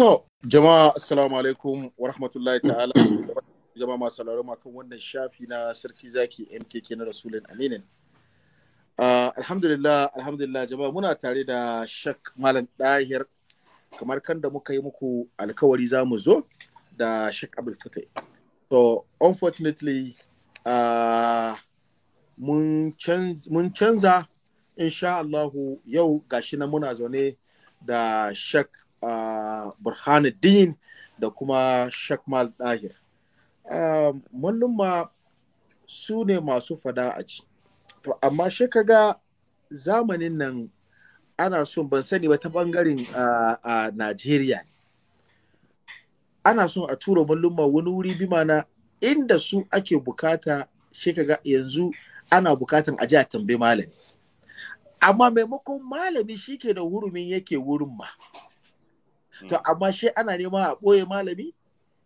To, jama'a assalamu alaikum wa rahmatullahi ta'ala. Jama'a masu sauraro kan wannan shafi na sarki zaki MKK na Rasulun Aminin. Uh, alhamdulillah, alhamdulillah jama'a muna tare da Shak Malam Dahir kamar kan da muka yi muku alkawari za mu zo da Shak Abdul Fatai. So, unfortunately, ah, mun canza, insha Allahu yau gashi na muna zaune da Shak burhanuddin da kuma shakmal dahir ma su ne masu fada a ci to amma shi kaga zamanin nan ana son ban sani ba ta bangaren a najeriya ne ana son a tura mallumma wani wuri bi mana inda su ake bukata shi kaga yanzu ana bukatan a a tambayi malami amma maimakon malami shi ke da hurumin yake wurin ma to mm. amma shi ana nema a ɓoye malami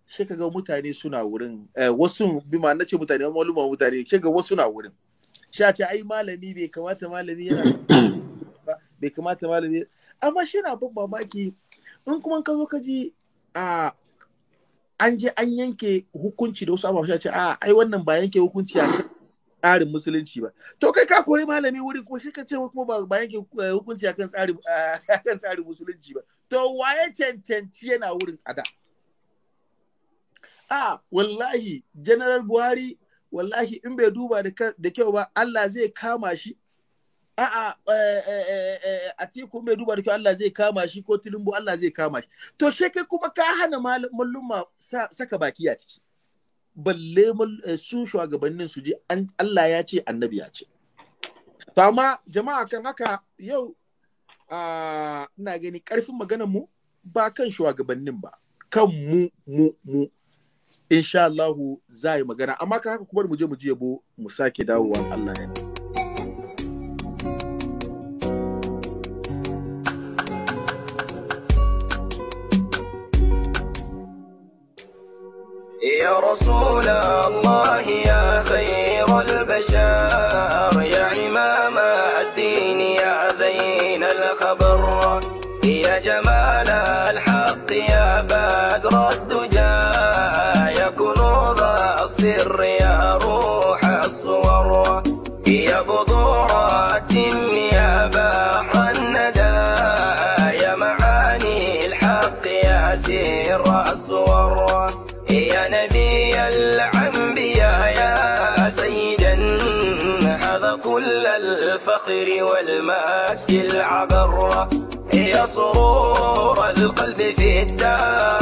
shi ga mutane suna wurin eh, wasu bi ma na ce mutane maluma mutane shi ga wasu na wurin shi a ce ai malami bai kamata malami yana bai kamata malami amma shi na ban mamaki in kuma ka zo ka ji a an je an yanke hukunci da wasu abubuwa shi a ce a ai wannan ba yanke hukunci a kan tsarin musulunci ba to kai ka kore malami wurin kuma ka ce kuma ba ba yanke eh, hukunci akan tsarin akan tsarin musulunci ba to waye cancanci yana wurin ada a wallahi general buhari wallahi in bai duba da kyau ba Allah zai kama shi a a eh, eh, a teku bai duba da kyau Allah zai kama shi ko tulumbu Allah zai kama shi to shi kai kuma ka hana malluma saka baki a ciki balle eh, su shugabannin su ji Allah ya ce annabi ya ce to amma jama'a kan haka yau ina gani karfin maganar mu ba kan shugabannin ba kan mu mu mu insha Allah za yi magana amma kan haka kuma mu je mu je yabo mu sake dawowa Allah ya رسول الله يا defeita.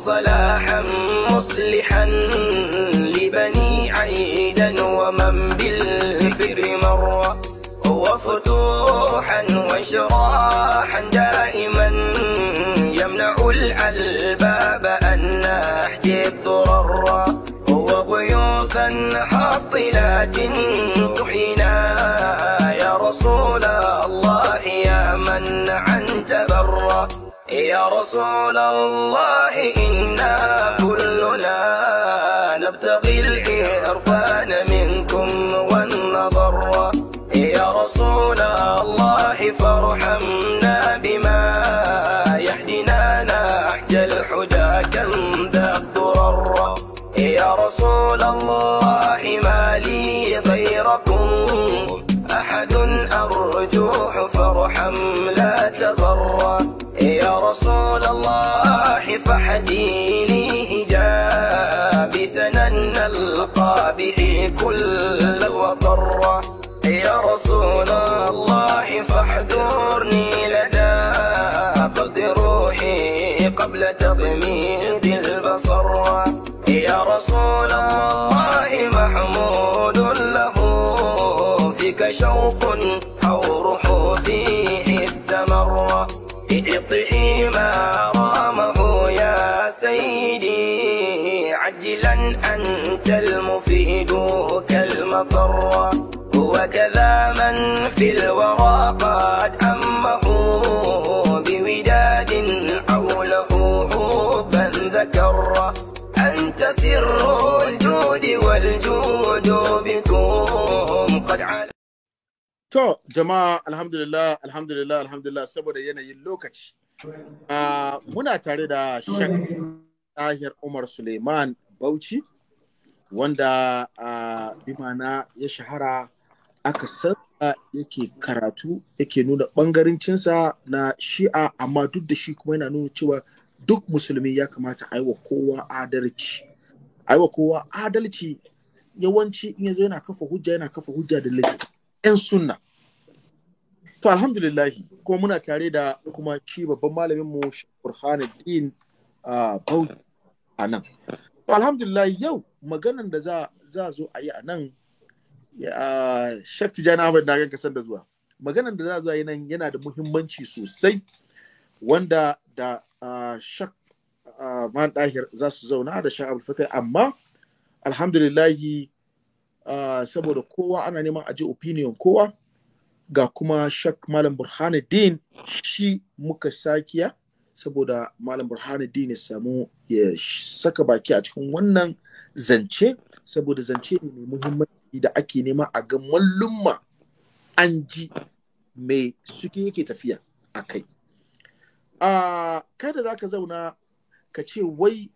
وصلاحا مصلحا لبني عيدا ومن بالفكر مر وفتوحا وشراحا دائما يمنع الألباب أن نحجي الضرر وضيوفا حاطلات يا رسول الله إنا كلنا نبتغي الإرفان منكم كل وضره في الورى قد To, jama'a alhamdulillah, alhamdulillah, alhamdulillah, saboda yanayin lokaci. Ah, muna tare da Shek Tahir Umar Suleiman Bauchi, wanda ah, bimana ya shahara aka san yake karatu yake nuna bangarincinsa na shi'a amma duk da shi kuma yana nuna cewa duk musulmi ya kamata a yi wa kowa adalci a yi wa kowa adalci yawanci in yazo yana kafa hujja yana kafa hujja da laifi yan sunna to alhamdulillah kuma muna tare da kuma shi babban malamin mu Burhanuddin din ah, a nan to alhamdulillah yau maganan da za za zo a yi a nan Shek Tijjani Ahmed na ganka san da zuwa. Maganan da za zuwa yi yana da muhimmanci sosai wanda da Shek Man Dahir za su zauna da Shek Abdul amma alhamdulillahi saboda kowa ana neman aji opinion kowa ga kuma Shek Malam Burhanuddin shi muka sakiya saboda Malam Burhanuddin ya samu ya saka baki a cikin wannan zance saboda zance ne mai muhimmanci da ake nema a ga mallumma an ji mai suke yake tafiya a kai kada za ka zauna ka ce wai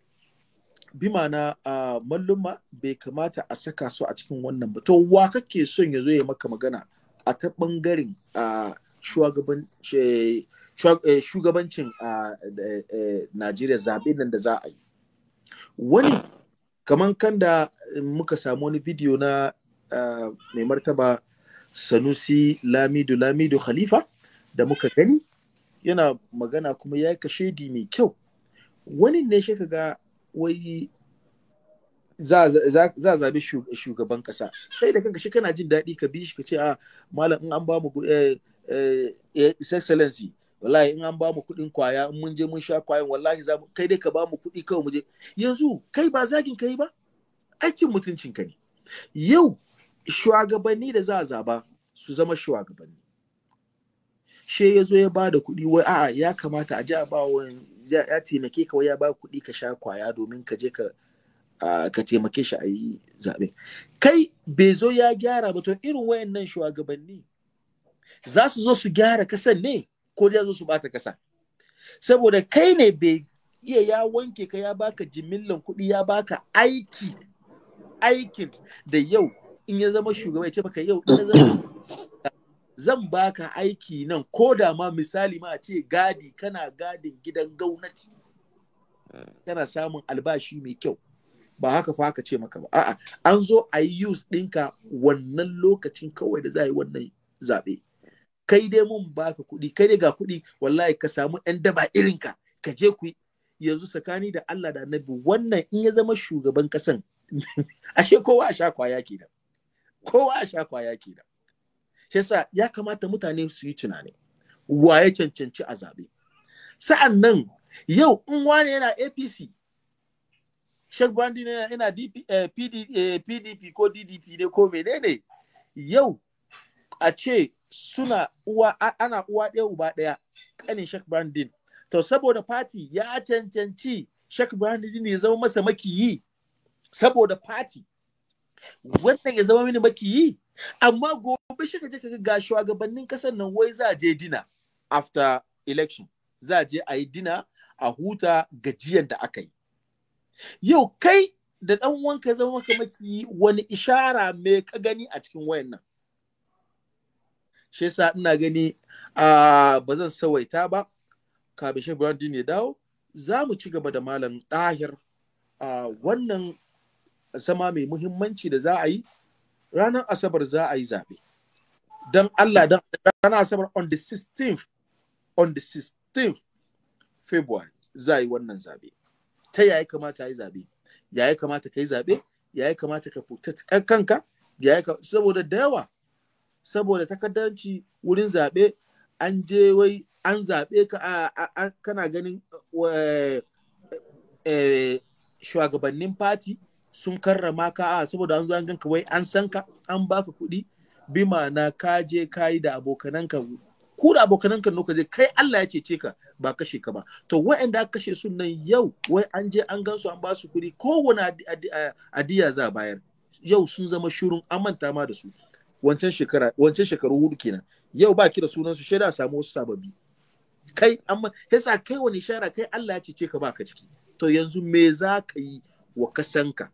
bima na mallumma bai kamata a saka su a cikin wannan ba to wa kake son ya zo ya maka magana a ta ɓangaren e, shugabancin e, Najeriya zaɓe nan da za a yi. Wani kamar kan da muka samu wani bidiyo na mai martaba sanusi lamidu lamidu khalifa da muka gani yana magana kuma ya kashe di mai kyau wani ne shi ga wai za a zabi shugaban ƙasa. kai da kanka shi kana jin daɗi ka bi shi ka ce a ah, malam in an ba mu eh, eh, eh, excellency wallahi in an ba mu kuɗin kwaya in mun je mun sha kwayan wallahi kai dai ka ba mu kuɗi kawai mu je yanzu kai ba zagin kai ba aikin mutuncin ka ne yau shugabanni da za a zaba su zama shugabanni she ya zo ya bada kuɗi wai a'a ya kamata a ji a ba ya taimake ka wai ya ba kuɗi ka sha kwaya domin ka je ka ka taimake shi a yi zaɓe kai bai zo ya gyara ba to irin wayannan shugabanni za su zo su gyara kasan ne ko da zo su bata kasa saboda kai ne bai iya ya wanke ka ya baka jimillan kuɗi ya baka aiki aikin da yau in ya zama shugaba ya ce maka yau in zama zan baka aiki nan ko da ma misali ma a ce gadi kana gadin gidan gwamnati kana samun albashi mai kyau ba haka fa haka ce maka ba a'a an zo a yi use ɗinka wannan lokacin kawai da za a yi wannan zaɓe kai dai mun baka kuɗi kai dai ga kuɗi wallahi ka samu ɗan daba irin ka Ka je ku yanzu tsakani da Allah da Annabi wannan in ya zama shugaban kasan ashe kowa a sha kwaya kenan kowa a sha kwaya ke da shi yasa ya kamata mutane su yi tunani wa ya cancanci a zaɓe sa'an nan yau in wane yana apc Sheikh Bandi yana PDP eh, eh, ko DDP ne ko menene yau a ce suna uwa ana uwa ɗaya uba ɗaya ƙanin Sheikh Bandi To saboda fati ya cancanci Sheikh Bandi ne zama masa makiyi saboda fati wannan ya zama mini makiyi amma gobe shi ka je ka ga shugabannin kasar nan wai za je dina after election za je a yi dina a huta gajiyar da aka yi yau kai da ɗan wanka zama maka makiyi wani ishara me ka gani a cikin wayan nan yasa ina gani a ba zan sawaita ba kabishe brandin ya dawo za mu ci gaba da malam ɗahir wannan zama mai muhimmanci da za a yi ranar asabar za a yi zaɓe don Allah don ranar asabar on the 16th on the 16th February za a yi wannan zaɓe ta yi kamata a yi zaɓe yi kamata ka yi zaɓe yi kamata ka fita kanka Ya kamata, saboda da yawa saboda takardanci wurin zaɓe an je wai an zaɓe ka kana ganin eh, eh, shugabannin fati sun karrama ka a saboda an zo an ganka wai an san ka an baka kuɗi bi na, ka je ka yi da abokananka ku da abokananka ne ka je kai Allah ya cece ka ba kashe ka ba to wa'anda aka kashe su nan yau wai an je an gansu an ba su kuɗi kowane adiya za bayar yau sun zama shirun an ma da su wancan shekara wancan shekaru hudu kenan yau ba ki da sunan su shaida samu wasu sababbi kai amma yasa kai wani shara kai Allah ya cece ka ba ka ciki to yanzu me za ka yi wa kasanka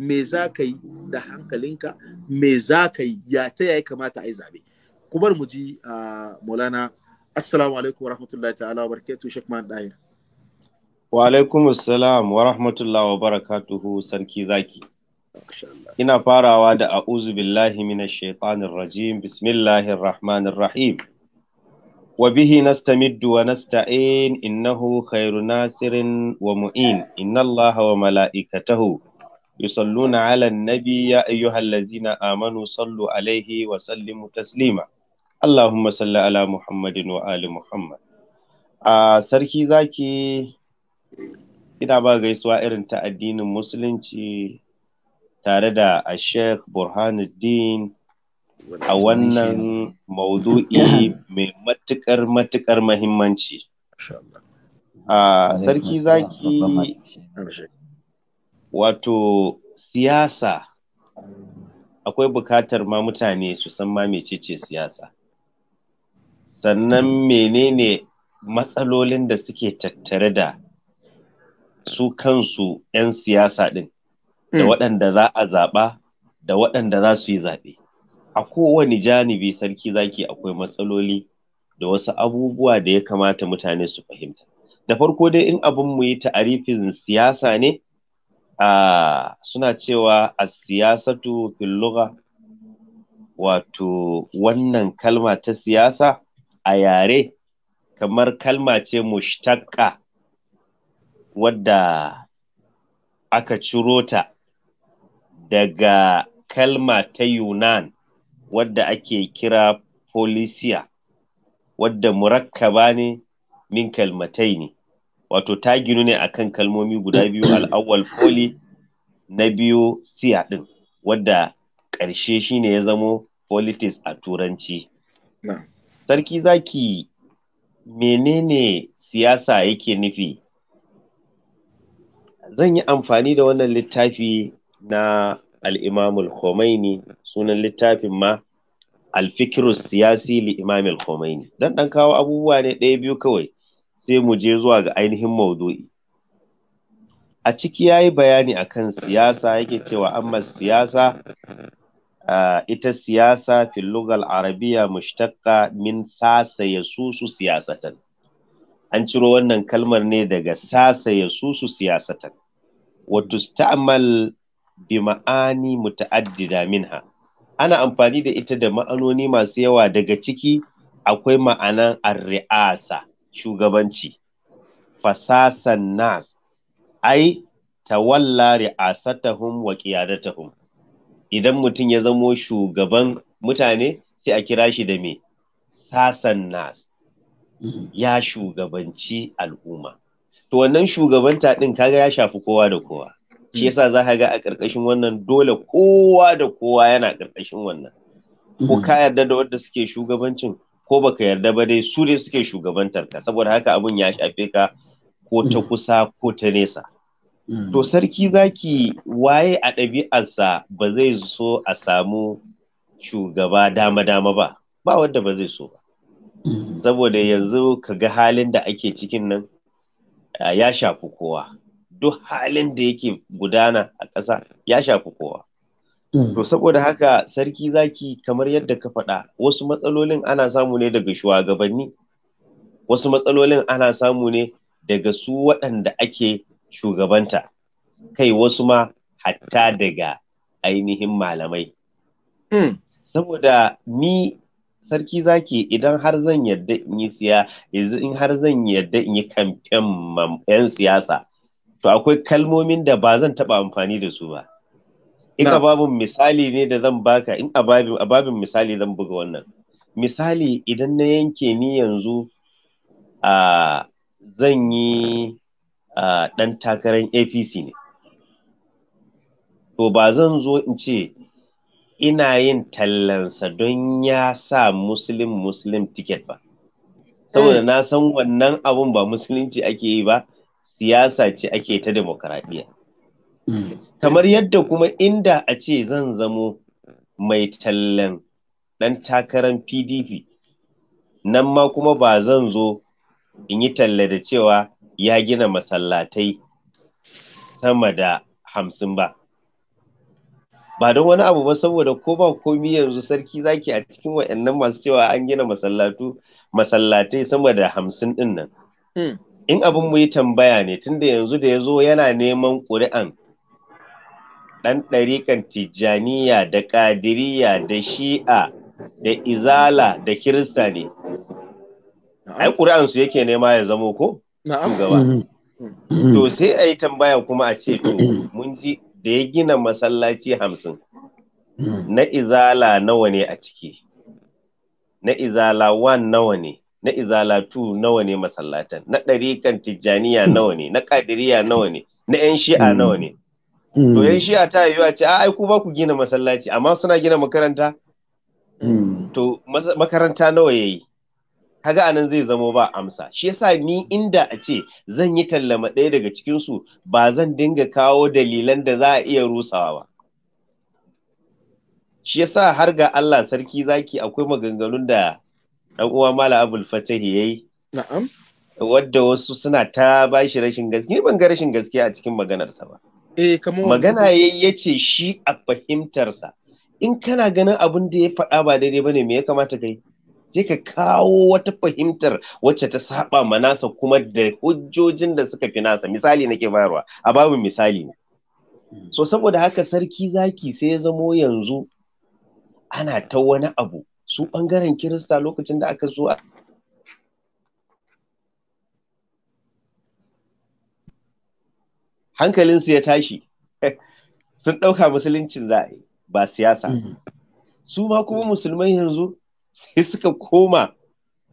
me za ka yi da hankalinka me za ka yi ya ta ya kamata a yi zabe kuma mu ji maulana assalamu alaikum wa rahmatullahi ta'ala wa barakatuhu shek man dair wa alaikum assalam wa rahmatullahi wa barakatuhu sarki zaki ina farawa da a'udhu billahi minash shaitanir rajim bismillahir rahmanir rahim وبه نستمد ونستعين إنه خير ناصر ومؤين إن الله وملائكته يصلون على النبي يا أيها الذين آمنوا صلوا عليه وسلموا تسليما اللهم صل على محمد وآل محمد a sarki zaki ina ba gaisuwa irin ta addinin musulunci tare da a sheikh burhanuddin a wannan maudu'i mai matukar matukar mahimmanci a sarki zaki wato siyasa akwai bukatar ma mutane su san ma mecece siyasa sannan menene matsalolin da suke tattare da su kansu 'yan siyasa ɗin da mm. waɗanda za a zaɓa da waɗanda za su yi zaɓe a kowane janibi sarki zaki akwai matsaloli da wasu abubuwa da ya kamata mutane su fahimta da farko dai in abin mu yi ta'arifin siyasa ne uh, suna cewa a siyasatu filluga wato wannan kalma ta siyasa a yare kamar kalma ce mushtaqqa wadda aka ciro ta daga kalma ta yunan wadda ake kira polisiya wadda murakkaba ne min kalmatai ne wato ta ginu ne akan kalmomi guda biyu al'awwal foli na biyu siya ɗin wadda ƙarshe shi ne ya zamo politics a turanci sarki zaki menene siyasa yake nufi zan yi amfani da wannan littafi na al'imamul khomeini sunan littafin ma alfikirus siyasi li imamul khomeini dan ɗan kawo abubuwa ne ɗaya biyu kawai sai mu je zuwa ga ainihin maudu'i a ciki ya yi bayani a kan siyasa yake cewa amma siyasa ita siyasa lugal arabiya mushtaqqa min sasaye su susu siyasatan an ciro wannan kalmar ne daga sasa ya susu siyasatan wato sta'amal bi ma'ani muta'addida minha ana amfani da ita da ma'anoni masu yawa daga ciki akwai ma'anan arri'asa shugabanci fasasan nas ai tawalla ri'asatahum wa qiyadatahum idan mutum ya zamo shugaban mutane sai a kira shi da me sasan nas ya shugabanci al'umma to wannan shugabanta din kaga ya shafi kowa da kowa shi yasa za ka ga a ƙarƙashin wannan dole kowa da kowa yana ƙarƙashin wannan ko ka yarda da wanda suke shugabancin ko baka yarda ba dai su ne suke shugabantar ka saboda haka abin ya shafe ka ko ta mm. kusa ko ta nesa mm. to sarki zaki waye a ɗabi'arsa ba zai so a samu shugaba dama-dama ba ba wanda ba zai so ba mm. saboda yanzu ka ga halin da ake cikin nan ya shafi kowa duk halin da yake gudana a ƙasa ya shafi kowa To mm. saboda haka sarki zaki kamar yadda ka faɗa wasu matsalolin ana samu ne daga shugabanni wasu matsalolin ana samu ne daga su waɗanda ake shugabanta kai wasu ma hatta daga ainihin malamai. Mm. Saboda ni sarki zaki idan har zan yadda in yi siya in har zan yadda in yi kamfen 'yan siyasa to akwai kalmomin da ba zan taɓa amfani da su ba. in ababin misali ne da zan baka in a babin misali zan buga wannan misali idan na yanke ni yanzu a zan yi ɗan takarar apc ne to ba zan zo in ce ina yin tallansa don ya sa muslim muslim ticket ba saboda eh. na san wannan abun ba musulunci ake yi ba siyasa ce ake ta demokaradiyya kamar yadda kuma inda a ce zan zamo mai tallan ɗan takarar pdp nan ma kuma ba zan zo in yi talla da cewa ya gina masallatai sama da hamsin ba ba don wani abu ba saboda ko ba komi yanzu sarki zaki a cikin waɗannan masu cewa an gina masallatu masallatai sama da hamsin ɗin nan hmm. in abin mu yi tambaya ne tunda yanzu da ya zo yana neman ƙuri'an ɗan ɗarikan tijjaniya da ƙadiriya da shi'a da izala da kirista ne ai ƙuri'ansu yake nema ya zamo ko Na'am. Mm-hmm. Mm-hmm. to sai a yi tambaya kuma a ce to mun ji da ya gina masallaci hamsin mm-hmm. na izala nawa ne a ciki na izala wan nawa ne na izala tu nawa ne masallatan na ɗarikan tijjaniya nawa ne na ƙadiriya nawa ne na 'yan shi'a nawa ne Mm. to yan shi'a ta yiwuwa ce a ai ku ba ku gina masallaci amma suna gina makaranta mm. to makaranta nawa yayi kaga anan zai zamo ba amsa shi yasa ni inda a ce zan yi tallama ɗaya daga cikin su ba zan dinga kawo dalilan da za a iya rusawa ba shi yasa har ga Allah sarki zaki akwai maganganun da dan uwa mala abul fatahi yayi na'am wadda wasu suna ta bashi rashin gaskiya ban ga rashin gaskiya a cikin maganarsa ba Eh, Magana ya ce shi a fahimtarsa. In kana ganin abin da ya faɗa ba daidai ba ne me ya kamata kai? Sai ka kawo wata fahimtar wacce ta saɓa ma nasa kuma da hujjojin da suka fi nasa. Misali nake bayarwa, a babu misali ne. So saboda haka sarki zaki sai ya zamo yanzu ana ta wani abu su ɓangaren kirista lokacin da aka zo Hankalin su ya tashi sun ɗauka musuluncin za ba siyasa mhm. su ma kuma musulmai yanzu sai suka koma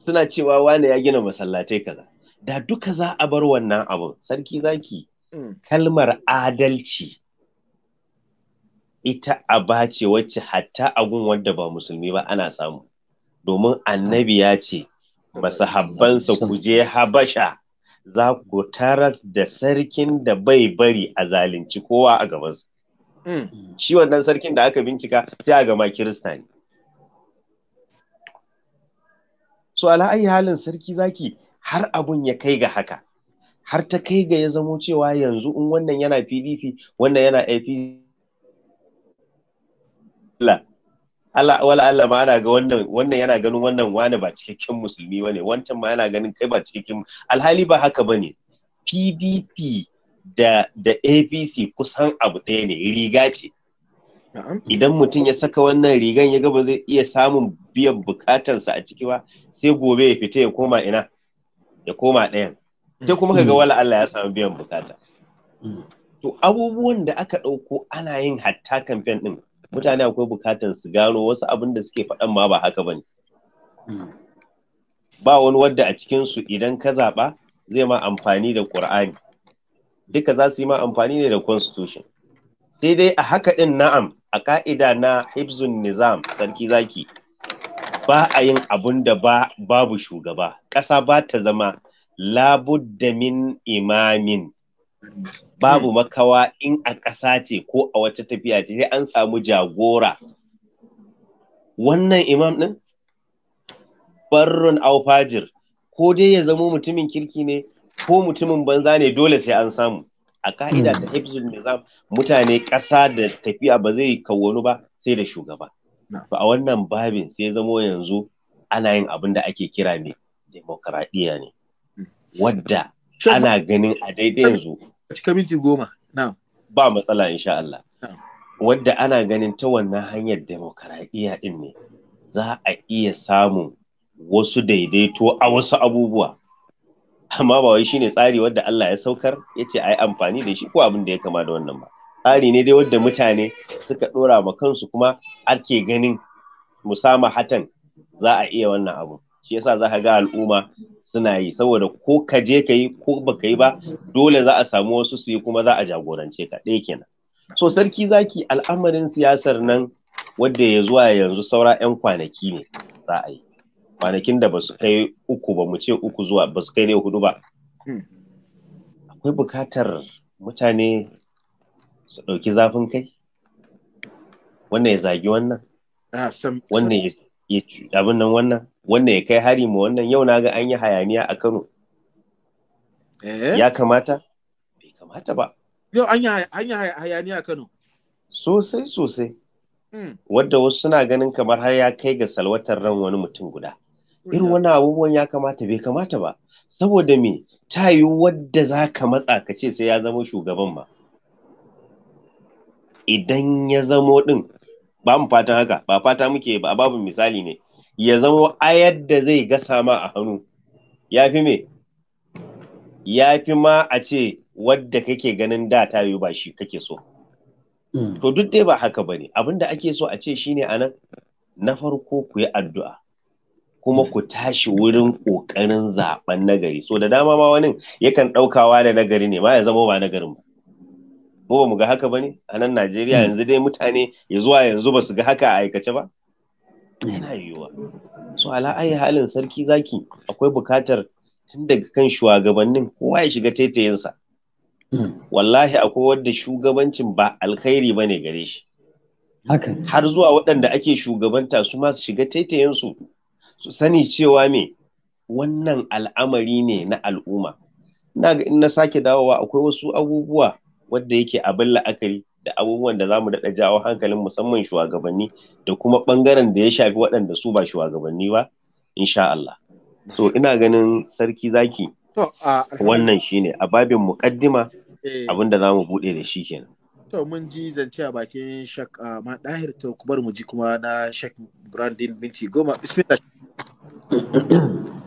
suna cewa wane ya gina masallatai kaza da duka za a bar wannan abun sarki zaki mm. kalmar adalci ita a bace wacce hatta a gun wanda ba musulmi ba ana samu domin annabi ya ce masahabbansa ku je habasha za ku taras da sarkin da bai bari a zalunci kowa a su. Hmm. Shi wannan sarkin da aka bincika sai a gama Kirista ne. So ala'ayi halin sarki zaki har abun ya kai ga haka. Har ta kai ga ya zamo cewa yanzu in wannan yana PDP wannan yana APC. wala Allah ma ana ga wannan wannan yana ganin wannan wani ba cikakken musulmi bane wancan ma yana ganin kai ba cikakken alhali ba haka bane PDP da da APC kusan abu ɗaya ne riga ce idan mutum ya saka wannan rigan ya ga ba zai iya samun biyan bukatansa a ciki ba sai gobe ya fita ya koma ina ya koma ɗayan sai kuma kaga wala Allah ya samu biyan bukata mm. to abubuwan da aka ɗauko ana yin hatta kamfen ɗin mutane akwai bukatan su gano wasu abin da suke faɗan ma ba haka bane ba wani wadda a cikin su idan ka zaɓa zai ma amfani da ƙur'ani. duka za su yi ma amfani ne da constitution sai dai a haka ɗin na'am a ƙa'ida na hibzun nizam sarki zaki ba a yin abun da ba babu shugaba ƙasa ba ta zama labudda min imamin babu hmm. makawa in a ƙasa ce ko a wata tafiya ce sai an samu jagora wannan imam ɗin Barron aufajir ko dai ya zamo mutumin kirki ne ko mutumin banza ne dole sai an samu a ka'ida ta hmm. hifzul nizam mutane ƙasa da tafiya ba zai kawwanu ba sai da shugaba to a wannan babin sai zamo yanzu ana yin abin da ake kira ne demokradiyya ne hmm. wadda ana ganin a daidai yanzu cika ba matsala insha Allah wadda ana ganin ta wannan hanyar demokaradiyya din ne za a iya samun wasu daidaito a wasu abubuwa amma ba wai shine tsari wadda Allah ya saukar ya ce a yi amfani da shi ko abin da ya kama da wannan ba tsari ne dai wadda mutane suka ɗora ma kansu kuma ake ganin musama hatan za a iya wannan abun. shi yasa za ka ga al'umma suna yi saboda ko ka je ka yi ko baka yi ba dole za a samu wasu su yi kuma za a jagorance ka ɗaya kenan so sarki zaki al'amarin siyasar nan wadda ya zuwa yanzu saura 'yan kwanaki ne za a yi kwanakin da ba su kai uku ba mu ce uku zuwa ba su kai ne hudu ba akwai bukatar mutane su ɗauki zafin kai wannan ya zagi wannan ah, wannan ya abin nan wannan wannan ya kai hari ma wannan yau na ga an yi hayaniya a Kano eh? ya kamata bai kamata ba yau an yi hayaniya a Kano sosai sosai hmm. wadda wasu suna ganin kamar har ya kai ga salwatar ran wani mutum guda irin wani abubuwan ya kamata bai kamata ba saboda me ta yi wadda za ka matsa ka ce sai ya zama shugaban ma idan ya zamo din, ba mu fatan haka ba fata muke ba babu misali ne ya zama ayar da zai gasa ma a hannu ya fi me ya fi ma a ce wadda kake ganin da ta yi ba shi kake so hmm. to duk dai ba haka ba ne abinda ake so a ce shine a nan na farko ku yi addu'a kuma ku tashi wurin ƙoƙarin zaɓen nagari so da dama ma wani yakan ɗaukawa da nagari ne ma ya zama ba nagarin ba mu ba mu ga haka ba ne a nan najeriya hmm. yanzu dai mutane ya zuwa yanzu ba su ga haka a aikace ba yana yiwuwa so ala ayi halin sarki zaki akwai bukatar tun daga kan shugabannin kowa ya shiga taitayensa hmm. wallahi akwai wanda shugabancin ba alkhairi ba ne gare shi har zuwa waɗanda ake shugabanta su ma su shiga taitayensu su sani cewa me wannan al'amari ne na al'umma na in na sake dawowa akwai wasu abubuwa wadda yake abin la'akari da abubuwan da za mu daɗa jawo hankalin musamman shugabanni da kuma ɓangaren da ya shafi waɗanda su ba shugabanni ba insha Allah. So ina ganin sarki zaki wannan shine a babin muƙaddima eh. abin da za mu buɗe da shi kenan. To mun ji zance a bakin shak ma ɗahir to kubar mu ji kuma na shak Brandin minti goma bismillah.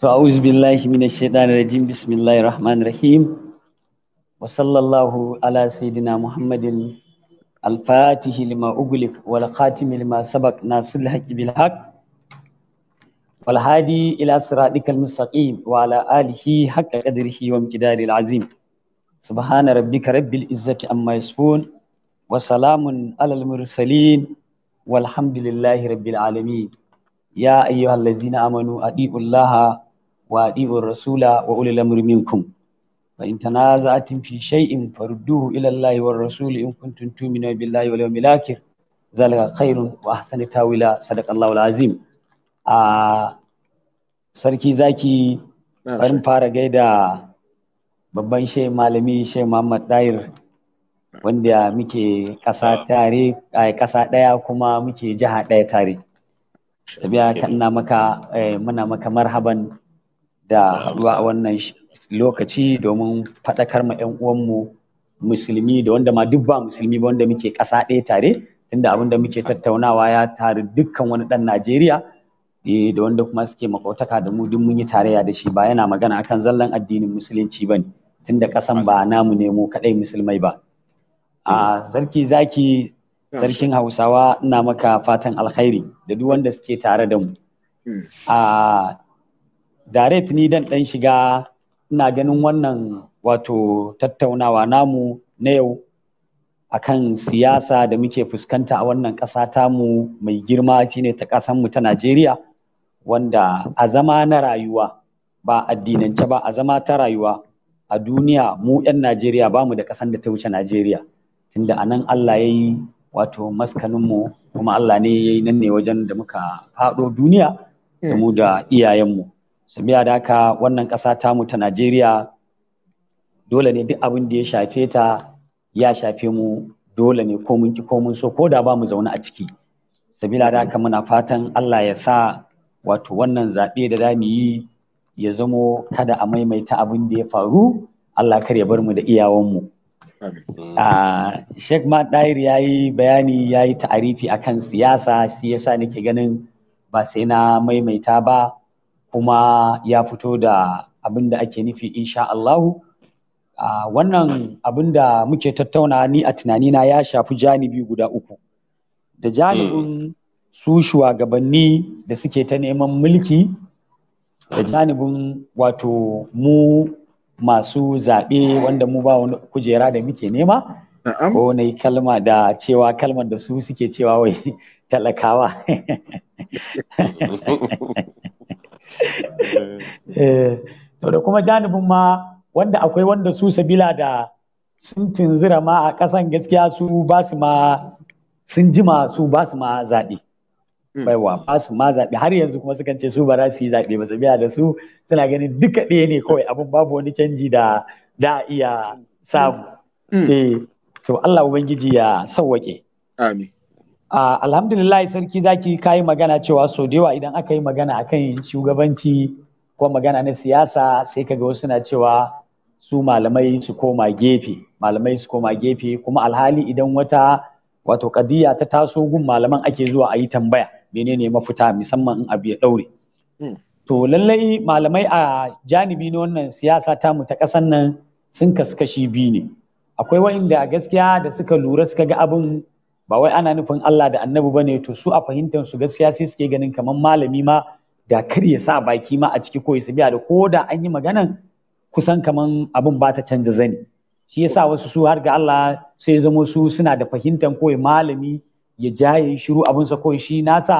To a'udhu billahi minash shaitanir rajim bismillahir rahmanir rahim. وصلى الله على سيدنا محمد الفاتح لما أغلق والخاتم لما سبق ناصر الحق بالحق والهادي إلى صراطك المستقيم وعلى آله حق قدره وامتدار العظيم سبحان ربك رب العزة أما يصفون وسلام على المرسلين والحمد لله رب العالمين يا أيها الذين آمنوا أطيعوا الله وأطيعوا الرسول وأولي الأمر منكم فإن تنازعتم في شيء فردوه in الله والرسول إن كنتم تؤمنون بالله واليوم الآخر ذلك خير وأحسن تاويلا صدق الله العظيم آه sarki zaki bari fara gaida babban shai malami shai Muhammad Dair wanda muke ƙasa ɗaya kuma muke jiha ɗaya tare tabiya kan maka eh, muna maka marhaban da ruwa a wannan lokaci domin faɗakar ma 'yan uwanmu musulmi da wanda ma duk ba musulmi ba wanda muke ƙasa ɗaya tare tunda abin da muke tattaunawa ya tare dukkan wani ɗan Najeriya eh, da wanda kuma suke makautaka da mu duk mun yi tarayya da shi ba yana magana akan zallan addinin musulunci ba ne tunda ƙasan ba namu ne mu kaɗai musulmai ba. A sarki zaki sarkin Hausawa ina maka fatan alkhairi da duk wanda suke tare da mu. Hmm. A direct ni dan ɗan shiga ina ganin wannan wato tattaunawa namu na yau akan siyasa da muke fuskanta a wannan ƙasa mu mai girma shine ta ƙasanmu ta Najeriya wanda a zama na rayuwa ba addinance ba a zama ta rayuwa a duniya mu 'yan Najeriya ba mu da ƙasan da ta wuce Najeriya tunda a nan Allah ya yi wato maskaninmu kuma Allah ne ya yi nan ne wajen da muka faɗo duniya da mu da iyayenmu. sabiya da haka wannan ƙasa tamu ta najeriya dole ne duk abin da ya shafe ta ya shafe mu dole ne ko mun ki ko mun so ko da ba mu zaune a ciki sabila da haka muna fatan allah ya sa wato wannan zaɓe da zamu yi ya zamo kada a maimaita abin da ya faru allah kar ya bar mu da iyawanmu Sheikh ma Dair ya yi bayani ya yi ta'arifi akan siyasa shi yasa nake ganin ba sai na maimaita ba kuma ya fito da abin da ake nufi insha Allahu a wannan abin da muke tattauna ni a tunanina ya shafi janibi guda uku da janibin hmm. su shugabanni da suke ta neman mulki da janibin wato mu masu zaɓe wanda mu ba wani kujera da muke nema ko na kalma da cewa kalmar da su suke cewa wai talakawa Eh, to da kuma janibin ma wanda akwai wanda su sabila da sun tunzira ma a kasan gaskiya su ba su ma sun jima su ba su ma zaɓe. Baiwa hmm. ba su ma zaɓe har yanzu kuma sukan ce su ba za su yi zaɓe ba sabila da su suna ganin duka ɗaya ne kawai abin babu wani canji da da iya samu. Hmm. Hmm. Eh, to Allah Ubangiji ya sauwaƙe. Amin. Uh, alhamdulillah sarki zaki kayi magana cewa sau da yawa idan aka yi magana akan shugabanci ko magana na siyasa sai kaga wasu na cewa su malamai su koma gefe malamai su koma gefe kuma alhali idan wata wato kadiya ta taso gun malaman ake zuwa a yi tambaya menene mafita musamman in abu ya daure hmm. to lallai malamai a janibi na wannan siyasa tamu ta kasan nan sun kaskashi biyu ne akwai wa'inda gaskiya da suka lura suka ga abin ba wai ana nufin Allah da annabi bane to su a fahimtar su gaskiya sai suke ganin kamar malami ma da kar ya sa baki ma a ciki ko su biya da ko da an yi maganan kusan kamar abin ba ta canza zani shi yasa wasu su har ga Allah sai zamo su suna da fahimtar ko malami ya ja ya shiru abin sa koyi shi nasa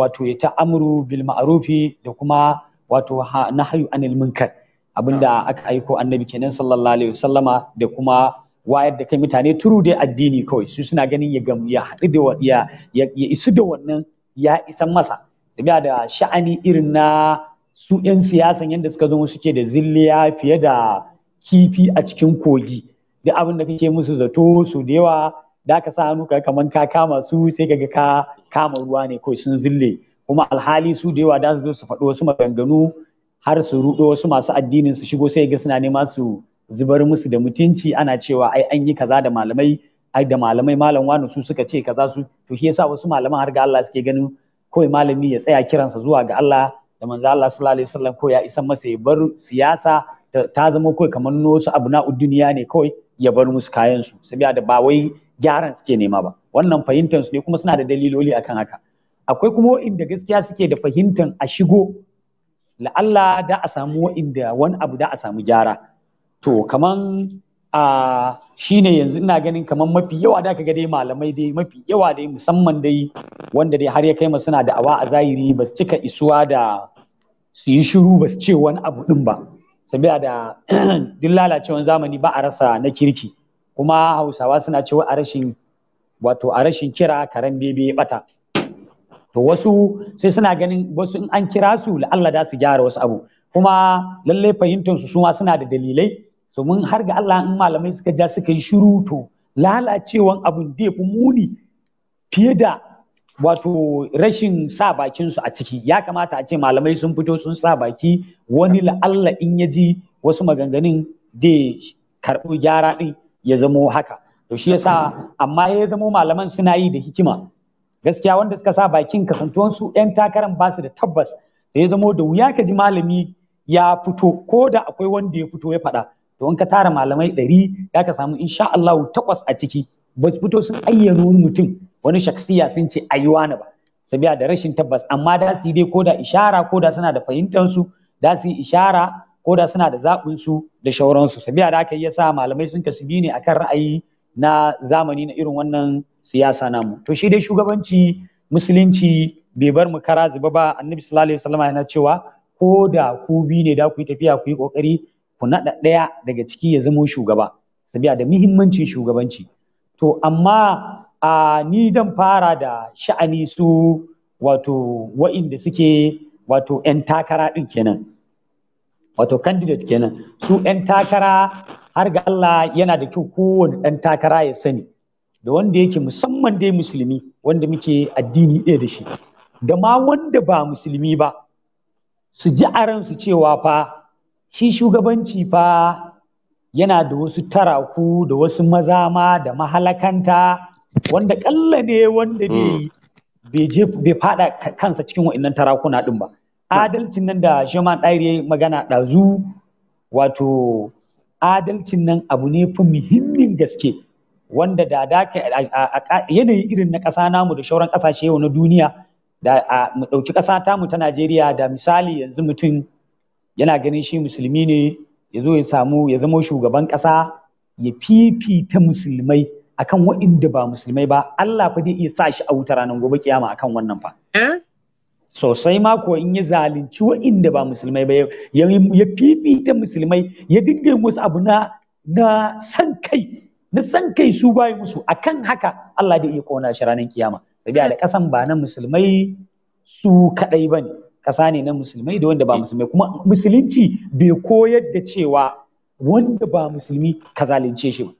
wato ya ta'amuru bil ma'rufi da kuma wato nahyu anil munkar abinda aka aiko annabi kenan sallallahu alaihi wasallama da kuma wayar da kai mutane turu dai addini kawai su suna ganin ya gam ya haɗu da ya ya isu da wannan ya isan masa tafiya da sha'ani irin na su 'yan siyasan yanda suka zo suke da zilliya fiye da kifi a cikin kogi Da abin da kake musu zato su da yawa da ka sa hannu ka kaman ka kama su sai ka ga ka kama ruwa ne kawai sun zille kuma alhali su da yawa da su zo su faɗo wasu maganganu har su ruɗo wasu masu addinin su shigo sai ga suna neman su zubar musu da mutunci ana cewa ai an yi kaza da malamai ai da malamai malam wani su suka ce kaza su to shi yasa wasu malaman har ga Allah suke ganin kawai malami ya tsaya kiransa zuwa ga Allah da manzo Allah sallallahu alaihi wasallam ko ya isa masa ya bar siyasa ta zama kawai kamar wasu abu na duniya ne kawai ya bar musu kayan su saboda ba wai gyaran suke nema ba wannan fahimtar su ne kuma suna da daliloli akan haka akwai kuma inda gaskiya suke da fahimtar a shigo Allah da a samu wa'inda wani abu da a samu gyara to kaman a shine yanzu ina ganin kaman mafi yawa da aka ga dai malamai dai mafi yawa dai musamman dai wanda dai har ya kai suna da awa a zahiri ba su cika isuwa da su yi shiru ba su ce wani abu din ba sabiya da duk lalacewan zamani ba a rasa na kirki kuma hausawa suna cewa a rashin wato a rashin kira karen bebe bata to wasu sai suna ganin wasu in an kira su la'alla da su gyara wasu abu kuma lallai fahimtar su suma suna da dalilai so mun har ga Allah in malamai suka ja suka yi shiru to lalacewan abun da fi muni fiye da wato rashin sa bakin su a ciki ya kamata a ce malamai sun fito sun sa baki wani la'alla in ya ji wasu maganganun da karɓo gyara ɗin ya zamo haka to shi yasa amma ya zamo malaman suna yi da hikima gaskiya wanda suka sa bakin kasantuwansu 'yan takaran ba su da tabbas da ya zamo da wuya ka ji malami ya fito ko da akwai wanda ya fito ya faɗa to in ka tara malamai ɗari za ka samu insha Allah takwas a ciki ba su fito sun ayyano wani mutum wani shaksiya sun ce ayuwa na ba sabiya da rashin tabbas amma da su dai ko da ishara ko da suna da fahimtar su da su ishara ko da suna da zaɓin su da shauransu sabiya da aka yi yasa malamai sun kasu bi ne akan ra'ayi na zamani na irin wannan siyasa namu to shi dai shugabanci musulunci bai bar mu kara zuba ba annabi sallallahu alaihi wasallam yana cewa ko da ku bi ne da ku yi tafiya ku yi kokari ku naɗa ɗaya daga ciki ya zamo shugaba sabiya da muhimmancin shugabanci to amma a ni dan fara da sha'ani su wato wa'inda suke wato 'yan takara ɗin kenan wato candidate kenan su 'yan takara har ga Allah yana da kyau kowane ɗan takara ya sani da wanda yake musamman dai musulmi wanda muke addini ɗaya da shi da ma wanda ba musulmi ba su ji a ransu cewa fa shi shugabanci fa yana da wasu taraku da wasu mazama da mahalakanta wanda kalla ne wanda ne hmm. bai fada kansa cikin taraku tarakuna ɗin ba hmm. adalcin nan da shaman ɗairi magana ɗazu wato adalcin nan abu ne fi muhimmin gaske wanda da da yanayi irin na ƙasa namu da shauran ƙasashe yau na duniya da mu ɗauki ƙasa tamu ta najeriya da misali yanzu mutum yana ganin shi musulmi ne ya zo ya samu ya zama shugaban ƙasa ya fifita musulmai akan waɗanda ba musulmai ba Allah fa zai iya sa shi a wuta ranar gobe kiyama akan wannan fa eh? sosai ma ko in ya zalunci waɗanda ba musulmai ba ya fifita musulmai ya dinga musu abu na na san kai na san kai su bai musu akan haka Allah zai iya kona shi ranar kiyama sabiya da kasan ba na musulmai su kadai bane ƙasa ne na musulmai da wanda ba eh. musulmai kuma musulunci bai koyar da cewa wanda ba musulmi ka zalunce shi ba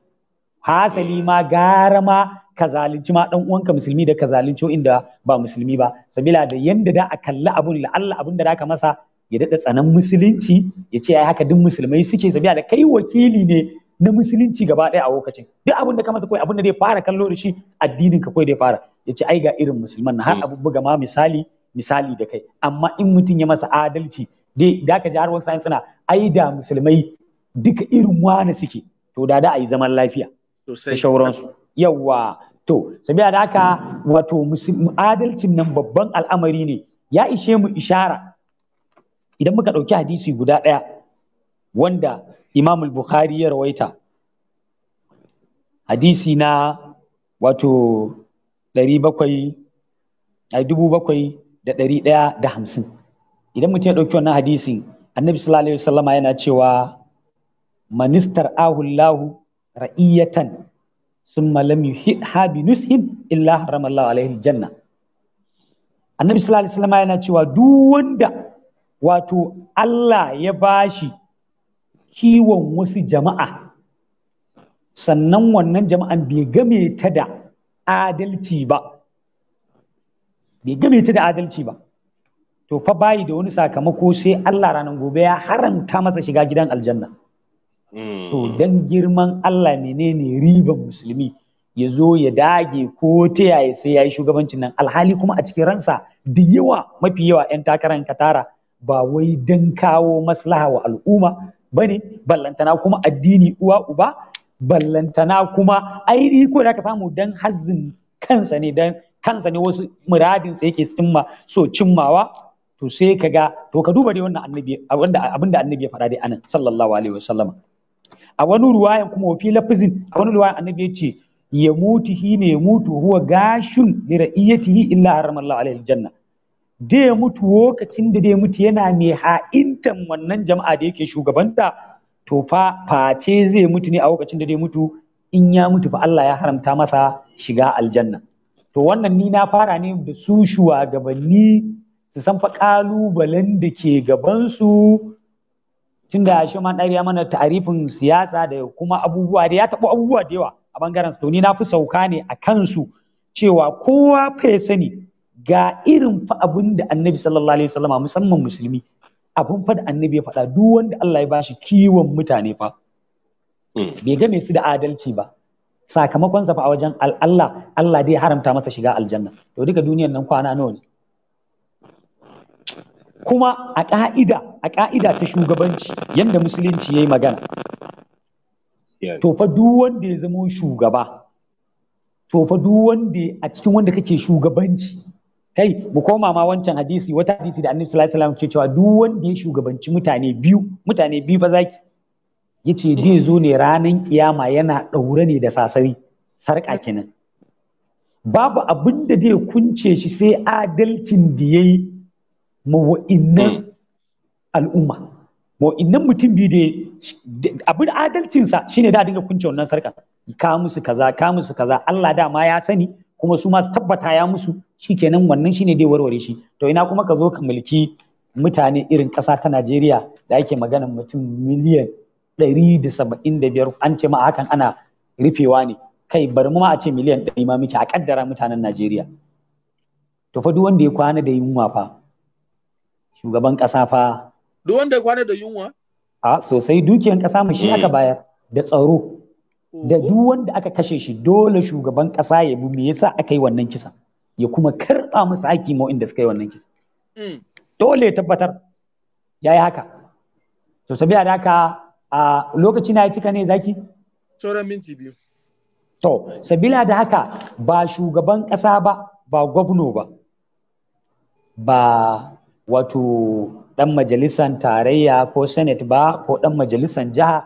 hasali ma gara ma ka zalunci ma dan uwanka musulmi da ka zalunce inda ba musulmi ba sabila da yanda da a kalli abun la'alla abun da zaka masa ya dada tsanan musulunci ya ce ai haka duk musulmai suke sabila da kai wakili ne na musulunci gaba ɗaya a lokacin duk abun da ka masa kawai abun da zai fara kallo da shi addinin ka da zai fara ya ce ai ga irin musulman har eh. abu buga ma misali misali da kai amma in mutum ya masa adalci dai da ka ji har wasu suna ai da musulmai duka irin wani suke to da da a zaman lafiya da shauransu yawa to sabiya da haka wato adalcin nan babban al'amari ne ya ishe mu ishara idan muka ɗauki hadisi guda ɗaya wanda imam bukhari ya rawaita hadisi na wato ɗari bakwai dubu bakwai da ɗari ɗaya da hamsin idan mutum ya ɗauki wannan hadisin annabi sallallahu alaihi yana cewa manistar ahullahu ra'iyatan malam yi yuhidha bi nushin illa haramallahu alaihi janna annabi sallallahu alaihi wasallama yana cewa duk wanda wato Allah ya bashi kiwon wasu jama'a sannan wannan jama'an bai game ta da adalci ba bai game ta da adalci ba to fa bayi da wani sakamako sai Allah ranar gobe ya haramta masa shiga gidan aljanna hmm. to dan girman Allah menene riban musulmi ya zo ya dage ko ta yaya sai ya yi shugabancin nan alhali kuma a cikin ransa da yawa mafi yawa 'yan takarar katara ba wai dan kawo maslaha wa al'umma ba ne ballantana kuma addini uwa uba ballantana kuma ainihi ko da ka samu dan hazzin kansa ne dan kansa ne wasu muradinsa yake cimma so cimmawa to sai ka ga to ka duba dai wannan annabi wanda abinda annabi ya faɗa dai anan sallallahu alaihi wasallam a wani ruwayan kuma fi lafizin a wani ruwayan annabi ya ce ya mutu hi ne ya mutu huwa gashun li ra'iyatihi illa haramallahu alaihi aljanna da ya mutu lokacin da dai mutu yana mai ha'intan wannan jama'a da yake shugabanta to fa face zai mutu ne a lokacin da dai mutu in ya mutu fa Allah ya haramta masa shiga aljanna to wannan ni na fara ne da su shugabanni su san fa kalubalen da ke gabansu tun da shi ɗariya mana tarifin siyasa da kuma abubuwa da ya taɓa abubuwa da yawa a bangaren to ni na fi sauka ne a kansu cewa kowa fa ya sani ga irin fa abin da annabi sallallahu alaihi wasallama musamman musulmi abin fa da annabi ya faɗa duk wanda Allah ya bashi kiwon mutane fa hmm. bai game su da adalci ba sakamakon zafa a wajen Allah Allah dai haramta masa shiga aljanna to duka duniyar nan kwana nawa ne kuma a ƙa'ida a ka'ida ta shugabanci yanda musulunci yayi magana to fa duk wanda ya zama shugaba to fa duk wanda a cikin wanda kake shugabanci kai mu koma ma wancan hadisi wata hadisi da annabi sallallahu alaihi wasallam ke cewa duk wanda ya shugabanci mutane biyu mutane biyu fa zaki Ya ce zai zo ne ranan kiyama yana ɗaure ne da sasari sarƙa kenan babu abin da zai kunce shi sai adalcin da yayi ma wa'innan al'umma ma wa'innan mutum biyu da abin adalcinsa shine da dinga kunce wannan sarƙa ka musu kaza ka musu kaza Allah dama ya sani kuma su ma tabbata ya musu Shi kenan wannan shine dai warware shi to ina kuma ka zo ka mulki mutane irin ƙasa ta Najeriya da ake maganan mutum miliyan 175 da saba'in da biyar an ce ma hakan ana rufewa ne kai bari mu ma a ce miliyan 100 ma muke a kaddara mutanen Najeriya to fa duk wanda ya kwana da yunwa fa shugaban ƙasa fa duk wanda ya kwana da yunwa a sosai dukiyan ƙasa mu shi aka mm. bayar da tsaro da duk wanda aka kashe shi dole shugaban ƙasa ya bi me yasa aka yi wannan kisa? ya kuma karɓa musu haƙi mu inda suka yi wannan kisa. Mm. dole ya tabbatar ya yi haka to sabiya da haka a lokaci na ya cika ne zaki sauran minti biyu to sabila da haka ba shugaban ƙasa ba ba gwamno ba ba wato ɗan majalisan tarayya ko senate ba ko ɗan majalisan jiha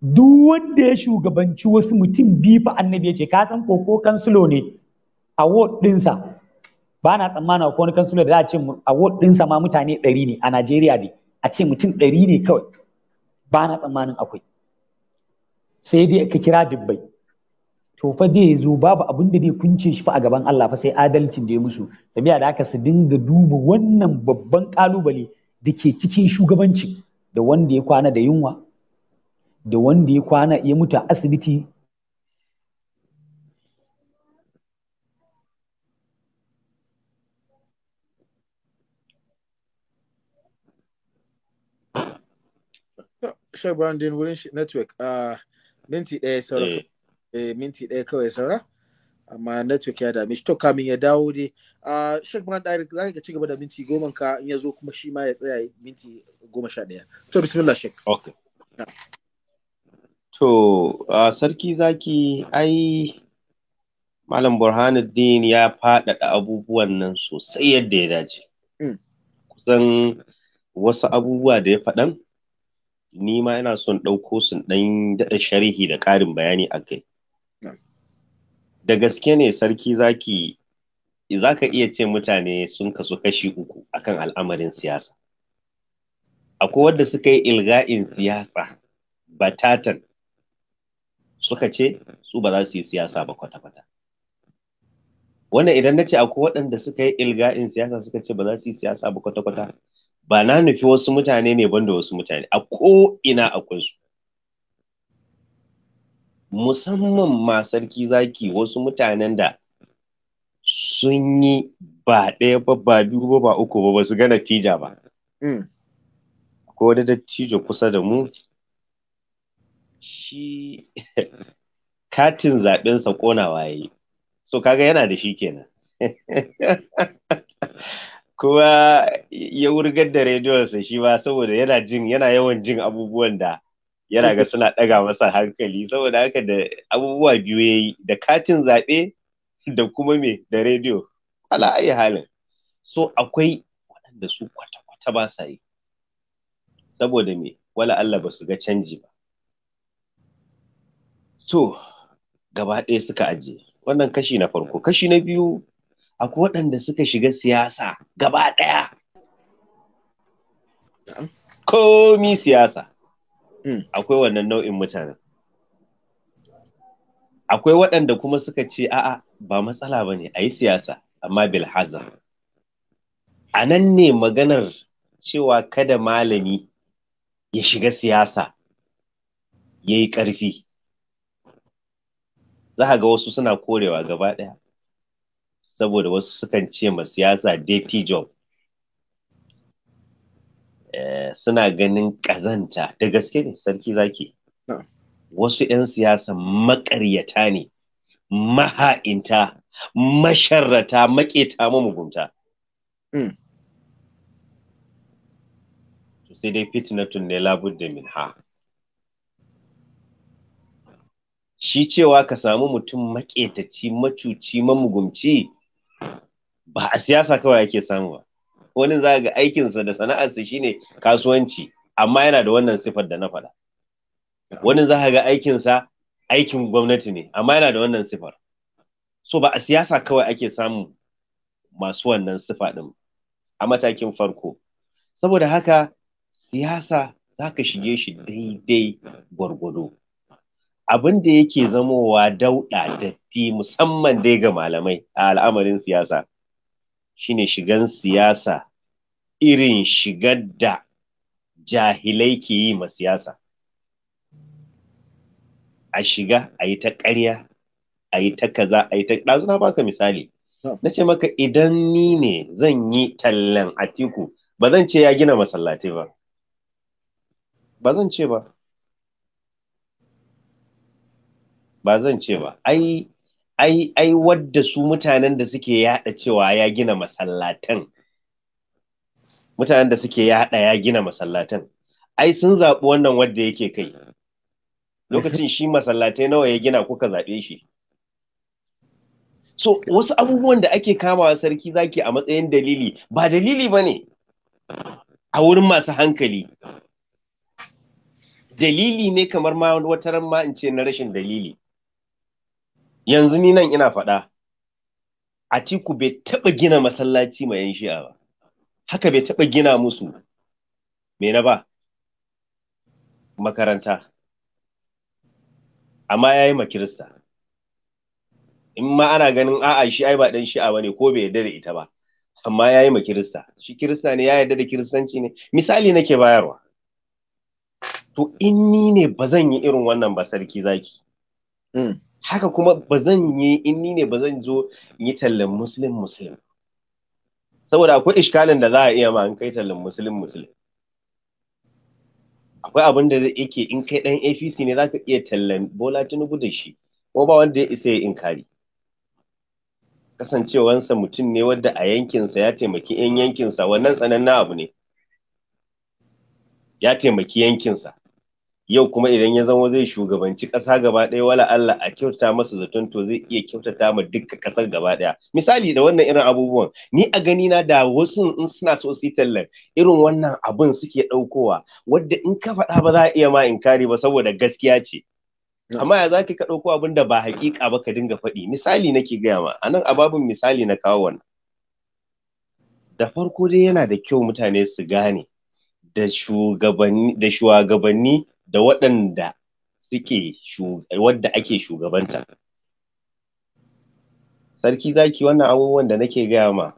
duk wanda ya shugabanci wasu mutum biyu fa annabi ya ce ka san ko ko kansulo ne a ward ba na tsammana ko wani kansulo da za a ce a ward ma mutane ɗari ne a Najeriya dai a ce mutum ɗari ne kawai ba na tsammanin akwai sai dai ka kira dubbai to fa dai zo babu abin da zai kunce shi fa a gaban Allah fa sai adalcin da ya musu sabiya da haka su dinga duba wannan babban kalubale da ke cikin shugabanci da wanda ya kwana da yunwa da wanda ya kwana ya mutu a asibiti shek branding wurin network a minti ɗaya saura eh. Eh, minti ɗaya kawai saura amma network ya dame shi to kamin ya dawo dai a shek direct za ka ci gaba da minti goma ka in ya zo kuma shi ma ya tsaya minti goma sha ɗaya to bismillah shek to sarki zaki ai Malam Burhanuddin ya faɗaɗa abubuwan nan sosai yadda ya dace. Mm. Kusan wasu abubuwa da ya faɗan ni ma ina son ɗauko sun ɗan daɗa sharhi da ƙarin bayani a kai. Da gaske ne sarki zaki za ka iya ce mutane sun kasu kashi uku akan al'amarin siyasa. Akwai wadda suka yi ilga'in siyasa batatan suka ce su ba za su yi siyasa ba kwata-kwata. Wannan idan na ce akwai waɗanda suka yi ilga'in siyasa suka ce ba za su yi siyasa ba kwata-kwata ba na nufi wasu mutane ne banda wasu mutane a ko ina akwai su musamman ma sarki zaki wasu mutanen da sun yi ba ɗaya ba ba biyu ba ba uku ba su gana natija ba mm. ko da dattijo kusa da mu shi katin sa ƙonawa ya yi so kaga yana da shi kenan kuma ya wurgar da rediyonsa shi ma saboda yana jin yana yawan jin abubuwan da yana ga suna ɗaga masa hankali saboda haka da abubuwa biyu yayi da katin zaɓe da kuma me da rediyo ala ayi halin so akwai waɗanda su kwata-kwata ba sa yi saboda me wala Allah ba su ga canji ba so gaba ɗaya suka aje wannan kashi na farko kashi na biyu akwai waɗanda suka shiga siyasa gaba ɗaya komi siyasa hmm. akwai wannan nau'in mutanen akwai waɗanda kuma suka ce a'a ba matsala ba ne a yi siyasa amma bilhaza. a nan ne maganar cewa kada malami ya shiga siyasa ya yi ƙarfi za ga wasu suna korewa gaba ɗaya saboda wasu sukan ce ma siyasa dirty job eh, suna ganin ƙazanta da gaske ne sarki zaki wasu 'yan siyasa maƙaryata ne maha'inta masharrata maƙeta mugunta mm. sai dai fitnatun ne labudda min ha shi cewa ka samu mutum maƙetaci macuci mamugumci ba a siyasa kawai ake samu ba wani za ga aikinsa da sana'arsa shine kasuwanci amma yana da wannan sifar da na faɗa wani za ga aikinsa aikin gwamnati ne amma yana da wannan sifar so ba a siyasa kawai ake samu masu wannan sifa ɗin a matakin farko saboda haka siyasa za ka shige shi daidai gwargwado abin da yake zamowa dauɗa datti musamman dai ga malamai a al'amarin siyasa shine shigan siyasa irin shigar da jahilai ke yi ma siyasa a shiga a yi ta ƙarya a yi ta kaza a yi ta ɗazu na baka misali na ce maka idan ni ne zan yi tallan atiku ba zan ce ya gina masallatai ba ba zan ce ba ba zan ce ba ai ai ai wadda su mutanen da suke yada cewa ya gina masallatan mutanen da suke yada ya gina masallatan ai sun zaɓi wannan wadda yake kai lokacin shi masallatai nawa ya gina kuka zaɓe shi so wasu abubuwan da ake kamawa sarki zaki a matsayin dalili ba dalili ba ne a wurin masu hankali dalili ne kamar ma wataran ma in ce na rashin dalili yanzu ni nan ina faɗa Atiku bai taɓa gina masallaci mai yan shi'a ba haka bai taɓa gina musu me na ba makaranta amma ya yi ma Kirista in ma ana ganin a'a shi ai ba ɗan shi'a ba ne ko bai yarda da ita ba amma ya yi ma Kirista shi Kirista ne ya yarda da Kiristanci ne misali nake bayarwa to in ni ne ba zan yi irin wannan ba sarki zaki mm. haka kuma ba zan yi in ni ne ba zan zo in yi tallan muslim muslim saboda akwai ishkalin da za a iya ma in kai tallan muslim muslim akwai abin da yake in kai dan APC ne za ka iya tallan Bola Tinubu da shi ko ba wanda ya isa ya inkari kasancewansa mutum ne wadda a yankinsa ya taimaki 'yan yankinsa wannan tsananin abu ne ya taimaki yankinsa yau kuma idan ya zama zai shugabanci ƙasa gaba ɗaya wala Allah a kyauta masa zaton to zai iya kyautata ma duka ƙasar gaba ɗaya misali da wannan irin abubuwan ni a gani na da wasu in suna so su tallan irin wannan abun suke ɗaukowa wadda in ka faɗa ba za a iya ma in kare ba saboda gaskiya ce amma ya za ka ɗauko abin da ba haƙiƙa ba ka dinga faɗi misali nake gaya ma anan ababin misali na kawo wannan da farko dai yana da kyau mutane su gane da shugabanni da shugabanni da waɗanda suke wadda ake shugabanta sarki zaki wannan abubuwan da nake gaya ma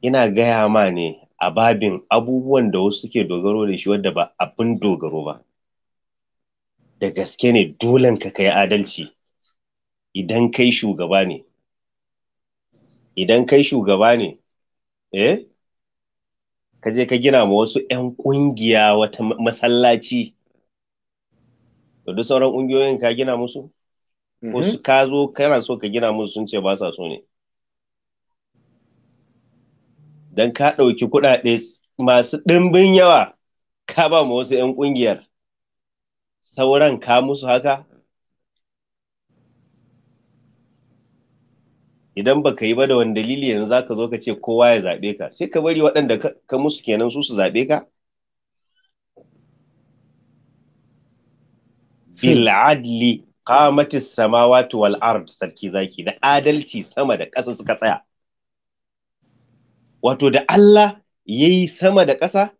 ina gaya ma ne a babin abubuwan da wasu suke dogaro da shi wadda ba abin dogaro ba da gaske ne dolen ka kai adalci idan kai shugaba ne idan kai shugaba ne eh ka je ka gina ma wasu ƴan ƙungiya wata masallaci da duk sauran ƙungiyoyin ka gina musu wasu mm-hmm. ka zo kana so ka gina musu sun ce ba sa so ne dan ka ɗauki kuɗaɗe masu ɗimbin yawa ka ba ma wasu ƴan ƙungiyar sauran ka musu haka idan baka yi ba da wani dalili yanzu zaka zo ka ce kowa ya zaɓe ka sai ka bari waɗanda ka musu kenan su su zaɓe ka bil adli qamatis samawati wal ard sarki zaki da adalci sama da ƙasa suka tsaya wato da Allah yayi sama da ƙasa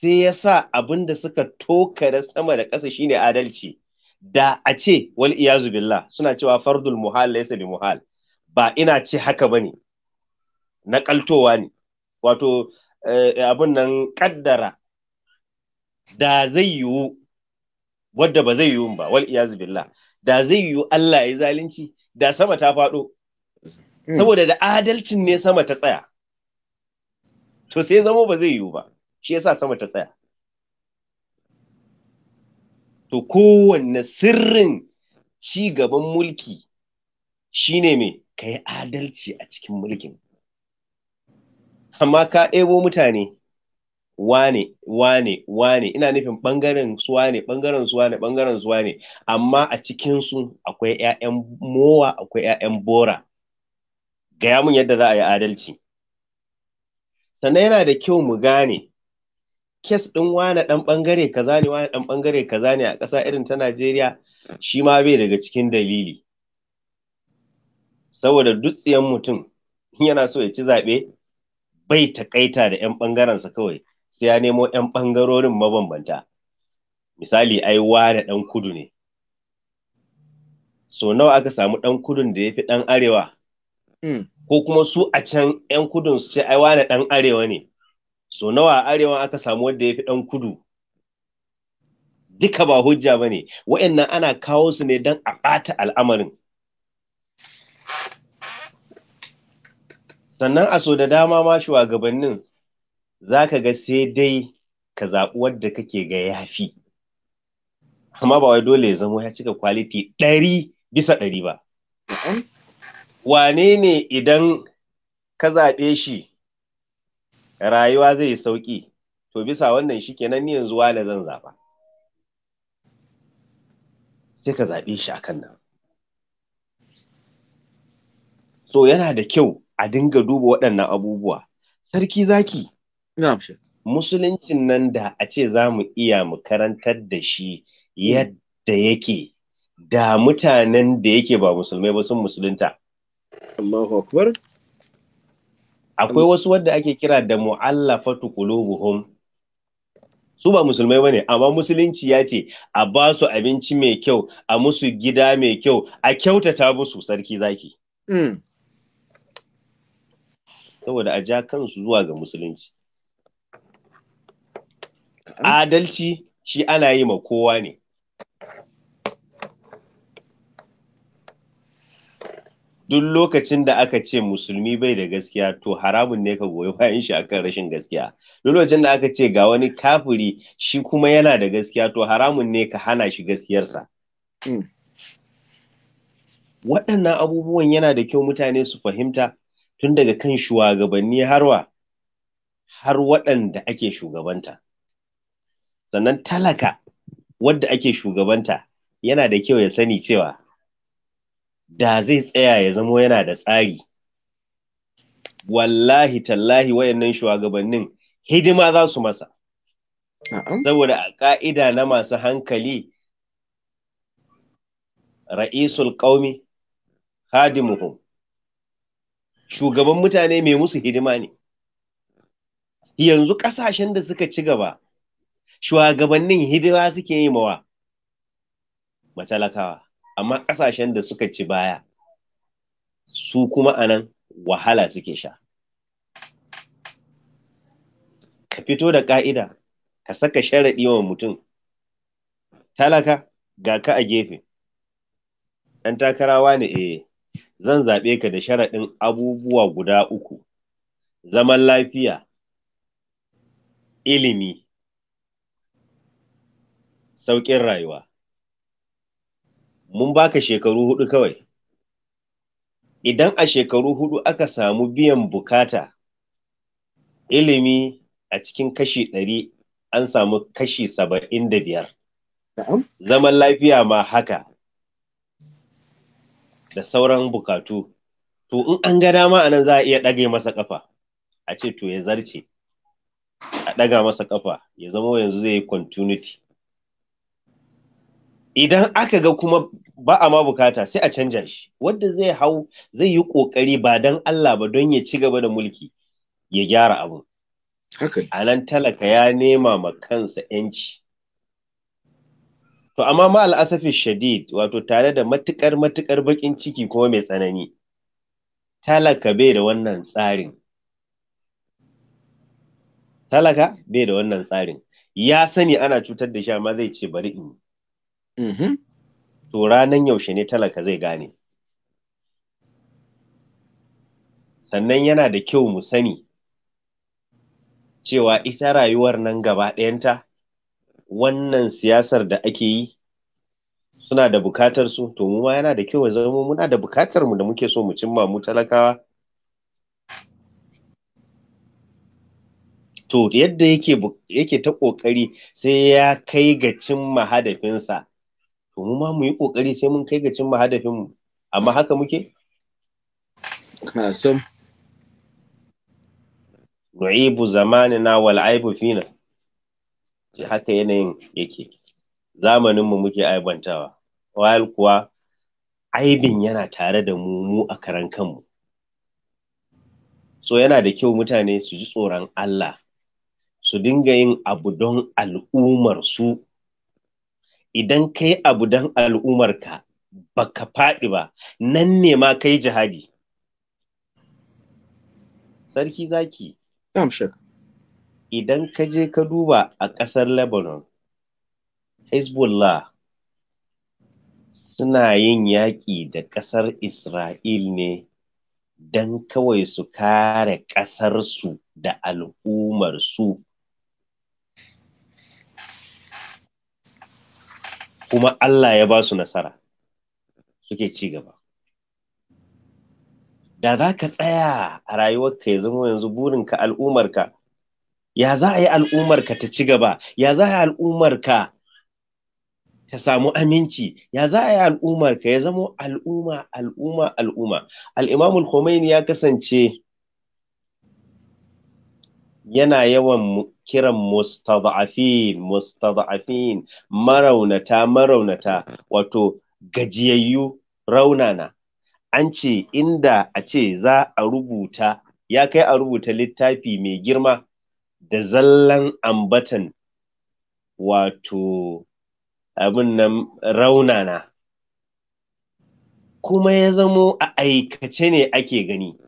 sai ya sa abin da suka da sama da ƙasa shine adalci da a ce wal iyazu billah suna cewa fardul muhal laysa li muhal ba ina ce haka ba ne na kaltowa ne wato eh, abin nan kaddara da zai yiwu wadda ba zai yiwu ba wal iya billah da zai yiwu Allah ya zalunci da sama ta faɗo hmm. saboda da adalcin ne sama ta tsaya to sai zamo ba zai yiwu ba shi yasa sama ta tsaya to kowanne sirrin ci gaban mulki shine me ka yi adalci a cikin mulkin amma ka ebo mutane wane wane wane ina nufin ɓangaren su wane ɓangaren su wane ɓangaren su wane amma a cikin su akwai 'ya'yan mowa akwai 'ya'yan bora gaya mun yadda za a yi adalci sannan yana da kyau mu gane kes ɗin wane ɗan ɓangare kaza ne wane ɗan ɓangare kaza ne a ƙasa irin ta Najeriya shi ma bai daga cikin dalili saboda dutsiyan mutum yana so ya ci zaɓe bai takaita da 'yan ɓangarensa kawai sai ya nemo 'yan ɓangarorin mabambanta misali ai wane ɗan kudu ne so nawa aka samu ɗan kudun da ya fi ɗan arewa hmm. ko kuma su a can 'yan kudun su ce ai wane ɗan arewa ne so nawa a arewa aka samu wanda ya fi ɗan kudu duka ba hujja ba ne wa'annan ana kawo su ne don a ɓata al'amarin sannan a so da dama ma shugabannin za ka ga sai dai ka zaɓi wadda kake ga yafi. amma ba wai dole ya zamo ya cika kwaliti ɗari bisa ɗari ba wane ne idan ka zaɓe shi rayuwa zai yi sauƙi to bisa wannan shi kenan ni yanzu wane zan zaɓa sai ka zaɓe shi akan nan so yana da kyau a dinga duba waɗannan abubuwa sarki zaki musuluncin nan da a ce za mu iya mu karantar da shi yadda yake da mutanen da yake ba musulmai ba sun musulunta akwai wasu wadda ake kira da mu'allafatu qulubuhum su ba musulmai bane amma musulunci ya ce a ba su abinci mai kyau a musu gida mai kyau a kyautata musu sarki zaki mm. saboda a ja kansu zuwa ga musulunci adalci shi ana yi ma kowa ne duk lokacin da aka ce musulmi bai da gaskiya to haramun ne ka goyi bayan shi akan rashin gaskiya duk lokacin da aka ce ga wani kafiri shi kuma yana da gaskiya to haramun ne ka hana shi gaskiyarsa mm. waɗannan abubuwan yana da kyau mutane su fahimta tun daga kan shugabanni harwa har waɗanda ake shugabanta sannan talaka wadda ake shugabanta yana da kyau ya sani cewa da zai tsaya ya zamo yana da tsari wallahi tallahi wayannan shugabannin hidima za su masa saboda a ƙa'ida na masu hankali ra'isul ƙaumi hadimuhum shugaban mutane mai musu hidima ne yanzu ƙasashen da suka ci gaba shugabannin hidima suke yi mawa matalakawa amma ƙasashen da suka ci baya su kuma anan wahala suke sha ka fito da ƙa'ida ka saka sharaɗi wa mutum talaka ga ka a gefe ɗan takarawa ne eh zan zaɓe ka da sharaɗin abubuwa guda uku, zaman lafiya, ilimi, sauƙin rayuwa. Mun baka shekaru hudu kawai. Idan a shekaru huɗu aka samu biyan bukata, ilimi a cikin kashi ɗari an samu kashi saba'in da biyar. Zaman lafiya ma haka. da sauran bukatu to in an ga dama a nan za a iya ɗage masa ƙafa a ce to ya zarce a ɗaga masa ƙafa ya zama yanzu zai yi continuity idan aka ga kuma ba a ma bukata sai a canja shi wadda zai hau zai yi ƙoƙari ba don Allah ba don ya ci gaba da mulki ya gyara abu. a nan talaka ya nema ma kansa 'yanci To amma ma al'asafin shadid wato tare da matukar matukar bakin ciki kuma mai tsanani. Talaka bai da wannan tsarin. Talaka bai da wannan tsarin. Ya sani ana cutar da shi amma zai ce bari in. Mm-hmm. To ranan yaushe ne talaka zai gane. Sannan yana da kyau mu sani cewa ita rayuwar nan gaba ɗayanta wannan siyasar da ake yi suna da bukatar su to mu ma yana da kyau zama muna da bukatar mu da muke so mu cimma mu talakawa to yadda yake yake ta kokari sai ya kai ga cimma hadafinsa to mu ma mu yi kokari sai mun kai ga cimma hadafin mu amma haka muke Nu'ibu zamanina wal aibu fina. ce haka yanayin yake zamaninmu muke aibantawa while kuwa aibin yana tare da mu mu a karan kanmu so yana da kyau mutane su ji tsoron Allah su dinga yin abu don al'ummar su idan kai abu don al'ummarka baka faɗi ba nan ne ma kai jihadi sarki zaki. idan ka je ka duba a ƙasar Lebanon, Hezbollah suna yin yaƙi da ƙasar Isra'il ne don kawai su kare ƙasarsu da al'ummarsu. Kuma Allah ya ba su nasara suke ci gaba. Da za ka tsaya a rayuwarka ya zama yanzu burinka al'ummarka. ya za a yi al'ummarka ta ci gaba ya za a yi al'ummarka ta samu aminci ya za a yi al'ummarka ya zamo al'umma al'umma al'umma al'imamul khomeini ya kasance yana yawan kiran mustada'afin mustada'afin maraunata maraunata wato gajiyayyu raunana an ce inda a ce za a rubuta ya kai a rubuta littafi mai girma da zallan ambatan wato abin nan raunana kuma ya zamo a aikace ne ake gani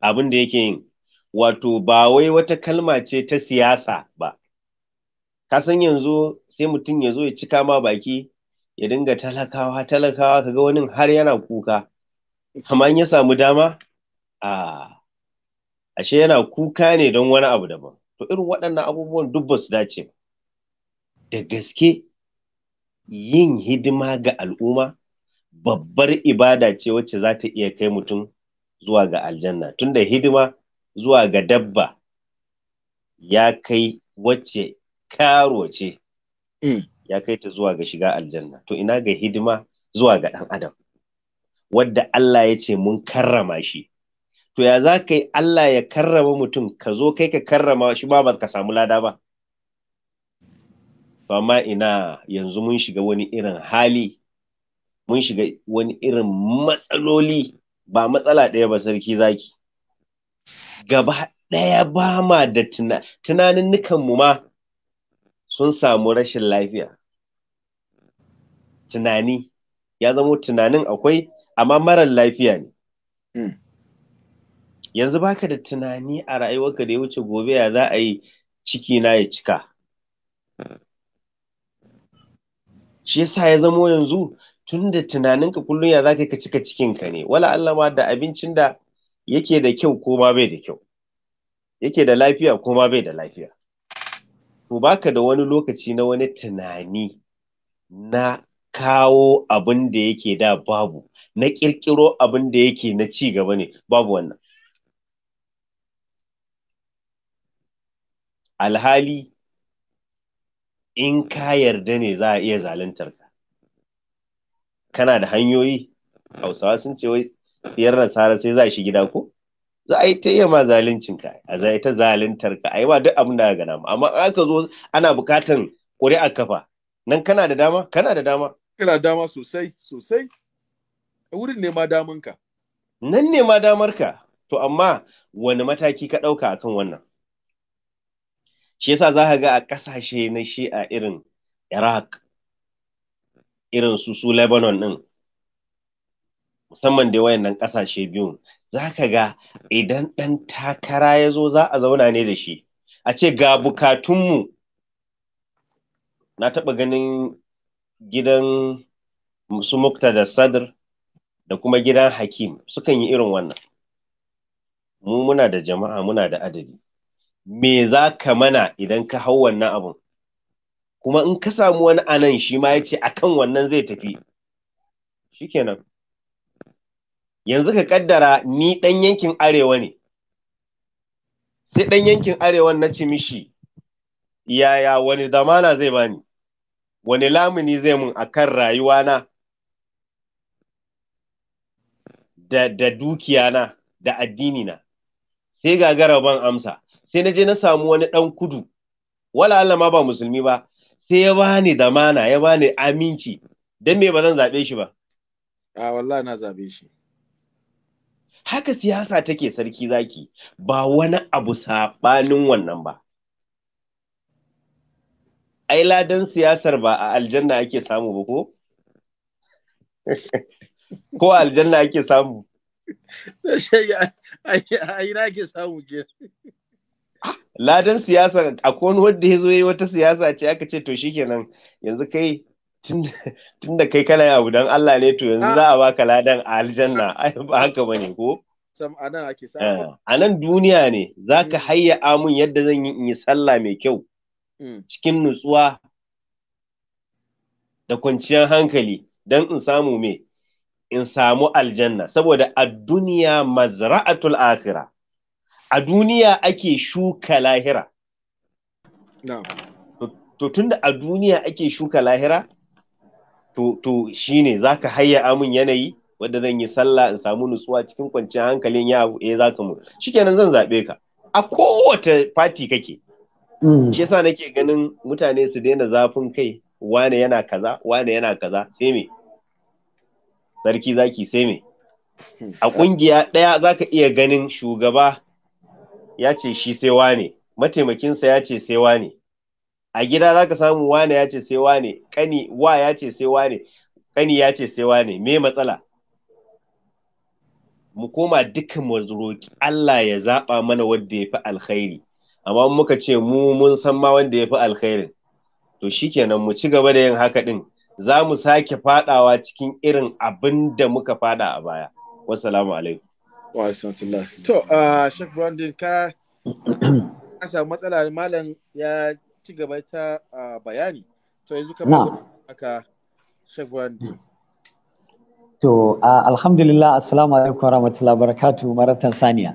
abin da yake yin wato ba wai wata kalma ce ta siyasa ba ka san yanzu sai mutum ya zo ya cika ma baki ya dinga talakawa talakawa ga wani har yana kuka amma ya samu dama a ah, ashe yana kuka ne don wani abu daban to irin waɗannan abubuwan duk basu su dace da gaske yin hidima ga al'umma babbar ibada ce wacce za ta iya kai mutum zuwa ga aljanna tunda hidima zuwa ga dabba ya kai wacce karo ce eh. ya kai ta zuwa ga shiga aljanna to ina ga hidima zuwa ga ɗan adam wadda Allah ya ce mun karrama shi to ya za ka yi Allah ya karrama mutum ka zo kai ka karrama shi ba ka samu lada ba amma ina yanzu mun shiga wani irin hali mun shiga wani irin matsaloli ba matsala ɗaya ba sarki zaki gaba ɗaya ba ma da tunanin nukanmu ma sun samu rashin lafiya tunani ya zamo tunanin akwai amma marar lafiya ne hmm. yanzu baka da tunani a rayuwarka da ya wuce gobe ya za a yi ciki na ya cika shi yasa ya zamo yanzu Tunda da tunaninka kullum ya zaka ka cika cikinka ne wala Allah da abincin da yake da kyau ko ma bai da kyau yake da lafiya ko ma bai da lafiya to baka da wani lokaci na wani tunani na kawo abin da yake da babu na ƙirƙiro abin da yake na ci gaba ne babu wannan alhali in ka yarda ne za a iya zaluntar ka kana da hanyoyi hausawa sun ce wai tsiyar nasara sai za shi gida ko za a yi ta iya ma zaluncin ka a za ta zaluntar ka a yi ma duk abin da gana ma amma aka zo ana bukatan ƙuri'ar kafa nan kana da dama kana da dama kana dama sosai sosai wurin ne ma damanka nan ne ma ka, to amma wani mataki ka ɗauka akan wannan shi yasa za ka ga a ƙasashe na shi a irin iraq irin su su lebanon ɗin musamman da wayannan ƙasashe biyun za ka ga idan ɗan takara ya zo za a zauna ne da shi a ce ga bukatunmu na taɓa ganin gidan su mukta da sadr da kuma gidan hakim sukan yi irin wannan mu muna da jama'a muna da adadi me za ka mana idan ka hau wannan abun kuma in ka samu wani anan shi ma ya ce a wannan zai tafi shikenan yanzu ka kaddara ni ɗan yankin arewa ne sai ɗan yankin arewa na ci mishi yaya wani zamana zai bani wani lamuni zai mun akan na? da, da na, da addini na. sai gagara ban amsa sai na je na samu wani ɗan kudu wala Allah ma ba musulmi ba sai ya bani damana ya bani aminci don me ba zan zaɓe shi ba a wallahi na zaɓe shi haka siyasa take sarki zaki ba wani abu saɓanin wannan ba ai ladan siyasar ba a aljanna ake samu ba ko ko aljanna ake samu ai na ake samu ke ladan siyasa a wani wadda ya zo yi wata siyasa ce aka ce to shikenan yanzu kai tun da kai kana abu don Allah ne to yanzu ah. za a baka ladan a aljanna ai ba haka ba ne ko eh, a nan duniya ne za ka hmm. hayya amun yadda zan yi in yi sallah mai kyau hmm. cikin nutsuwa da kwanciyar hankali don in samu me in samu aljanna saboda a duniya mazra'atul akhira a duniya ake shuka lahira to tunda a duniya ake shuka lahira to ne shine zaka hayya mun yanayi wadda zan yi sallah in samu nutsuwa cikin kwanciyar hankalin ya abu ka eh, zaka mu kenan zan zaɓe ka a kowace fati kake mm. shi yasa nake ganin mutane su daina zafin kai wane yana kaza wane yana kaza sai me sarki zaki sai me hmm. a kungiya za ka iya ganin shugaba ya ce shi sai wane mataimakinsa ya ce sai wane a gida za ka samu wane ya ce sai wane kani wa ya ce sai wane kani ya ce sai wane me matsala mu koma dukkan mu Allah ya zaɓa mana wanda ya fi alkhairi amma muka ce mu mun san ma wanda ya fi alkhairin to shikenan mu ci gaba da yin haka din za mu sake faɗawa cikin irin abin da muka faɗa a baya wassalamu alaikum Wa alaikum To, uh, Shek Brandon ka an samu matsala malam ya ci gaba ta uh, bayani. To yanzu kamar haka Shek Brandon. To, uh, alhamdulillah, assalamu alaikum warahmatullahi barakatuh maratan tansaniya.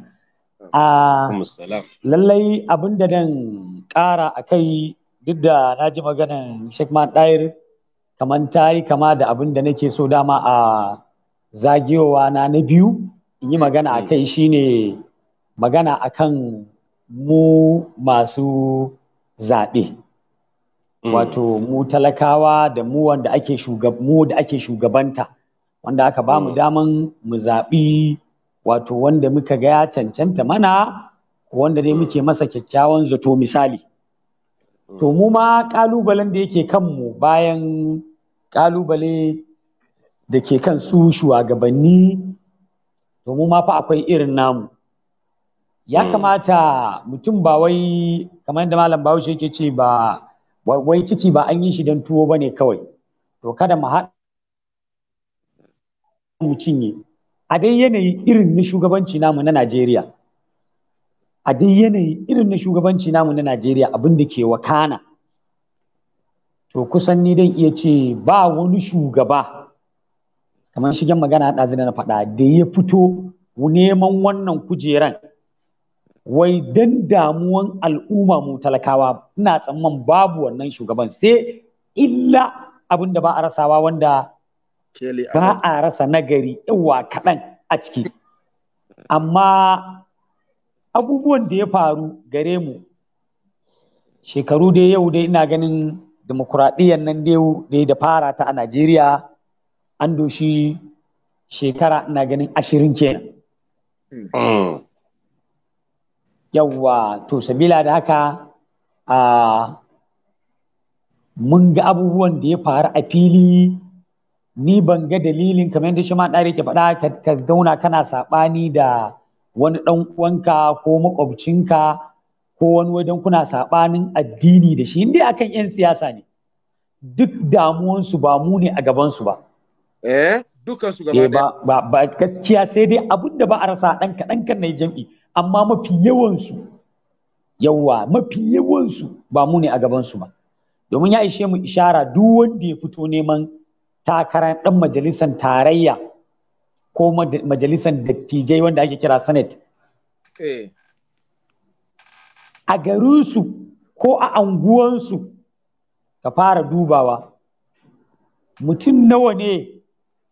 lallai abin da dan ƙara a kai duk da na ji maganan Sheikh Man Dair kamar ta yi kama da abin da nake so dama a zagewa na na biyu In yi magana a kai mm. shine magana a kan mu masu zaɓe mm. wato mu talakawa da mu wanda ake mu da ake shugabanta wanda aka ba mu mm. daman mu zaɓi wato wanda muka gaya cancanta mana wanda dai muke masa kyakkyawan zato misali to mu ma ƙalubalen da yake kanmu bayan ƙalubale da ke kan su shugabanni to ma fa akwai irin namu ya hmm. kamata mutum ba wai kamar da malam bahaushe yake ce ba wai ciki ba an yi shi don tuwo ba ne kawai to kada mu haɗa mu cinye a dai yanayi irin na shugabanci namu na Najeriya a dai yanayi irin na shugabanci namu na Najeriya abin da ke wakana to kusan ni dan iya ce ba wani shugaba kamar shigen magana zina na faɗa da ya fito neman wannan kujeran wai dan damuwan al'umma mu talakawa ina tsamman babu wannan shugaban sai illa abin da ba a rasawa wanda ba a rasa nagari yawa kaɗan a ciki amma abubuwan da ya faru gare mu shekaru da yau dai ina ganin demokuraɗiyyar nan dai da fara ta a najeriya an doshi shekara na ganin ashirin kenan. Yawwa to sabila da haka a mun ga abubuwan da ya faru a fili ni ban ga dalilin kamar yadda shi ma ɗari ke faɗa ka zauna kana saɓani da wani ɗan uwanka ko makwabcinka ko wani wajen kuna saɓanin addini da shi inda akan 'yan siyasa ne duk damuwansu ba mu ne a gabansu ba. eh dukan su gaba eh, ba ba ba gaskiya sai dai abin da ba a rasa dan kadan kan nayi jam'i amma mafi yawan su yawa mafi yawan su ba mu ne a gaban su ba domin ya ishe mu ishara duk wanda ya fito neman takarar dan majalisar tarayya ko majalisar dattijai wanda ake kira senate eh. a garinsu ko a anguwansu ka fara dubawa mutum nawa ne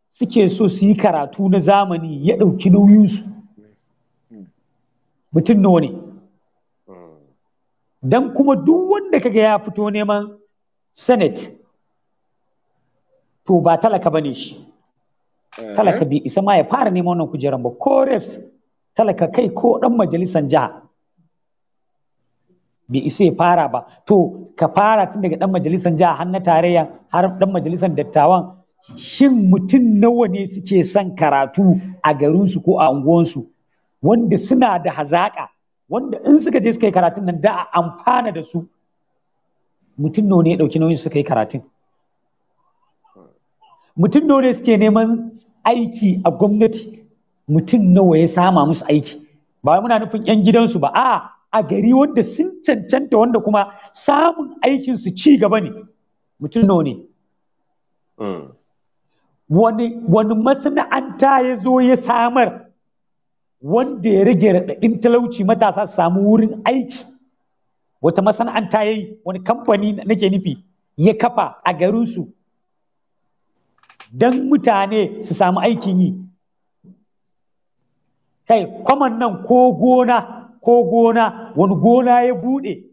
suke so su yi karatu na zamani ya ɗauki nauyinsu mutum nawa ne don kuma duk wanda kaga ya fito neman senate to ba talaka ba ne shi eh. talaka bai isa ma ya fara neman wannan kujeran ba ko reps talaka kai ko ɗan majalisan jiha bai isa ya fara ba to ka fara tun daga ɗan majalisar jiha har na tarayya har ɗan majalisar dattawan shin mutum nawa ne suke son karatu a garinsu ko a unguwansu wanda suna da hazaƙa wanda in suka je suka yi karatun nan da a amfana da su mutum nawa ne ya ɗauki nauyin suka yi karatun mutum nawa ne suke neman aiki a gwamnati mutum nawa ya sama musu aiki ba muna nufin 'yan gidansu ba a a gari wanda sun cancanta wanda kuma samun aikinsu ci gaba ne mutum nawa ne hmm. wani wani masana'anta ya zo ya samar wanda ya rage raɗaɗin talauci matasa su samu wurin aiki wata masana'anta ya yi wani kamfani nake nufi ya kafa a garinsu don mutane su samu aikin yi kai kwaman nan ko gona ko gona wani gona ya buɗe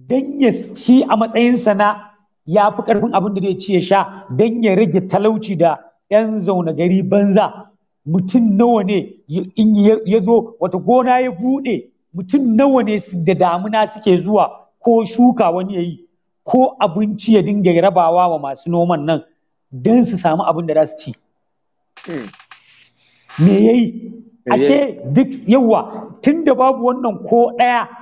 Dan ya shi a matsayinsa na ya fi ƙarfin abin da zai ci ya sha don ya rage talauci da 'yan zaune gari banza mutum nawa ne in ya zo wata gona ya buɗe mutum nawa ne da damuna suke zuwa ko shuka wani ya yi ko abinci ya dinga rabawa wa masu noman nan don su samu abin da za su ci. Hmm. Me ya yi? Ashe duk yawa tun da babu wannan ko ɗaya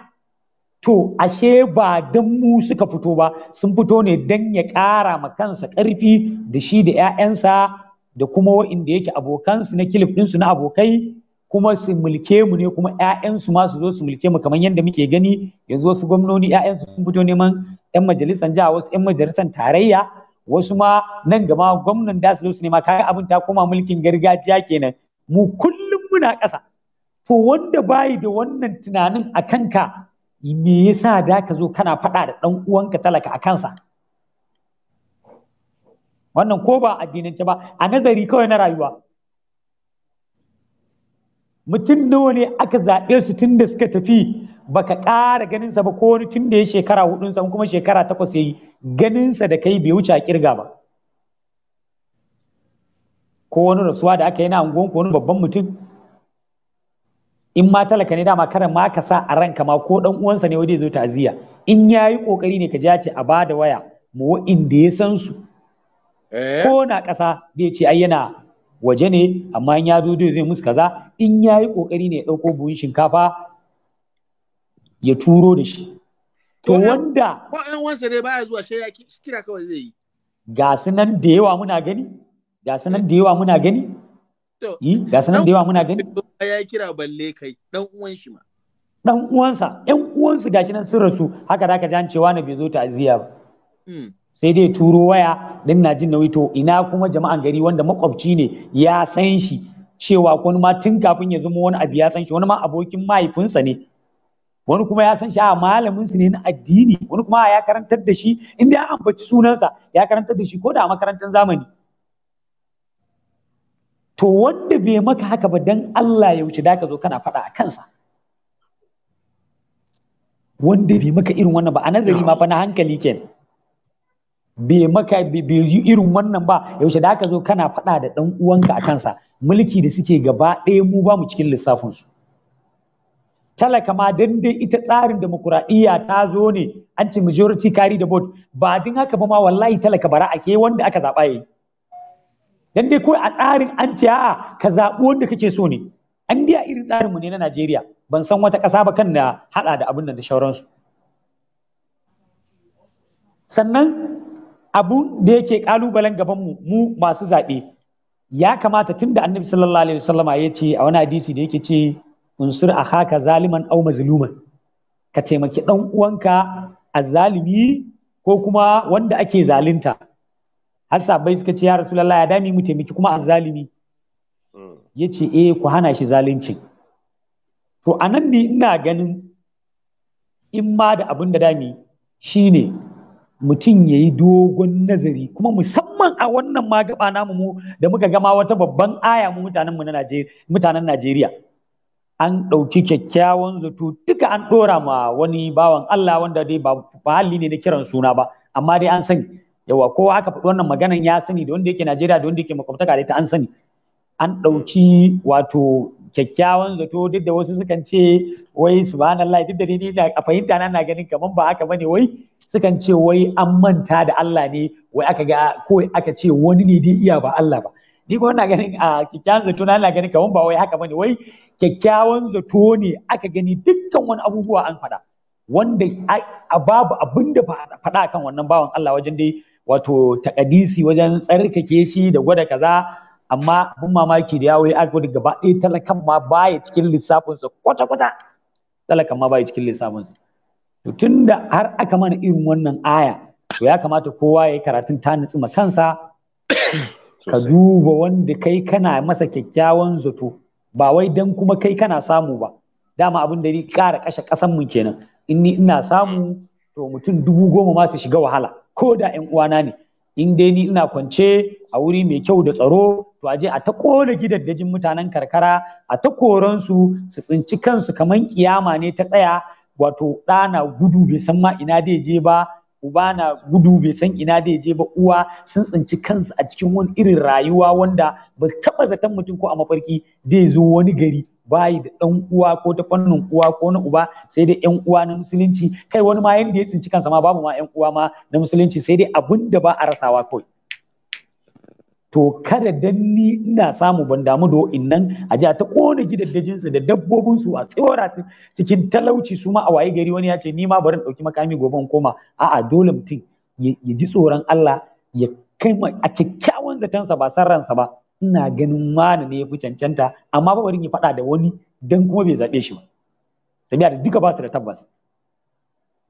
to ashe ba dan mu suka fito ba sun fito ne dan ya ƙara ma kansa ƙarfi da shi da 'ya'yansa da kuma wa'inda yake abokansu na kilif ɗinsu na abokai kuma su mulke mu ne kuma 'ya'yansu ma su zo su mulke mu kamar yadda muke gani yanzu wasu gwamnoni 'ya'yansu sun fito neman 'yan majalisan jiha wasu 'yan majalisan tarayya wasu ma nan gaba gwamnan da su zo su nema kaga abin ta koma mulkin gargajiya kenan mu kullum muna ƙasa to wanda bayi da wannan tunanin a kanka me yasa da ka zo kana faɗa da ɗan uwanka talaka a kansa wannan ko ba addinance ba a nazari kawai na rayuwa mutum nawa ne aka zaɓe su tun da suka tafi baka ƙara ganinsa ba ko wani tun da ya shekara hudunsa kuma shekara takwas ya yi ganinsa da kai bai wuce a kirga ba ko wani rasuwa da aka yi na angon ko wani babban mutum in ma talaka ne dama karan ma ka sa a ranka ma ko dan uwansa ne wanda zai zo ta'aziya. in yayi kokari ne ka ji ce a bada waya mu inda ya san su eh? ko na ƙasa zai ce ai yana waje ne amma in ya zo zai musu kaza in yayi kokari ne ya dauko buhun shinkafa ya turo da shi to wanda ko an wansa ne baya zuwa sai ya kira kawai zai yi ga sunan da yawa muna gani ga sunan da yawa muna gani ga sunan nan da yawa muna gani ya kira balle kai dan uwan shi ma dan uwansa yan uwansu gashi nan sun rasu haka da ka ji cewa na bai zo ta'aziyya ba hmm. sai dai turo waya din na jin nauyi to ina kuma jama'an gari wanda makwabci ne ya san shi cewa wani ma tun kafin ya zama wani abu ya san shi wani ma abokin mahaifinsa ne wani kuma ya san shi a malamin su ne na addini wani kuma ya karantar da shi inda ya ambaci sunansa ya karantar da shi ko da a makarantar zamani to wanda bai maka haka ba dan Allah ya wuce da ka zo kana faɗa a kansa wanda bai maka irin wannan ba a nazari ma fa na hankali kenan bai maka bai irin wannan ba yaushe da ka zo kana faɗa da ɗan uwanka a kansa mulki da suke gaba ɗaya mu ba mu cikin lissafin su talaka ma dan dai ita tsarin demokuraɗiyya ta zo ne an ce majority carry the vote ba din haka ba ma wallahi talaka bara a ke wanda aka zaɓa yayi dan dai kawai a tsarin an ce a'a ka zaɓi wanda kake so ne an dai irin tsarin mu ne na Najeriya ban san wata ƙasa ba kan na haɗa da abin nan da shauransu sannan abu da yake ƙalubalen gaban mu mu masu zaɓe ya kamata tun da annabi sallallahu alaihi wasallama ya ce a wani hadisi da yake ce unsur a haka zaliman au mazluman ka taimaki ɗan uwanka a zalimi ko kuma wanda ake zalunta har sabai suka ce ya rasulullah ya dami mu taimaki kuma a zalimi. Hmm. ya ce eh ku hana shi zalunci to a nan ne ina ganin in ma da abin da dami shine mutum ya yi dogon nazari kuma musamman a wannan ma gaba namu mu da muka gama wata babban aya mu mutanen mutanen Najeriya an ɗauki kyakkyawan zato duka an ɗora ma wani bawan Allah wanda dai ba hali ne na kiran suna ba amma dai an sani yawa kowa aka faɗi wannan maganan ya sani da wanda yake Najeriya da wanda yake makwabtaka da ita an sani an ɗauki wato kyakkyawan zato duk da wasu sukan ce wai subhanallah duk da ni a fahimta na na ganin kaman ba haka bane wai sukan ce wai an manta da Allah ne wai aka ga ko aka ce wani ne dai iya ba Allah ba ni ko na ganin a kyakkyawan zato na na ganin kaman ba wai haka bane wai kyakkyawan zato ne aka gani dukkan wani abubuwa an faɗa wanda a babu abin da faɗa kan wannan bawan Allah wajen dai wato takadisi wajen tsarkake shi da gwada kaza amma abin mamaki da yawo ya gudu gaba ɗaya talakan ma baya cikin lissafinsa kwata-kwata talakan ma baya cikin lissafinsa to tunda har aka mana irin wannan aya to ya kamata kowa ya yi karatun ta nutsu ma kansa ka duba wanda kai kana masa kyakkyawan zato ba wai dan kuma kai kana samu ba dama abin da ni ƙara kashe kasan mu kenan in ni ina samu to mutum dubu goma ma su shiga wahala ko da 'yan uwana ne in dai ni ina kwance a wuri mai kyau da tsaro to aje a ta kona gidaddajin mutanen karkara a ta koran su su tsinci kansu kaman kiyama ne ta tsaya wato ɗa na gudu bai san ma ina dai je ba uba na gudu bai san ina dai je ba uwa sun tsinci kansu a cikin wani irin rayuwa wanda ba taɓa zaton mutum ko a mafarki zai zo wani gari bayi da ɗan uwa ko ta fannin uwa ko na uba sai dai ƴan uwa na musulunci kai wani ma yanda ya tsinci kansa ma babu ma ƴan uwa ma na musulunci sai dai abin da ba a rasawa kawai to kada dan ni ina samu ban damu da innan a ta kona gidaddajin su da dabbobin su a tsora cikin talauci su ma a waye gari wani ya ce ni ma bari dauki makami gobe in koma a'a dole mutum ya ji tsoron Allah ya kai a kyakkyawan zatansa ba san ransa ba ina ganin wani ne ya fi cancanta amma ba barin ya faɗa da wani dan kuma bai zaɓe shi ba tabiya da duka ba su da tabbas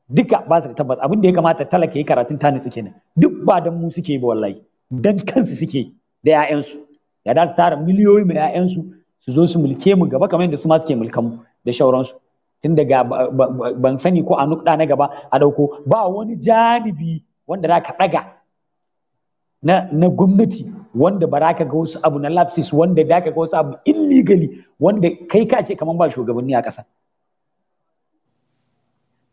duka ba su da tabbas abin da ya kamata talaka yi karatun tani suke nan duk ba dan mu suke ba wallahi dan kansu suke da 'ya'yansu ya da su tara miliyoyi mai 'ya'yansu su zo su mulke mu gaba kamar yadda su ma suke mulkan mu da shauransu tun daga ban sani ko a nukɗa na gaba a ɗauko ba wani janibi wanda za ka ɗaga na, na gwamnati wanda ba ka ga wasu abu na lapsis wanda da ka ga wasu abu illegally wanda kai ka ce kaman ba shugabanni a ƙasa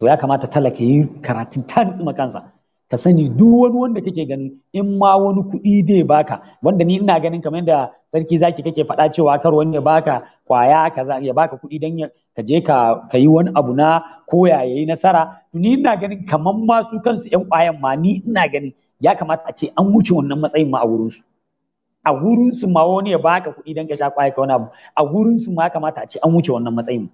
to ya kamata talaka yi karatu, ta nutsu kansa ka sani duk wani wanda kake ganin in ma wani kuɗi dai baka wanda ni ina ganin kamar yadda sarki zaki kake faɗa cewa kar wani ya baka kwaya kaza ya baka kuɗi dan ka je ka wani abu na koya yayi nasara ni ina ganin kamar ma su kansu yan kwayan ma ni ina ganin ya kamata a ce an wuce wannan matsayin ma a wurin su a wurin su ma wani ya baka kuɗi dan ka sha kwaya ka wani abu a wurin su ma kamata a ce an wuce wannan matsayin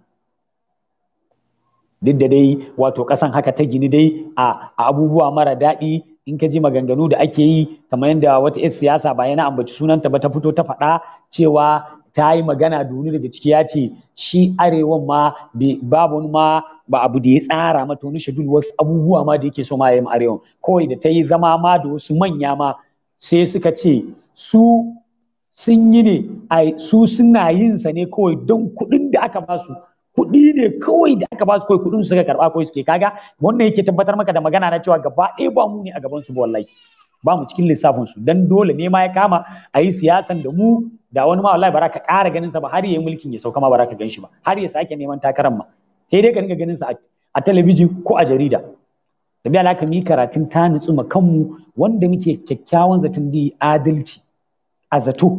duk da dai wato ƙasan haka ta gini dai a abubuwa mara daɗi in ka ji maganganu da ake yi kamar yadda wata 'yar siyasa ba yana ambaci sunanta ba ta fito ta faɗa cewa ta yi magana doni daga ciki ya ce shi arewan ma babu ma ba abu da ya tsara mata wani shadul wasu abubuwa ma da yake so ma ya yi arewan kawai da ta yi zama ma da wasu manya ma sai suka ce su sun yi ne su suna yin sa ne kawai don kuɗin da aka ba su kuɗi ne kawai da aka su kawai kuɗin suka karɓa kawai suke kaga wannan yake tabbatar maka da magana na cewa gaba ɗaya ba mu ne a gaban su ba wallahi ba mu cikin lissafin su dan dole ne ma ya kama a yi siyasan da mu da wani ma wallahi ba ka ƙara ganin sa ba har yayin mulkin ya sauka ma ba ka gan shi ba har ya sake neman takaran ma sai dai ka dinga ganin sa a talabijin ko a jarida da biya alaka mi karatun ta nutsu ma kanmu wanda muke kyakkyawan zaton da adalci a zato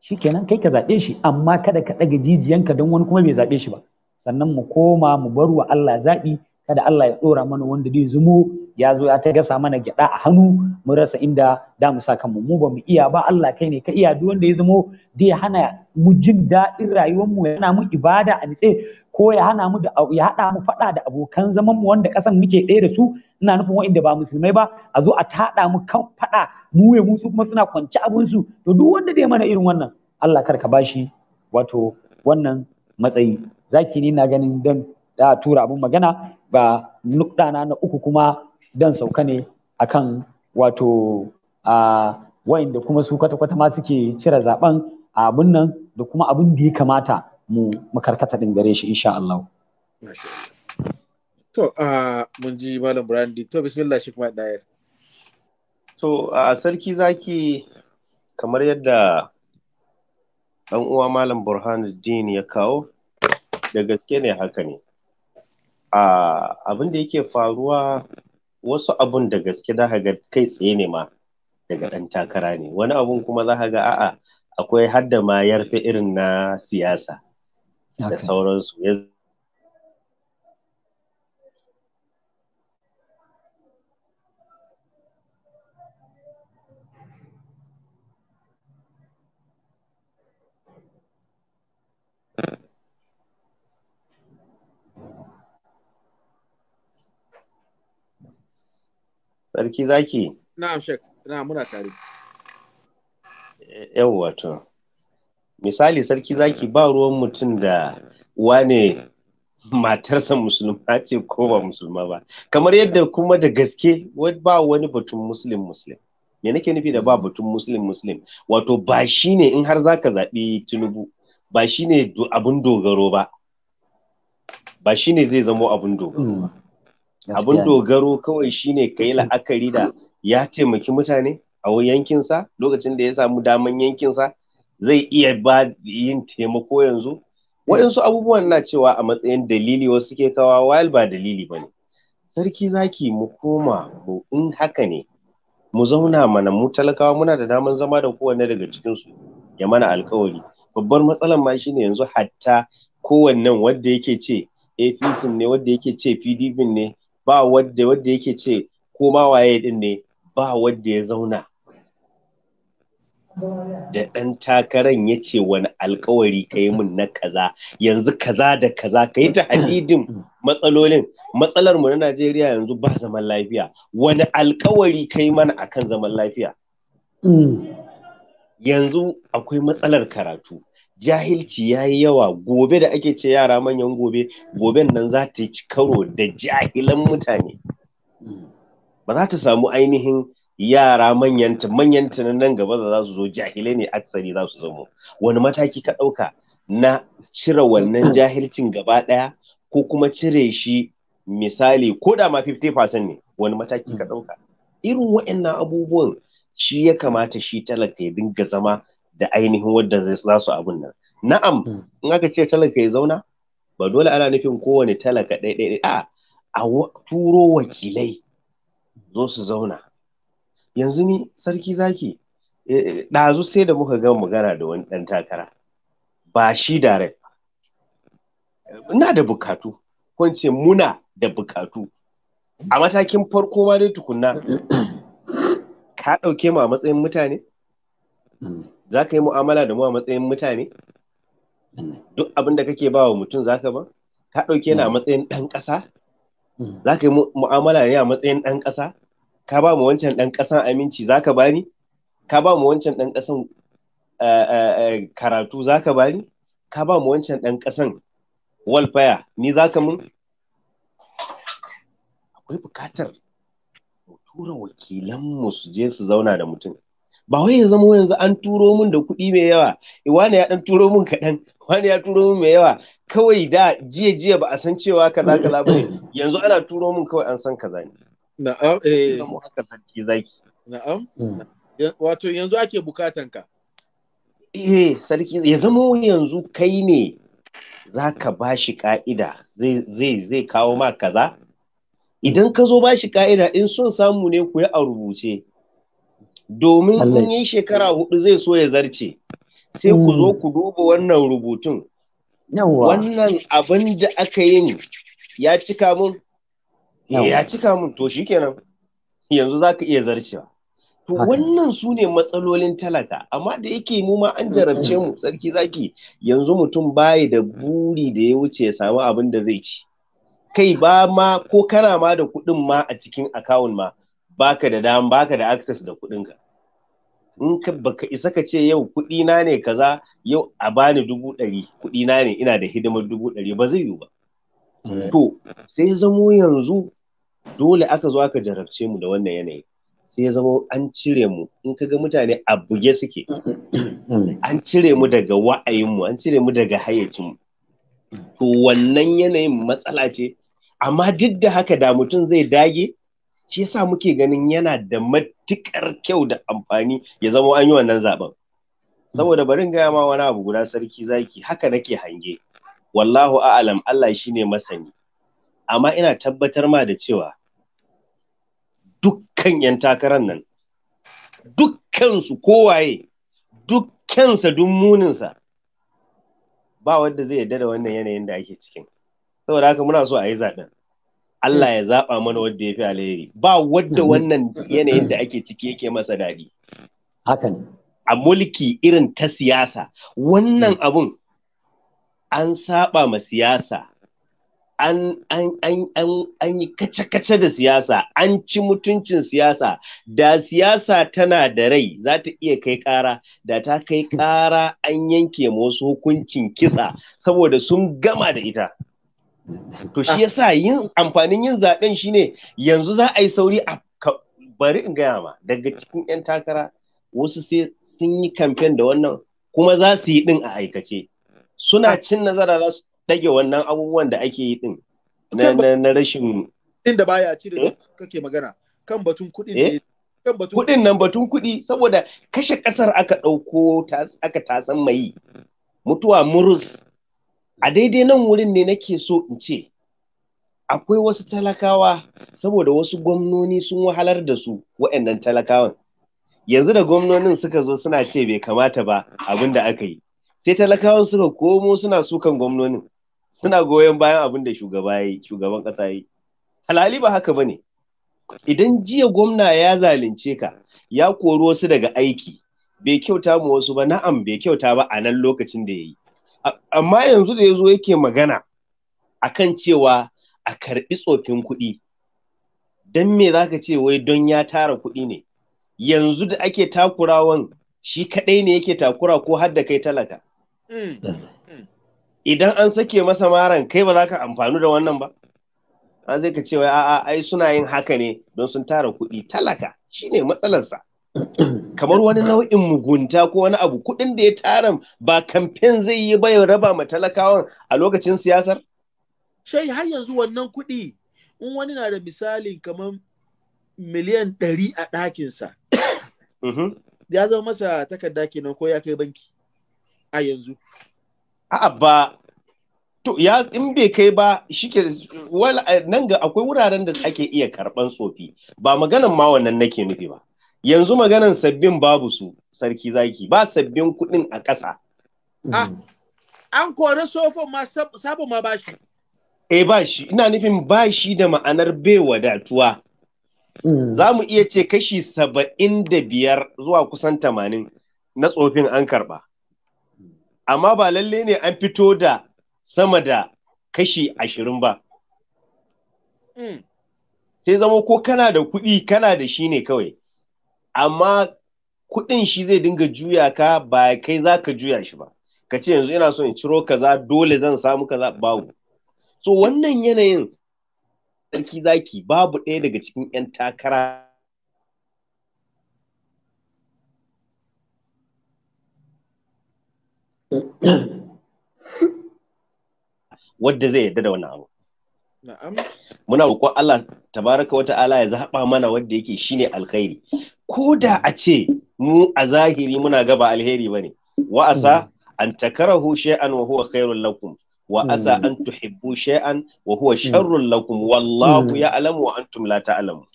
shikenan kai ka zaɓe shi amma kada ka ɗaga jijiyanka don wani kuma bai zaɓe shi ba sannan mu koma mu bar wa Allah zaɓi kada Allah ya dora mana wanda zai zumo ya zo ya ta gasa mana gyada a hannu mun rasa inda da mu saka kanmu mu ba mu iya ba Allah kai ne ka iya duk wanda ya zumo zai hana mu jin daɗin rayuwar mu yana mu ibada a nitse ko ya hana mu da ya hada mu fada da abokan zaman mu wanda kasan muke ɗaya da su ina nufin wanda ba musulmai ba a zo a tada mu kan fada mu ya musu kuma suna kwanci abun su to duk wanda zai mana irin wannan Allah kar ka bashi wato wannan matsayi zaki ne na ganin dan da tura abun magana ba nukdana na uku kuma dan sauka ne akan wato a da kuma su kwata-kwata ma suke cire zaben abin nan da kuma abin da ya kamata mu makarkata din gare shi insha Allah. To a mun ji Malam Brandy to bismillah shi kuma dayar. To a sarki zaki kamar yadda ɗan uwa Malam Burhanuddin ya kawo da gaske ne haka ne. a abin da yake faruwa wasu abun da gaske za ga kai tsaye ne ma daga ɗan takara ne wani abun kuma za ga a'a akwai hadda ma yarfe irin na siyasa da sauransu Sarki zaki. Na'am Sheikh, na muna tare. Eh, Yau wato. Misali sarki zaki ba ruwan mutum da wane matarsa musulma ce ko ba musulma ba. Kamar yadda kuma da gaske ba wani batun muslim muslim. Me nake nufi da ba batun muslim muslim? Wato ba shi ne in har zaka zaɓi Tinubu ba shi ne abin dogaro ba. Ba shi ne zai zamo abin dogaro ba. Mm. abin dogaro kawai shine ka yi la'akari da ya taimaki mutane a yankinsa lokacin da ya samu daman yankinsa zai iya ba yin taimako yanzu waɗansu abubuwan na cewa a matsayin dalili wasu suke kawa wayal ba dalili ba ne sarki zaki mu koma mu in haka ne mu zauna mana mu talakawa muna da daman zama da kowanne daga cikinsu ya mana alkawari babbar matsalar ma shine yanzu hatta kowannen wanda yake ce APC ne wanda yake ce PDP ne ba wadda wadda yake ce ko ma waye din ne ba wadda ya zauna da ɗan takaran ya ce wani alkawari ka yi min na kaza yanzu kaza da kaza ka yi ta hadidin matsalolin matsalar mu na najeriya yanzu ba zaman lafiya wani alkawari ka yi mana akan zaman lafiya mm. yanzu akwai matsalar karatu jahilci ya yi yawa gobe da ake ce yara manyan gobe goben nan za ta ci karo da jahilan mutane ba za ta samu ainihin yara manyanta manyanta na nan gaba za su zo jahilai ne aksari za su zamo wani mataki ka ɗauka na cire wannan jahilcin gaba ɗaya ko kuma cire shi misali ko da ma 50% ne wani mataki ka mm. ɗauka irin waɗannan abubuwan shi ya kamata shi talaka ya dinga zama da ainihin wadda za su abin nan na'am hmm. in aka ce talaka ya zauna ba dole ana nufin kowane talaka ɗaya. a a turo wakilai zo su zauna yanzu ni sarki zaki eh, eh, ɗazu sai da muka gama magana da wani ɗan takara ba shi rai. ina da bukatu ko muna da bukatu a matakin farko ma dai tukunna ka ɗauke mu a matsayin mutane hmm. za ka yi mu'amala da mu a matsayin mutane duk abin da kake ba wa mutum za ka ba ka ɗauke ni a matsayin ɗan ƙasa mm. za ka yi mu'amala ne a matsayin ɗan ƙasa ka ba mu wancan ɗan ƙasan aminci za ka bani ka ba mu wancan ɗan ƙasan eh, eh, eh, karatu za ka bani ka ba mu wancan ɗan ƙasan walfaya ni za ka mun akwai buƙatar tura wakilanmu su je su zauna da mutum ba wai ya zama yanzu an turo min da kuɗi mai yawa eh, wani ya dan turo min kaɗan wani ya turo min mai yawa kawai da jiya jiya ba a san cewa kaza kaza ba yanzu ana turo min kawai an san kaza ne na'am eh zama haka sarki zaki na'am hmm. wato yanzu ake bukatan ka eh sarki ya zama yanzu kai ne za ka ba shi ka'ida zai kawo ma kaza idan ka zo ba shi ka'ida in son samu ne ku yi a rubuce domin in yi shekara hudu zai so ya zarce sai ku zo ku hmm. duba wannan rubutun wannan abin da aka yi ya cika mun eh, ya cika mun to shikenan yanzu za ka iya zarcewa to wannan su ne matsalolin talaka amma da yake mu ma an jarabce mu sarki zaki yanzu mutum bayi da buri da ya wuce ya samu abin da zai ci kai ba ma ko kana ma da kuɗin ma a cikin akawun ma baka da dam baka da access da kuɗinka in ka baka isa ka ce yau kuɗina na ne kaza yau a bani dubu ɗari kuɗi na ne ina da hidimar dubu ɗari ba zai yiwu ba mm. to sai zamo yanzu dole aka zo aka jarabce mu da wannan yanayi sai ya an cire mu in kaga mutane a buge suke mm. an cire mu daga wa'ayin mu an cire mu daga hayyacin mu. to wannan yanayin matsala ce amma duk da haka da mutum zai dage shi yasa muke ganin yana da matukar kyau da amfani ya zama an yi wannan zaben saboda barin gaya ma wani abu guda sarki zaki haka nake hange wallahu a'alam Allah shine masani amma ina tabbatar ma da cewa dukkan 'yan takarar nan dukkansu kowaye dukkansa sa ba wanda zai yarda da wannan yanayin da ake cikin saboda haka muna so a yi zaɓen Allah ya zaɓa mana wadda ya fi alheri ba wadda hmm. wannan yanayin da ake ciki yake masa daɗi. Hakan. A mulki irin ta siyasa wannan hmm. abun an saba ma siyasa an, yi kace-kace da siyasa an ci mutuncin siyasa da siyasa tana da rai za ta iya kai ƙara, da ta kai ƙara an yanke wasu hukuncin kisa saboda sun gama da ita. to shi yasa yin amfanin yin zaben shine yanzu za a yi sauri a bari in gaya ma daga cikin 'yan takara wasu sai sun yi kamfen da wannan kuma za su yi din a aikace suna cin nazara za su dage wannan abubuwan da ake yi din na rashin inda baya cire eh? kake magana kan batun kuɗin eh? ne kuɗin nan batun kuɗi saboda kashe ƙasar aka ɗauko aka tasan mai mutuwa murus a daidai nan wurin ne nake so in ce akwai wasu talakawa saboda wasu gwamnoni sun wahalar da su wa'annan talakawan yanzu da gwamnonin suka zo suna ce bai kamata ba abin da aka yi sai talakawan suka komo suna sukan gwamnonin suna goyon bayan abin da shugaban ƙasa yi halali ba haka ba ne idan jiya gwamna ya zalunce ka ya kori wasu daga aiki bai kyauta mu wasu ba na'am bai kyauta ba a nan lokacin da ya yi amma yanzu da ya zo yake magana akan cewa a karɓi tsofin kuɗi don me za ka ce wai don ya tara kuɗi ne yanzu da ake takurawan shi kaɗai ne yake takura ko har da kai talaka mm. Mm. idan an sake masa maran kai ba za ka amfanu da wannan ba an zai ka ce wai a'a ai suna yin haka ne don sun tara kuɗi talaka shine matsalarsa kamar wani nau'in mugunta ko wani abu kuɗin da ya tara ba kamfen zai yi bayan raba ma talakawan a lokacin siyasar? Shai har yanzu wannan kuɗi in wani na da misali kamar miliyan ɗari a ɗakinsa. Mhm. Ya zama masa takarda kenan ko ya kai banki a yanzu. A'a ba To ya in bai kai ba shi ke nan ga akwai wuraren da ake iya karɓan tsofi ba maganan ma wannan nake nufi ba. yanzu maganan sabbin babu su sarki zaki ba sabbin kuɗin a ƙasa. Ah, an kori sofon ma sabon ma ba shi. E ba shi, ina nufin ba shi da ma'anar bai wadatuwa. Mm. Za mu iya ce kashi saba'in da biyar zuwa kusan tamanin na tsofin an karɓa. Amma ba lalle ne an fito da sama da kashi ashirin ba. Mm. Sai zama ko kana da kuɗi kana da shi ne kawai. amma kuɗin shi zai dinga juya ka ba kai za ka juya shi ba ka ce yanzu ina so in ciro kaza dole zan samu kaza babu so wannan yanayin sarki zaki babu ɗaya daga cikin 'yan takara wadda zai yarda da wannan abu muna roƙon Allah tabaraka wata ala ya zaɓa mana wadda yake shine alkhairi ko da a ce mu a zahiri muna gaba alheri bane wa asa an takarahu shay'an wa huwa khairul lakum wa asa an tuhibbu shay'an wa huwa hmm. sharrul lakum wallahu hmm. ya'lamu wa antum la ta'lamu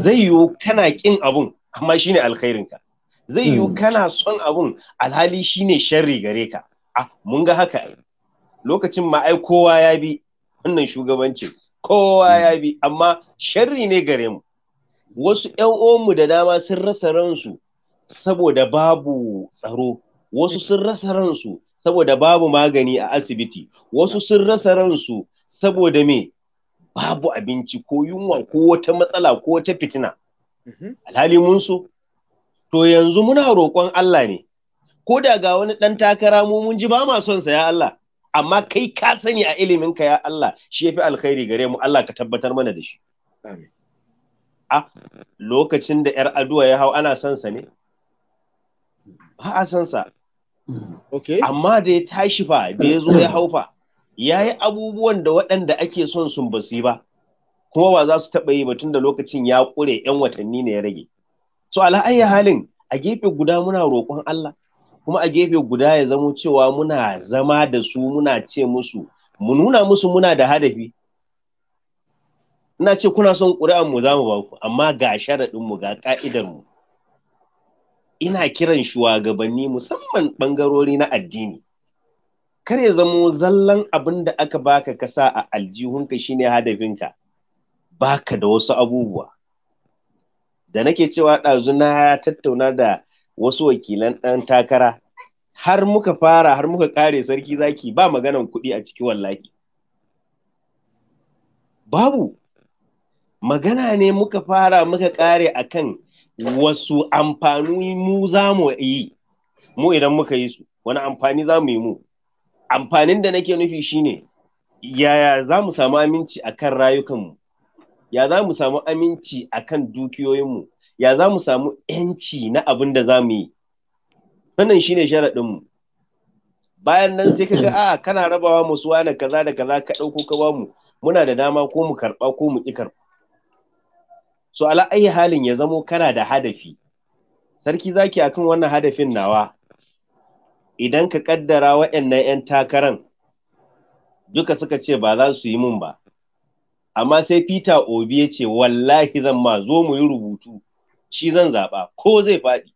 zai yiwu kana kin abun amma shine alkhairin ka zai yiwu hmm. kana son abun alhali shine sharri gare ka ah mun ga haka lokacin ma ai kowa ya bi wannan shugabanci kowa ya bi amma sharri ne gare mu wasu mu da dama sun rasa ransu saboda babu tsaro wasu sun rasa ransu saboda babu magani a asibiti wasu sun rasa ransu saboda me babu abinci ko yunwa ko wata matsala ko wata fitina mm-hmm. alhali mun to yanzu muna roƙon Allah ne ko da ga wani ɗan takara mu mun ji ba ma son sa ya Allah amma kai ka sani a ilimin ka ya Allah shi ya fi alkhairi gare mu Allah ka tabbatar mana da shi amin a lokacin da ‘yar aduwa ya hau ana son ne? Ba a son Okay. Amma da ya tashi fa da ya zo ya hau fa ya yi abubuwan da waɗanda ake son sun ba su yi ba. Kuma ba za su taɓa yi ba tun da lokacin ya ƙure ‘yan watanni ne ya rage. So ala'ayya halin a gefe guda muna roƙon Allah kuma a gefe guda ya zamo cewa muna zama da su muna ce musu mu nuna musu muna da hadafi ina ce kuna son ƙuri'an mu za mu ba ku amma ga sharaɗin mu ga ƙa'idar mu ina kiran shugabanni musamman ɓangarori na addini kar ya zamo zallan abin da aka baka ka a aljihunka shine hadafinka baka da wasu abubuwa da nake cewa ɗazu na tattauna da wasu wakilan ɗan takara har muka fara har muka ƙare sarki zaki ba maganan kuɗi a ciki wallahi babu magana ne muka fara muka kare akan wasu amfani mu za mu yi mu idan muka yi su wani amfani za mu yi mu amfanin da nake nufi shine yaya za mu samu aminci akan rayukanmu ya za mu samu aminci akan dukiyoyinmu ya za mu samu yanci na abin da za mu yi wannan ne sharaɗinmu bayan nan sai ka ga a ah, kana rabawa masu wani kaza da kaza ka ɗauko ka ba mu muna da dama ko mu karɓa ko mu ƙi karɓa so ala ayi halin ya zamo kana da hadafi sarki zaki akan wannan hadafin nawa idan ka kaddara waɗannan 'yan takaran duka suka ce ba za su yi mun ba amma sai peter obi ya ce wallahi zan ma zo mu yi rubutu shi zan zaɓa ko zai faɗi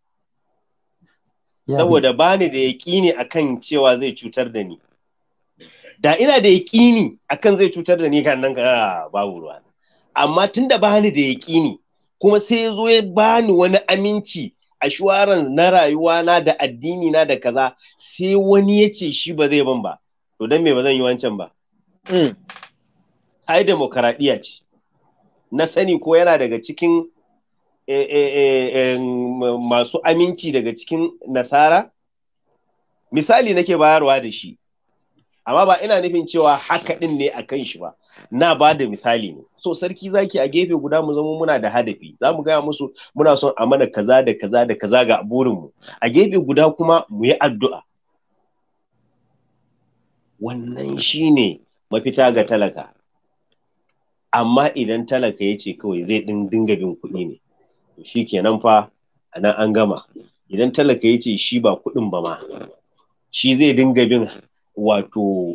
saboda ba ni da yaƙini akan cewa zai cutar da ni da ina da yaƙini akan zai cutar da ni kan nan ka ah, babu ruwa amma tunda bani da yaƙini kuma sai ya zo ya bani wani aminci a assurance na rayuwa na da addini na da kaza sai wani ya ce shi ba zai ban ba to dan me ba zan yi wancan ba mm. ai demokaradiyya ce na sani ko yana daga cikin eh, eh, eh, masu aminci daga cikin nasara misali nake bayarwa da shi amma ba ina nufin cewa haka ɗin ne a kan shi ba na ba da misali ne so sarki zaki a gefe guda mu zama muna da hadafi za mu gaya musu muna son a mana kaza da kaza da kaza ga burinmu a gefe guda kuma mu yi addu'a wannan shi ne mafita ga talaka amma idan talaka ya ce kawai zai dinga bin kuɗi ne to shi kenan fa a nan an gama idan talaka ya ce shi ba kuɗin ba ma shi zai dinga bin wato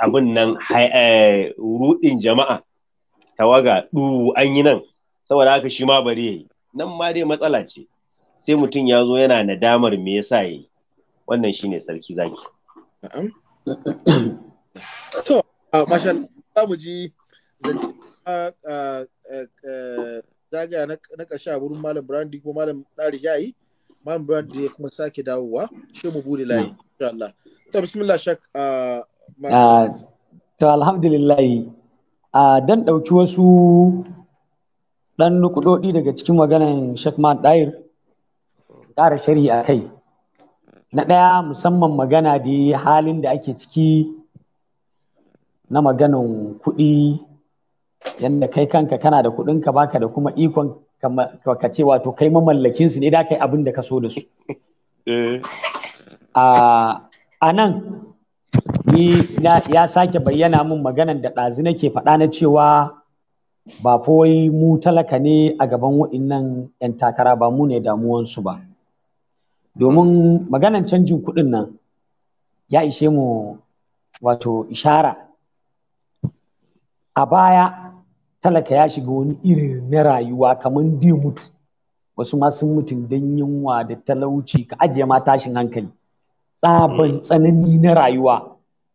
abin nan eh, rudin jama'a tawaga ɗu an yi nan saboda haka shi ma bari yayi nan ma dai matsala ce sai mutum ya zo yana nadamar me yasa yayi wannan shine sarki zaki to masha za mu ji zagaya na ƙarshe a wurin malam brandi ko malam ɗari yayi malam brandi ya kuma sake dawowa shi mu bude layi insha Allah ta bismillah shak Ah, to alhamdulillah ah, dan ɗauki wasu ɗan nukudodi daga cikin maganan shakman ɗayir ƙara shari a kai na ɗaya musamman magana da halin da ake ciki na maganan kuɗi yadda kai kanka kana da kuɗinka baka da kuma ikon ka ce wato kai mamallakin su ne da kai abin da ka so da su eh. ah, a nan ni ya sake bayyana min maganan da ɗazu nake faɗa na cewa ba wai mu talaka ne a gaban wa'innan 'yan takara ba mu ne damuwansu ba domin maganan canjin kuɗin nan ya ishe mu wato ishara a baya talaka ya shiga wani irin na rayuwa kamar dai mutu wasu ma sun mutum don yunwa da talauci ka ajiye ma tashin hankali tsaban mm. tsanani na rayuwa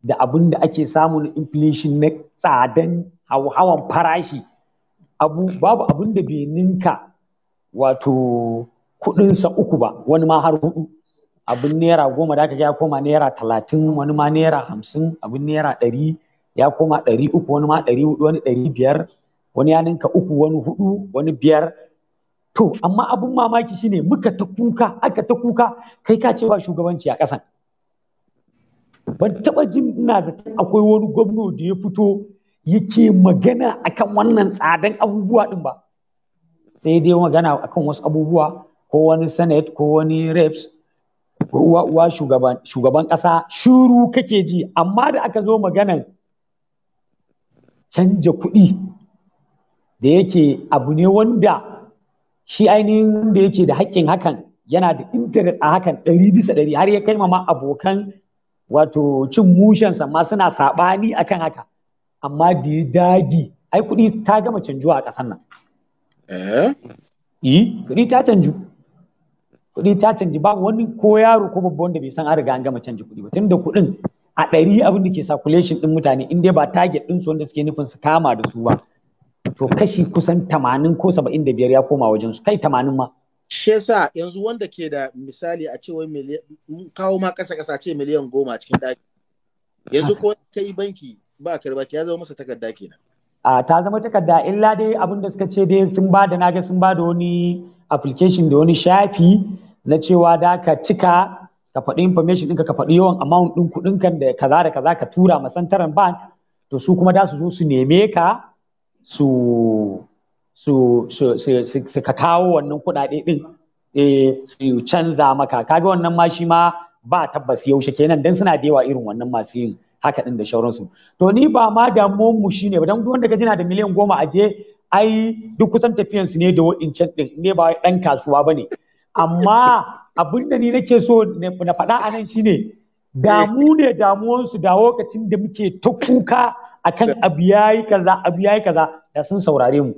da abin da ake samun inflation na tsadan hauhawan farashi abu babu abin da bai ninka wato kudinsa uku ba wani ma har hudu abin naira goma da aka ya koma naira talatin wani ma naira hamsin abin naira ɗari ya koma ɗari uku wani ma ɗari hudu wani ɗari biyar wani ya ninka uku wani hudu wani biyar to amma abin mamaki shine muka ta kuka aka ta kuka kai ka ce ba shugabanci a ƙasan ban taɓa jin ina da akwai wani gwamna da ya fito yake magana akan wannan tsadan abubuwa din ba sai dai magana akan wasu abubuwa ko wani senate ko wani reps ko uwa shugaban shugaban ƙasa shuru kake ji amma da aka zo maganan canja kuɗi da yake abu ne wanda shi ainihin wanda yake da haƙƙin hakan yana da interest a hakan ɗari bisa ɗari har ya kai ma abokan wato cin mushensa ma suna saɓani akan haka amma da ya dagi ai kuɗi ta gama canjuwa a ƙasar nan eh, eh kuɗi ta canju kuɗi ta canji ba wani ko yaro ko babba wanda bai san an riga an gama canji kuɗi ba tunda kuɗin a ɗari abin da ke circulation ɗin mutane in dai ba target ɗin su wanda suke nufin su kama da su ba to kashi kusan tamanin ko saba'in ya koma wajen su kai tamanin ma shi yasa yanzu wanda ke da misali a cewa kawo ma kasa kasa ce miliyan goma cikin daki yanzu ko ta yi banki ba karba ya zama masa takarda kenan a ta zama takarda illa dai abin da suka ce dai sun ba da naga sun ba da wani application da wani shafi na cewa da ka cika ka faɗi information ɗinka ka faɗi yawan amount ɗin kuɗin kan da kaza da kaza ka tura ma santaran bank to su kuma da su zo su neme ka su su su ka kawo wannan kuɗaɗe ɗin eh, su canza maka kaga wannan ma shi ma ba tabbas yaushe kenan dan suna da yawa irin wannan masu yin haka ɗin da shauransu to ni ba ma damuwan mu shine ba dan duk wanda kaje na da miliyan goma aje ai duk kusan tafiyan su ne da wa'incin din ne ba dan kasuwa bane amma abin da ni nake so na faɗa a nan shine damu ne damuwansu da lokacin da muke ta kuka akan abu yayi kaza abu kaza da sun saurare mu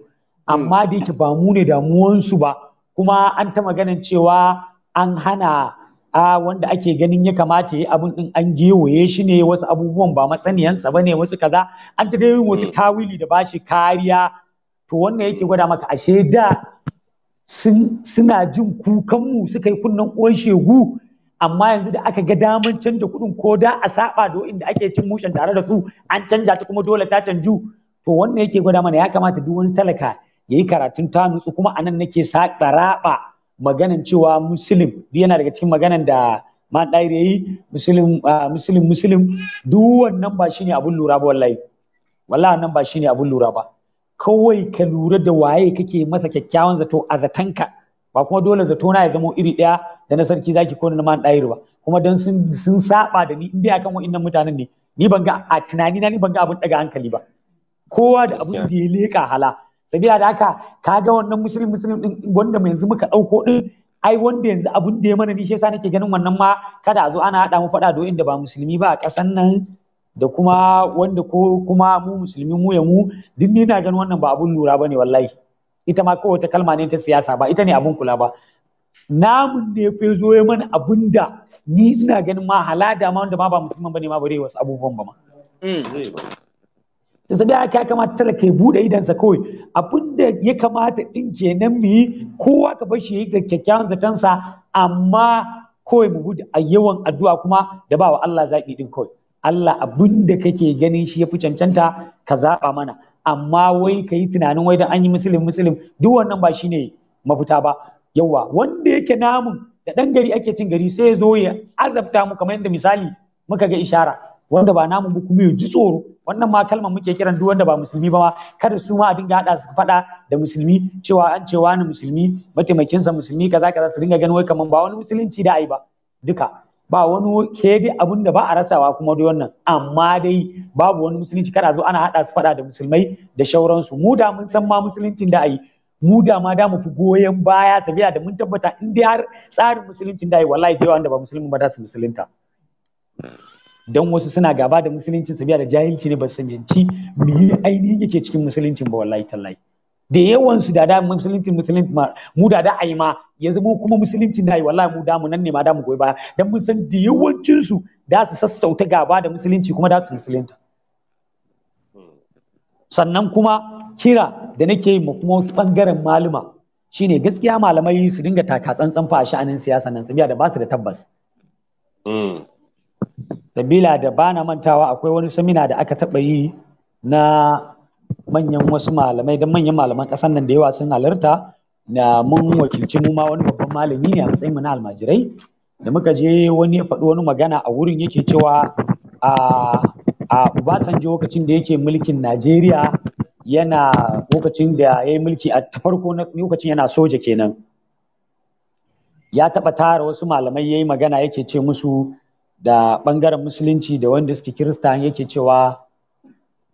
Hmm. amma da yake ba mu ne damuwansu ba kuma an ta maganan cewa an hana a wanda ake ganin ya kamata yi abin din an gewaye shi ne wasu abubuwan ba masaniyansa ba ne wasu kaza an ta yin wasu hmm. tawili da ba shi kariya to wannan yake gwada maka ashe da suna jin kukanmu suka yi kunnen uwan shegu amma yanzu da aka ga daman canja kuɗin ko da a saba da inda ake cin mushen tare da su an canja ta kuma dole ta canju to wannan yake gwada mana ya kamata duk wani talaka yayi karatun ta nutsu kuma anan nake sa raba maganan cewa muslim duk yana daga cikin maganan da man ɗayar yayi muslim muslim muslim duk wannan ba shine abun lura ba wallahi wallahi nan ba shine abun lura ba kawai ka lura da waye kake masa kyakkyawan zato a zatanka ba kuma dole zato na ya zama iri daya da na sarki zaki ko na man ɗayar ba kuma don sun sun saba da ni in dai akan wa'annan mutanen ne ni ban ga a tunani na ni ban ga abun daga hankali ba kowa da abun da ya leka hala sabila da haka ka ga wannan musulmi musulmi din wanda yanzu muka dauko din ai wanda yanzu abun da ya mana ni shi yasa nake ganin wannan ma kada a zo ana hada mu fada do inda ba musulmi ba a kasan nan da kuma wanda ko kuma mu musulmi mu ya mu duk ni na ganin wannan ba abun lura bane wallahi ita ma ko wata kalma ne ta siyasa ba ita ne abun kula ba namun ne fa zo ya mana abun da ni ina ganin ma halada ma wanda ma ba musulman bane ma bare wasu abubuwan ba ma hmm, zazzabi haka ya kamata talaka ya bude idansa kawai Abinda ya kamata din kenan mu yi kowa ka bar shi ya yi kyakkyawan zatansa amma kawai mu bude a yawan addu'a kuma da ba wa Allah zaɓi din kawai Allah abunda kake ganin shi ya fi cancanta ka zaɓa mana amma wai ka yi tunanin wai dan an yi musulun musulun duk wannan ba shine mafita ba yawa wanda yake namun da ɗan gari ake cin gari sai ya zo ya azabta mu kamar yadda misali muka ga ishara wanda ba namun ba kuma ya ji tsoro wannan ma kalmar muke kiran duk wanda ba musulmi ba kada su ma a dinga hada su fada da musulmi cewa an ce wani musulmi mataimakin sa musulmi kaza kaza su dinga ganin wai kaman ba wani musulunci da ai ba duka ba wani ke dai abin da ba a rasawa kuma dai wannan amma dai babu wani musulunci kada zo ana hada su fada da musulmai da shauransu mu da mun san ma musuluncin da ai mu da ma da mu fi goyon baya sabiya da mun tabbata in dai har tsarin musuluncin da ai wallahi da wanda ba musulmi ba da su musulunta don wasu suna gaba da musuluncin su biya da jahilci ne ba su yanci mu ainihin yake cikin musuluncin ba wallahi tallahi da yawan su da da musuluncin musulunci mu da da ai ma yanzu mu kuma musulunci nayi wallahi mu da mu nan ne ma da mu goyi baya dan mun san da yawancin su da su sassauta gaba da musulunci kuma da su musulunta sannan kuma kira da nake yi kuma wasu bangaren maluma shine gaskiya malamai su dinga taka tsantsan fa a sha'anin siyasa nan sabiya da ba su da tabbas mm. sabila da bana mantawa akwai wani samina da aka taɓa yi na manyan wasu malamai don manyan malaman ƙasar nan da yawa sun halarta na mun wakilci mu ma wani babban malami ne a matsayin mu na almajirai da muka je wani ya faɗi wani magana a wurin yake cewa a a Obasanjo lokacin da yake mulkin Najeriya yana lokacin da ya yi mulki a ta farko lokacin yana soja kenan ya taɓa tara wasu malamai ya yi magana yake ce musu da ɓangaren musulunci da wanda suke kirista yake cewa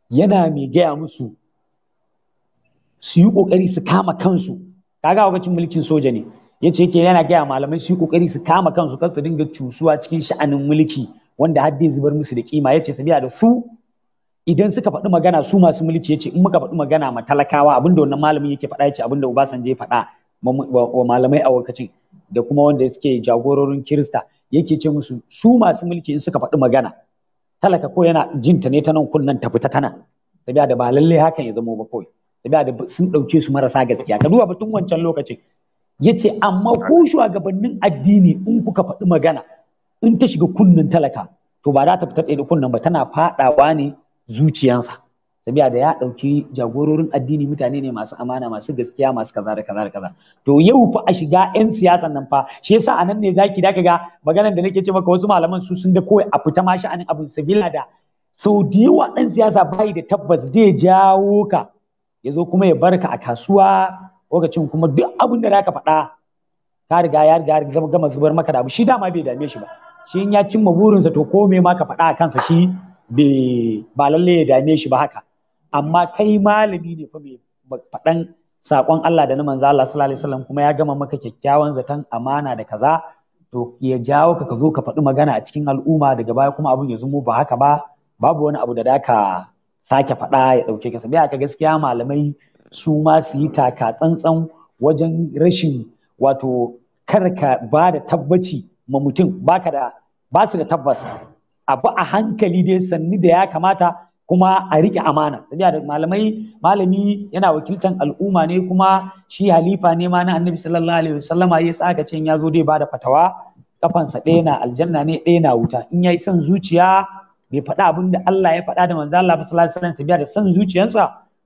yana mai gaya musu su yi ƙoƙari su kama kansu kaga lokacin mulkin soja ne ya ce yake yana gaya malamai su yi ƙoƙari su kama kansu kan su dinga cusuwa cikin sha'anin mulki wanda har dai zubar musu da kima ya ce sabiya da su idan suka faɗi magana su masu mulki ya ce in muka faɗi magana ma talakawa abinda wannan malamin yake faɗa ya ce abinda Obasanjo ya faɗa wa malamai a lokacin da kuma wanda suke jagororin Kirista yake ce musu su masu mulki in suka faɗi magana talaka ko yana jinta ne ta nan kunnan ta fita tana tabiya da ba lalle hakan ya zama ba kawai tabiya da sun ɗauke su marasa gaskiya ka duba batun wancan lokacin yace amma ku shugabannin addini in kuka faɗi magana in ta shiga kunnen talaka to ba za ta fita ɗaya da kunnen ba tana faɗawa ne zuciyansa sabiya da ya ɗauki jagororin addini mutane ne masu amana masu gaskiya masu kaza da kaza da kaza to yau fa a shiga yan siyasan nan fa shi yasa anan ne zaki da ga maganar da nake ce maka wasu malaman su sun da kawai a fita ma sha'anin abin sabila da sau da yawa ɗan siyasa bai da tabbas zai jawo ka ya zo kuma ya barka a kasuwa lokacin kuma duk abin da zaka faɗa ka riga ya riga zama gama zubar maka da abu shi dama bai dame shi ba shi in ya cimma burinsa to ko me ma ka faɗa a kansa shi ba lallai ya dame shi ba haka amma kai malami ne fa mai faɗan saƙon Allah da na manzo Allah sallallahu alaihi wasallam kuma ya gama maka kyakkyawan zaton amana da kaza to ya jawo ka ka zo ka faɗi magana a cikin al'umma daga baya kuma abun ya zumo ba haka ba babu wani abu da daka sake faɗa ya ɗauke ka sabi haka gaskiya malamai su ma su yi taka tsantsan wajen rashin wato kar ka ba da tabbaci ma mutum baka da ba su da tabbas abu a hankali dai sanni da ya kamata kuma a riƙe amana saboda malamai malami yana wakiltan al'umma ne kuma shi halifa ne ma na annabi sallallahu alaihi wasallama ya tsaka cin ya zo dai bada fatawa kafansa ɗaya na aljanna ne ɗaya na wuta in yayi son zuciya bai faɗa abin da Allah ya faɗa da manzo Allah sallallahu alaihi wasallam saboda son zuciyarsa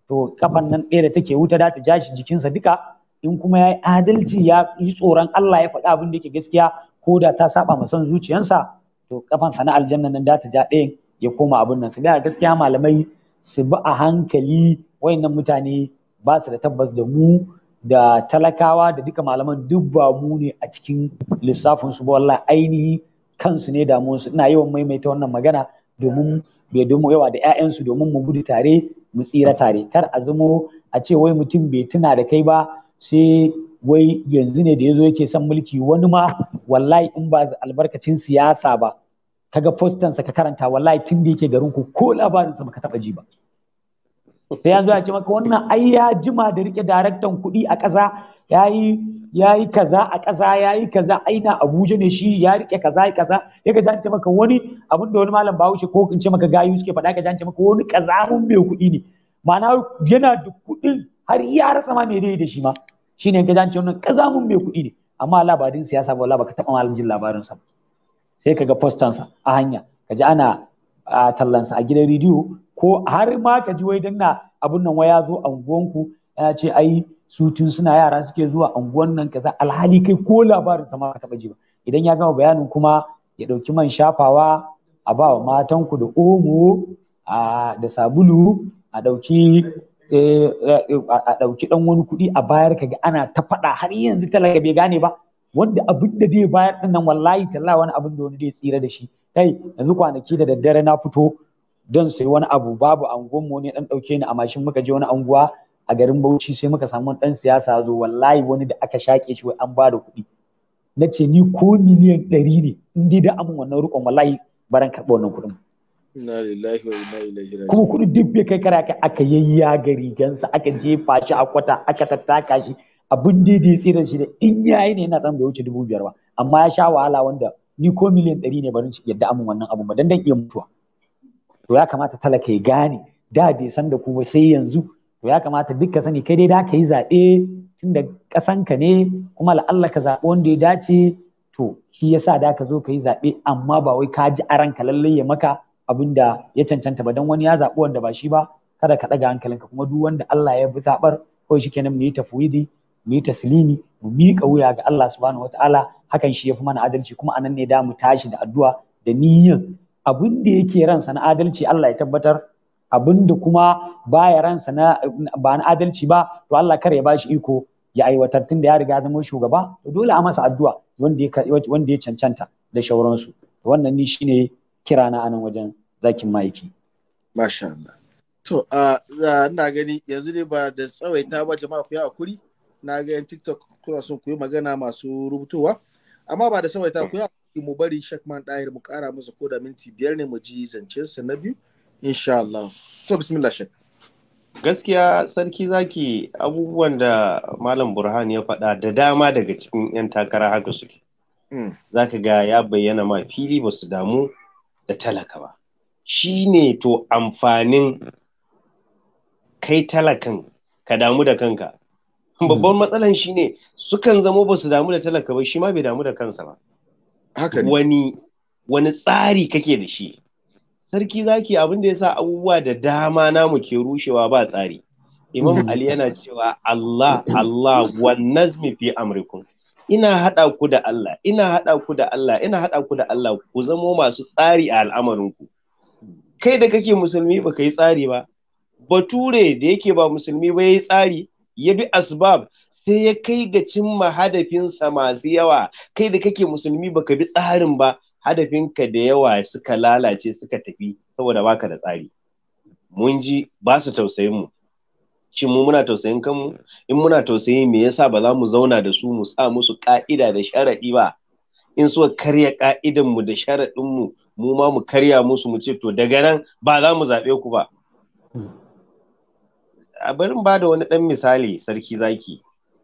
to kafan nan ɗaya da take wuta da ta ja shi jikinsa duka in kuma yayi adalci ya yi tsoron Allah ya faɗa abin da yake gaskiya ko da ta saba ma son zuciyarsa to kafansa na aljanna nan da ta ja ya koma abin nan saboda gaskiya malamai su bi a hankali wayannan mutane ba su da tabbas da mu da talakawa da duka malaman duk ba mu ne a cikin lissafin su wallahi ainihi kansu ne su ina yawan maimaita wannan magana domin bai domin yawa da 'ya'yansu domin mu gudu tare mu tsira tare kar a zamo a ce wai mutum bai tuna da kai ba sai wai yanzu ne da ya zo yake son mulki wani ma wallahi in ba albarkacin siyasa ba kaga postansa ka karanta wallahi tun da yake garin ku ko labarinsa baka taba ji ba sai yanzu zo ya ce maka wannan ai ya jima da rike daraktan kuɗi a ƙasa yayi yayi kaza a ƙasa yayi kaza aina Abuja ne shi ya rike kaza kaza ya ga jance maka wani abin da wani malam Bahaushe ko in ce maka gayu suke faɗa ka jance maka wani mun mai kuɗi ne ma'ana yana da kuɗin har ya rasa ma mai da shi ma shine ka jance wannan mun mai kuɗi ne amma labarin siyasa ba wallahi baka taɓa malam jin labarin sa ba sai ka ga postansa a hanya ka ji ana a tallansa a gidan rediyo ko har ma ka ji wai danna abun nan waya zo a unguwanku? ya ce ai su tun suna yara suke zuwa unguwan nan kaza alhali kai ko labarin sama ka taba ji ba idan ya gama bayanin kuma ya ɗauki man shafawa a ba wa matanku da omo da sabulu a ɗauki eh, eh, a dauki ɗan wani kuɗi a bayar ga. ana ta faɗa har yanzu talaka bai gane ba wanda abin da zai bayar din nan wallahi talla wani abin da wani zai tsira da shi kai yanzu kwanaki da daddare na fito don sai wani abu babu anguwan mu ne dan dauke ni a mashin muka je wani anguwa a garin Bauchi sai muka samu dan siyasa zo wallahi wani da aka shake shi wai an ba da kuɗi na ce ni ko miliyan ɗari ne in dai da amin wannan rukon wallahi baran karɓo wannan kuɗin kuma kuɗi duk bai kai kara aka yayya ga rigansa aka jefa shi a kwata aka tattaka shi abin da ya tsira shi da in yayi ne yana san bai wuce dubu biyar ba amma ya sha wahala wanda ni ko miliyan ɗari ne barin yadda amin wannan abun ba dan dan iya mutuwa to ya kamata talaka ya gane da bai san da kuma sai yanzu to ya kamata duk ka sani kai dai da ka yi zaɓe tun da ƙasanka ne kuma la'alla ka zaɓi wanda ya dace to shi yasa da ka zo ka yi zaɓe amma ba wai ka ji aran ka lallai ya maka abin da ya cancanta ba dan wani ya zaɓi wanda ba shi ba kada ka ɗaga hankalinka kuma duk wanda Allah ya bi zaɓar ko shi kenan mu yi tafwidi mu yi taslimi mu miƙa wuya ga Allah subhanahu wataala hakan shi ya fi mana adalci kuma anan ne da mu tashi da addu'a da niyyan abin da yake ransa na adalci Allah ya tabbatar abin da kuma baya ransa na ba na adalci ba to Allah kar ya bashi iko ya aiwatar tun da ya riga zama shugaba to dole a masa addu'a wanda ya wanda ya cancanta da shauransu wannan ni shine kira na anan wajen zakin maiki masha Allah to a ina gani yanzu ne ba da tsawaita ba jama'a ku yi hakuri na ga yan tiktok kuna son ku yi magana masu rubutuwa amma ba da sabaita ku yi mu bari shakman dahir mu kara masa ko da minti biyar ne mu ji zancensa na biyu insha Allah to bismillah shek gaskiya sarki zaki abubuwan da malam burhan ya faɗa da dama daga cikin 'yan takara haka suke mm. zaka ga ya bayyana ma fili ba su damu da talaka ba shi ne to amfanin kai talakan ka damu da kanka Hmm. babban matsalan shi ne sukan zamo ba su damu da talaka ba shi ma bai damu da kansa ba wani wani tsari kake da shi sarki zaki abin da ya sa abubuwa da dama namu ke rushewa ba tsari imam hmm. ali yana cewa Allah Allah wan nazmi fi amrikum ina hada ku da Allah ina hada ku da Allah ina hada ku da Allah ku zamo masu tsari a al'amarinku kai da kake musulmi baka yi tsari ba bature da yake ba musulmi ba yayi tsari ya bi asbab sai ya kai ga cimma hadafinsa masu yawa kai da kake musulmi baka bi tsarin ba hadafinka da yawa suka lalace suka tafi saboda baka da tsari mun ji ba su tausayin mu shin mu muna tausayin kanmu in muna tausayi me yasa ba za mu zauna da su mu sa musu ka'ida da sharaɗi ba in suka karya ka'idan mu da sharaɗin mu mu ma mu karya musu mu ce to daga nan ba za mu zaɓe ku ba hmm. a barin ba da wani ɗan misali sarki zaki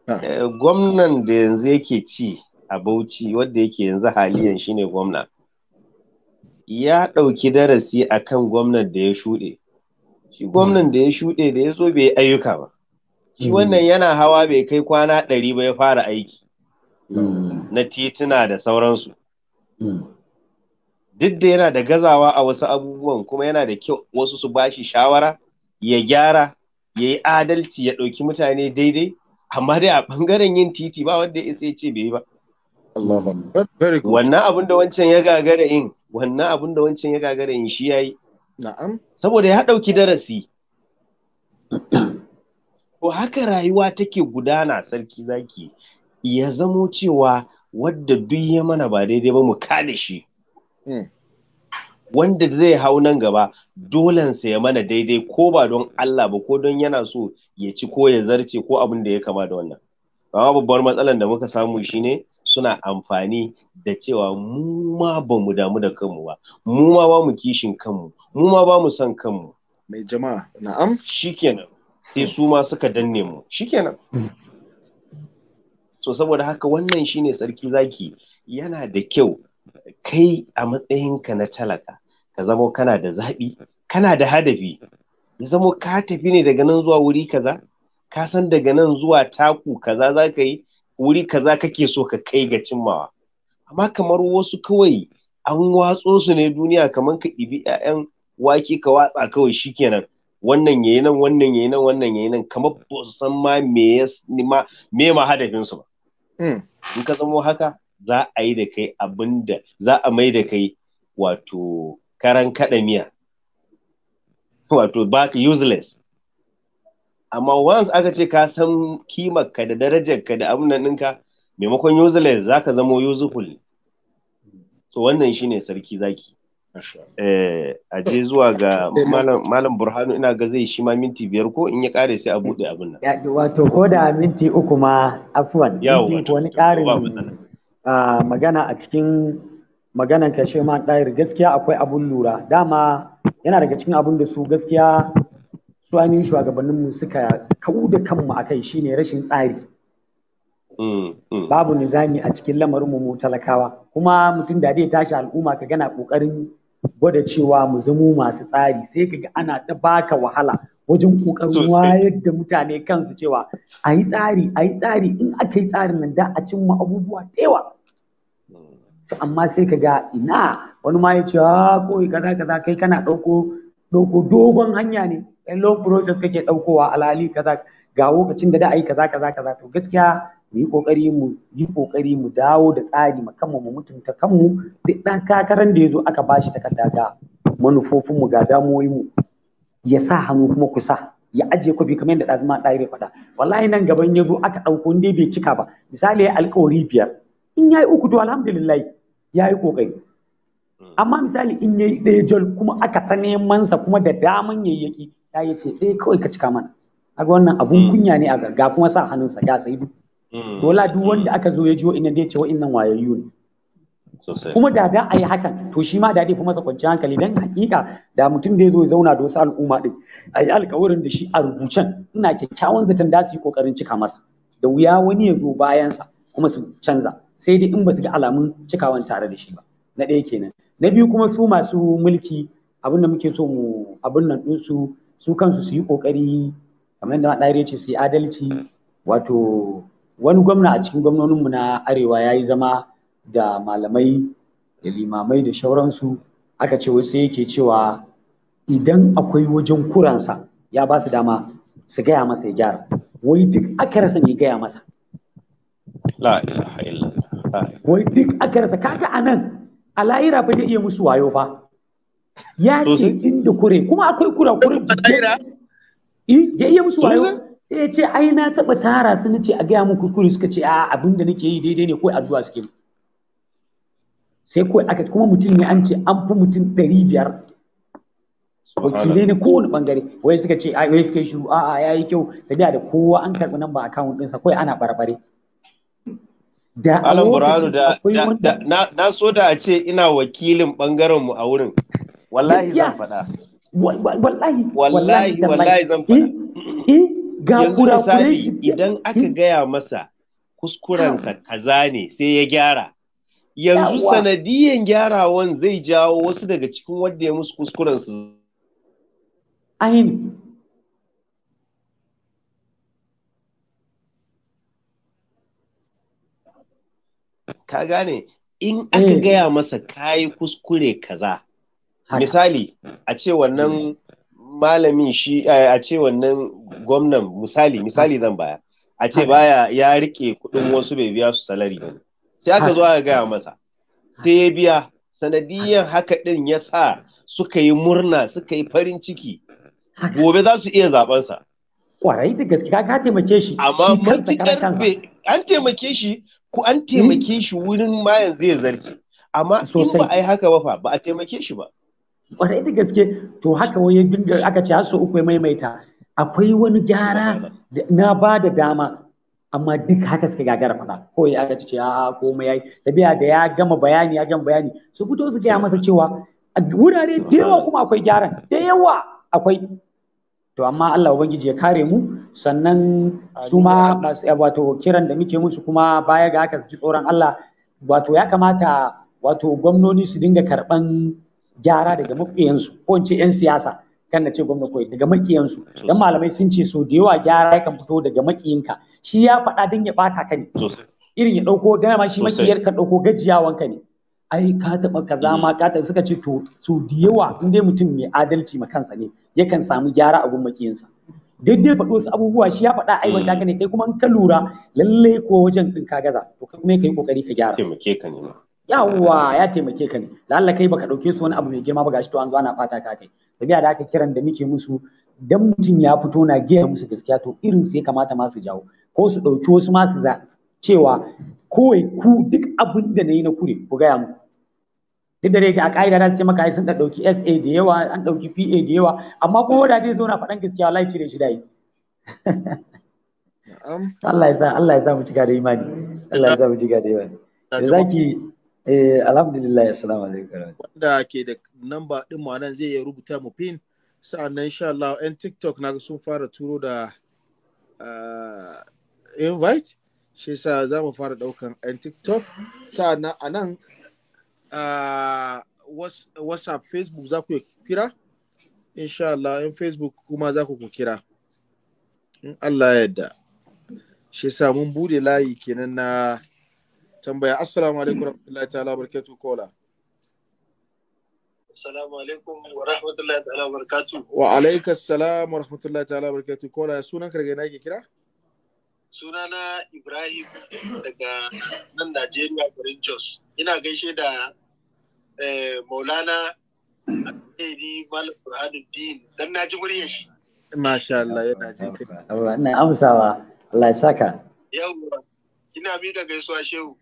ah. eh, gwamnan da yanzu yake ci a bauchi wadda yake yanzu haliyan shine gwamna ya ɗauki darasi a kan gwamnan da ya shuɗe shi gwamnan da ya shuɗe da ya zo bai ayyuka ba shi hmm. wannan yana hawa bai kai kwana ɗari ba ya fara aiki hmm. na tituna da sauransu hmm. duk da yana da gazawa a wasu abubuwan kuma yana da kyau wasu su bashi shawara ya gyara ya yi adalci ya ɗauki mutane daidai amma dai a ɓangaren yin titi ba wanda ya isa ya ce bai ba wannan abin da wancan ya gagara yin wannan abin da wancan ya gagara yin shi ya yi saboda ya ɗauki darasi to haka rayuwa take gudana sarki zaki ya zamo cewa wadda duk ya mana ba daidai ba mu kada shi hmm. wanda zai hau nan gaba dolensa ya mana daidai ko ba don Allah ba ko don yana so ya ci ko ya zarce ko abin da ya kama da wannan amma babbar matsalar da muka samu shine suna amfani da cewa mu ma ba mu damu da kanmu ba mu ma ba mu kishin kanmu mu ma ba mu son kanmu mai jama'a na'am shikenan sai su ma suka danne mu shikenan so saboda haka wannan shine sarki zaki yana da kyau kai a matsayinka na talaka ka zamo kana da zaɓi kana da hadafi ya zamo ka tafi ne daga nan zuwa wuri kaza ka san daga nan zuwa taku kaza za ka yi wuri kaza kake so ka kai ga cimmawa amma kamar wasu kawai an watso su ne duniya kamar ka ibi 'ya'yan wake ka watsa kawai shikenan wannan yayi nan wannan yayi nan wannan yayi nan kamar ba su san ma me ma me ma hadafin su ba hmm. in ka zamo haka za a yi da kai abinda za a mai da kai wato karan kaɗa miya wato back useless amma once aka ce ka san ka da darajar ka da abunan ɗinka maimakon useless za ka zamo useful ne to wannan shine sarki zaki eh, a je zuwa ga malam burhanu ina ga zai shi ma minti biyar ko in ya kare sai a buɗe abin nan wato ko da minti uku ma afuwan minti wani ƙarin ah, magana a cikin maganan ka ma ɗayar, gaskiya akwai abun lura dama yana daga cikin abun da su gaskiya su ainihin mu suka kawo da kanmu akai shine rashin tsari mm, mm. babu nizami a cikin lamarin mu talakawa kuma mutum da dai tashi al'umma ka gana kokarin gwada cewa mu zamo masu tsari sai ka ga ana ta baka wahala wajen kokarin wayar da mutane kansu cewa a yi tsari a yi tsari in aka yi tsarin nan da a cimma abubuwa da yawa amma sai ka ga ina wani ma ya ce ha ah, ko kaza kaza kai kana ɗauko ɗauko dogon hanya ne ɗan long process kake ɗaukowa alhali kaza ga lokacin da da a yi kaza kaza kaza to gaskiya mu yi kokari mu yi kokari mu dawo da tsari mu kanmu mu mutunta kanmu duk ɗan kakaran da ya zo aka bashi takarda ga manufofin mu ga damuwoyinmu. mu ya sa hannu kuma kusa. ya ajiye kwafi kamar yadda ɗazuma ɗaya bai faɗa wallahi nan gaban ya zo aka ɗauko inda bai cika ba misali alkawari biyar in yayi uku to alhamdulillah yayi kokari hmm. amma misali in yayi ɗaya jol kuma aka ta neman sa kuma da daman yayyaki ya yi ce ɗaya kawai ka cika mana aga wannan abun hmm. kunya ne a ga kuma sa hannunsa ya sai duk dola hmm. duk wanda aka zo ya ji inda ya ce wa'annan wayayyu ne kuma da da a yi hakan to shi ma da dai fi masa kwanciyar hankali dan hakika da mutum da ya zo ya zauna da wasu al'umma din a yi alkawarin da shi a rubucen ina kyakkyawan zaton da su yi kokarin cika masa da wuya wani ya zo bayansa kuma su canza sai dai in ba su ga alamun cikawan tare da shi ba na ɗaya kenan na biyu kuma su masu mulki abin da muke so mu abin nan ɗinsu su kansu su yi ƙoƙari kamar yadda ɗaya ce su yi adalci wato wani gwamna a cikin gwamnoninmu na arewa ya yi zama da malamai da limamai da shauransu aka ce wasu yake cewa idan akwai wajen kuransa ya ba su dama su gaya masa ya gyara wai duk aka rasa mai gaya masa wai duk aka rasa kaga nan, a layira ba zai iya musu wayo ba ya ce inda kure kuma akwai kura kurakuren layira ya eh, iya musu wayo eh, ya ce ai na taɓa tara su nace a gaya mun kure suka ce a abin da nake yi daidai ne ko addu'a suke sai kawai aka kuma mutum ne an ce an fi mutum ɗari biyar wakilai ne kowane bangare wai suka ce ai wai suka yi shiru a'a yayi kyau sabiya da kowa an karɓi namba account ɗinsa kawai ana barbare da Alan Burhanu da, na, so da a ce ina wakilin bangaren mu a wurin wallahi zan faɗa wallahi wallahi wallahi zan faɗa ga kurakurai idan aka gaya masa kuskurensa kaza ne sai ya gyara yanzu sanadiyan gyarawan zai jawo wasu daga cikin wadda ya musu kuskuren su ka gane in aka eh. gaya masa kayi kuskure kaza misali a ce wannan eh. malamin shi eh, a ce wannan gwamnan misali misali zan baya a ce baya ya rike kudin wasu bai biya su salari sai aka zo aka gaya masa sai ya biya sanadiyan haka din ya sa suka yi murna suka yi farin ciki gobe za su iya sa. kwarai da gaske ka taimake shi amma matukar an taimake shi ku an taimake shi wurin ma yanzu ya zarce amma in ba a yi haka ba fa ba a taimake shi ba kwarai da gaske to haka wani dinga aka ce har so uku ya maimaita akwai wani gyara na ba da dama amma duk haka suka gagara faɗa ko ya aka ce a komai yayi sabiya da ya gama bayani ya gama bayani su fito su gaya masa cewa wurare da yawa kuma akwai gyaran da yawa akwai to amma Allah ubangiji ya kare mu sannan su ma eh, wato kiran da muke musu kuma baya ga haka su ji tsoron Allah wato ya kamata wato gwamnoni su dinga karban gyara daga makiyansu ko 'yan siyasa kan na ce gwamna koyi daga makiyansu dan malamai sun ce so da yawa gyara yakan fito daga makiyinka shi ya faɗa dan ya bata ka irin ya ɗauko dana ma shi makiyar ka ɗauko gajiyawanka ne ai ka taɓa kaza ma ka taɓa suka ce to su da yawa in dai mutum mai adalci ma kansa ne yakan samu gyara a gummakiyinsa dai faɗo su abubuwa shi ya faɗa ai wanda ka ne kai kuma in ka lura lalle ko wajen din ka gaza to kai kuma kai kokari ka gyara taimake ka ne ma yawa ya taimake ka ne lalla kai baka dauke su wani abu mai girma ba gashi to an zo ana fata ka kai sabiya da aka kiran da muke musu dan mutum ya fito na gaya musu gaskiya to irin su ya kamata ma su jawo ko su dauki wasu ma su cewa kawai ku duk abin da na na kure ku gaya muku duk da dai a ka'ida za su ce maka ai sun dauki SA da yawa an dauki PA da yawa amma ko da dai zo na faɗan gaskiya wallahi cire shi da Allah ya sa Allah ya sa mu cika da imani Allah ya sa mu cika da imani da zaki eh alhamdulillah assalamu alaikum wanda ke da number din mu nan zai rubuta mu pin sa'annan insha Allah yan TikTok na sun fara turo da ah, invite shi sa za mu fara daukan yan TikTok sa'annan anan Uh, whatsapp facebook za ku kira insha Allah in facebook kuma za ku kira in Allah yadda shi sa mun bude layi kenan na tambaya assalamu alaikum rahmatullahi ta'ala barkatu kola assalamu alaikum wa rahmatullahi ta'ala barkatu. wa alaika assalam wa ta'ala barakatuh kola sunan karga na ke kira sunana ibrahim daga nan najeriya garin jos ina gaishe da Eh, maulana alheri malam burhanuddin dan na ji muryar shi masha Allah yana ji kai ina amsawa Allah ya saka yawwa ina miƙa gaisuwa shehu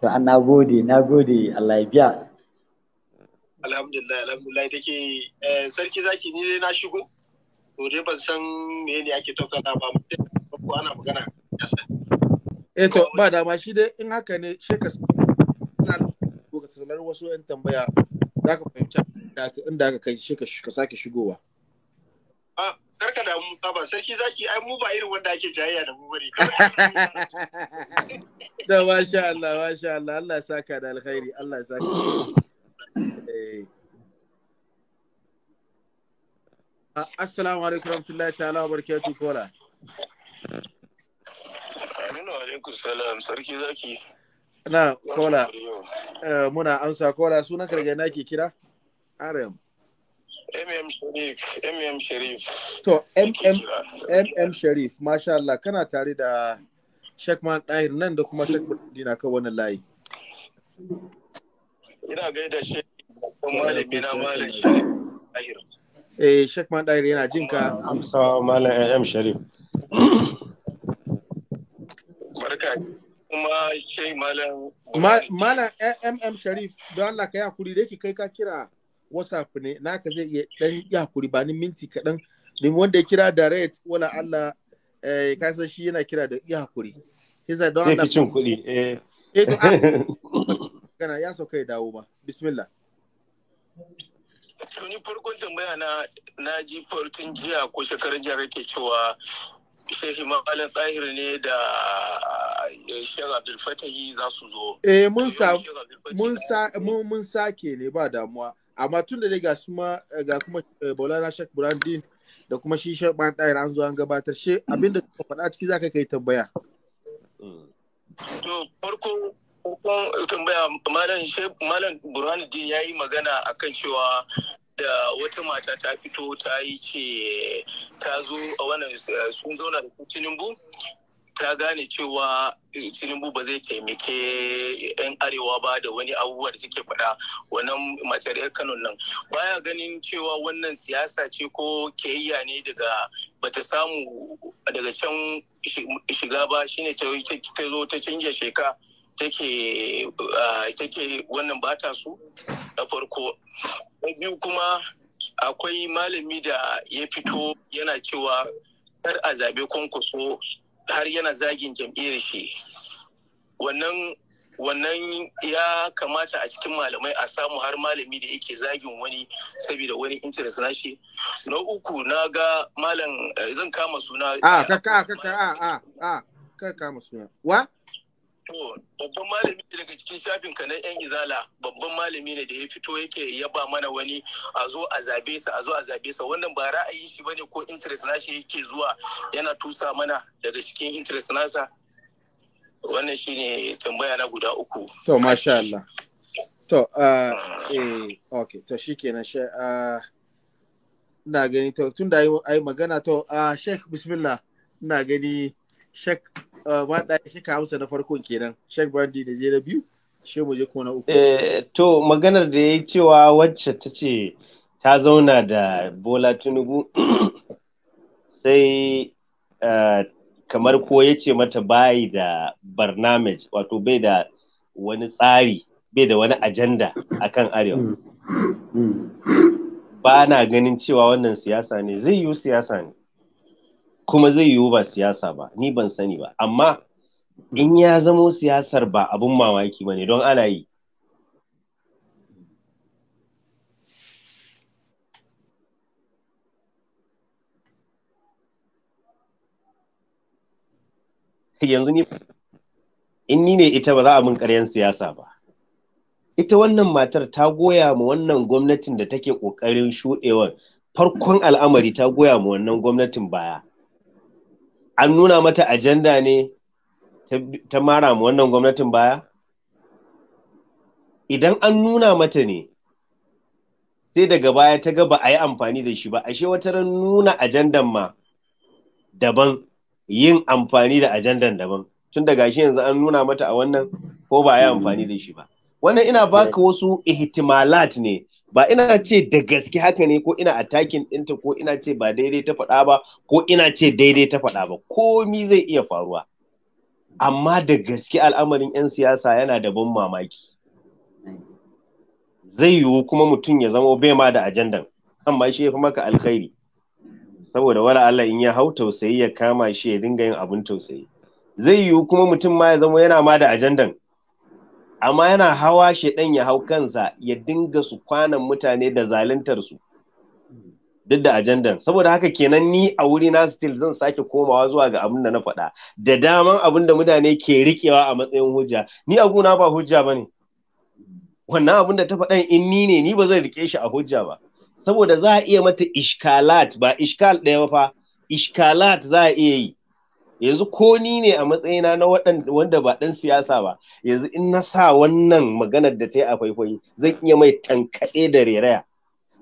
to an na gode na gode Allah ya biya alhamdulillah alhamdulillah take eh, sarki zaki ni na shigo to dai ban san me ne ake tattauna ba mutum ko ana magana ya san eh to ba dama shi dai in haka ne shi sanar wasu 'yan tambaya za ka fahimci inda aka kai shi ka sake shigowa. Karka da mu ba sarki zaki ai mu ba irin wanda ake jayayya da mu bari. Da sha Allah sha Allah Allah ya saka da alkhairi Allah ya saka. Eh. Assalamu alaikum warahmatullahi ta'ala wabarakatuh kola. Aminu alaikum salam sarki zaki. na kola uh, muna amsa kola sunan karge na ke kira rm mm sharif mm sharif to mm mm sharif masha Allah kana tare da shekman dahir nan da kuma shekman dina kan wannan layi ina gaida shekman malami na malam sharif eh shekman dahir yana jinka amsa malam mm sharif kuma shai malam mm sharif don allah ka yakuri da yake kai ka kira whatsapp ne naka zai iya dan yakuri ba ni minti kaɗan din wanda ya kira direct wala allah ya eh, ka san shi yana kira da yakuri hisa don allah cin kuɗi eh kana eh, ya so kai dawo ba bismillah tuni farkon tambaya na na ji farkon jiya ko shekarun jiya kake cewa Shehi Malam Tsahir ne da eh, Sheikh Abdul Fatahi za su zo. Eh mun sa mun sa mun sake ne ba damuwa. Amma tun da dai ga kuma eh, ga kuma eh, Maulana Sheikh Burhandin da kuma shi Sheikh Ban Tsahir an zo an gabatar shi abinda ka faɗa ciki zaka kai tambaya. Mm. To farko Kun tambaya malam malam burhanuddin ya yi magana akan cewa da wata mata ta fito ta yi ce ta zo a wannan eh, sun zauna da tinubu ta gane cewa eh, tinubu ba zai taimake 'yan arewa ba da wani abubuwa da take faɗa wannan matar 'yar kano nan baya ganin cewa wannan siyasa ce ko kiyayya ne daga bata samu daga can shiga ba shine ta zo ta canja sheka take uh, take wannan bata su na farko na biyu kuma akwai malami da ya fito yana cewa kar a zabe kwankwaso har yana zagin jam'iyyar shi wannan wannan ya kamata a cikin malamai a samu har malami da yake zagin wani saboda wani interest na shi na uku na ga malam eh, zan kama suna a ah, ka ka ka a a ah, ah, ka kama suna wa babban malami daga cikin shafin ka na yan izala babban malami ne da ya fito yake ya ba mana wani a zo a zabe sa a zo a zabe sa wannan ba ra'ayin shi bane ko interest na shi yake zuwa yana tusa mana daga cikin interest nasa wannan shine tambaya na guda uku to masha Allah to uh, eh okay to shikenan she uh, na gani to tun da ai magana to uh, Sheikh bismillah na gani Sheikh Eh, waɗa shi ka na farkon kenan shek da eh, to maganar da ya yi cewa wacce ta ce ta zauna da bola tinubu sai eh, kamar ko ya ce mata bayi da barnamej wato bai da wani tsari bai da wani ajanda akan arewa mm. Mm. ba na ganin cewa wannan siyasa ne zai yi siyasa ne kuma zai yiwu ba siyasa ba ni ban sani ba amma in ya zamo siyasar ba abun mamaki ba ne don ana yi yanzu ni in ni ne ita ba za a mun karyan siyasa ba ita wannan matar ta goya mu wannan gwamnatin da take ƙoƙarin shuɗewar farkon al'amari ta goya mu wannan gwamnatin baya an nuna mata ajanda ne ta mara mu wannan gwamnatin baya? Idan an nuna mata ne, sai daga baya ta ga ba a yi amfani da shi ba, ashe wata ran nuna ajandan ma daban, yin amfani da ajandan daban. Tun daga shi yanzu an nuna mata a wannan ko ba a yi amfani da shi ba. Wannan ina baka wasu ihtimalat ne ba ina ce da gaske haka ne ko ina attacking ɗinta ko ina ce ba daidai ta faɗa ba ko ina ce daidai ta faɗa ba komi zai iya faruwa amma da gaske al'amarin 'yan siyasa yana da ban mamaki zai yiwu kuma mutum ya zama bai ma da ajandan amma shi ya fi maka alkhairi saboda wala Allah in ya hau tausayi ya kama shi ya dinga yin abun tausayi zai yiwu kuma mutum ma ya zama yana ma da ajandan amma yana hawa shaidan ya hau kansa ya dinga su kwanan mutane da zaluntar su duk da ajandan saboda haka kenan ni a wuri na still zan sake komawa zuwa ga abin da na faɗa da daman abin da mutane ke rikewa a matsayin hujja ni a guna ba hujja bane wannan abin da ta faɗan in ni ne ni ba zan rike shi a hujja ba saboda za a iya mata ishkalat ba ishkal ɗaya ba fa ishkalat za a iya yi yanzu ko ni ne a matsayina na wanda ba ɗan siyasa ba yanzu in na sa wannan maganar da ta yi a kwaikwayi zan iya mai tankaɗe da reraya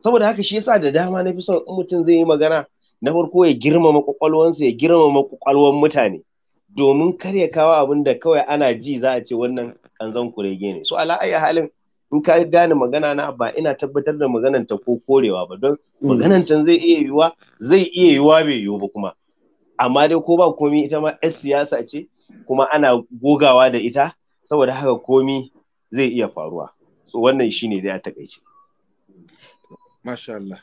saboda haka shi yasa da dama na fi son in mutum zai yi magana na farko ya girmama kwakwalwansa ya girmama kwakwalwan mutane domin kar ya kawo abin da kawai ana ji za a ce wannan zan kurege ne so ala ayi halin in ka gane magana na ba ina tabbatar da maganan ta ko korewa ba don hmm. magananta zai iya yiwuwa zai iya yiwuwa bai yiwu ba kuma amma dai ko ba komi ita ma 'yar siyasa ce kuma ana gogawa da ita saboda haka komi zai iya faruwa so wannan shi ne dai a takaice masha Allah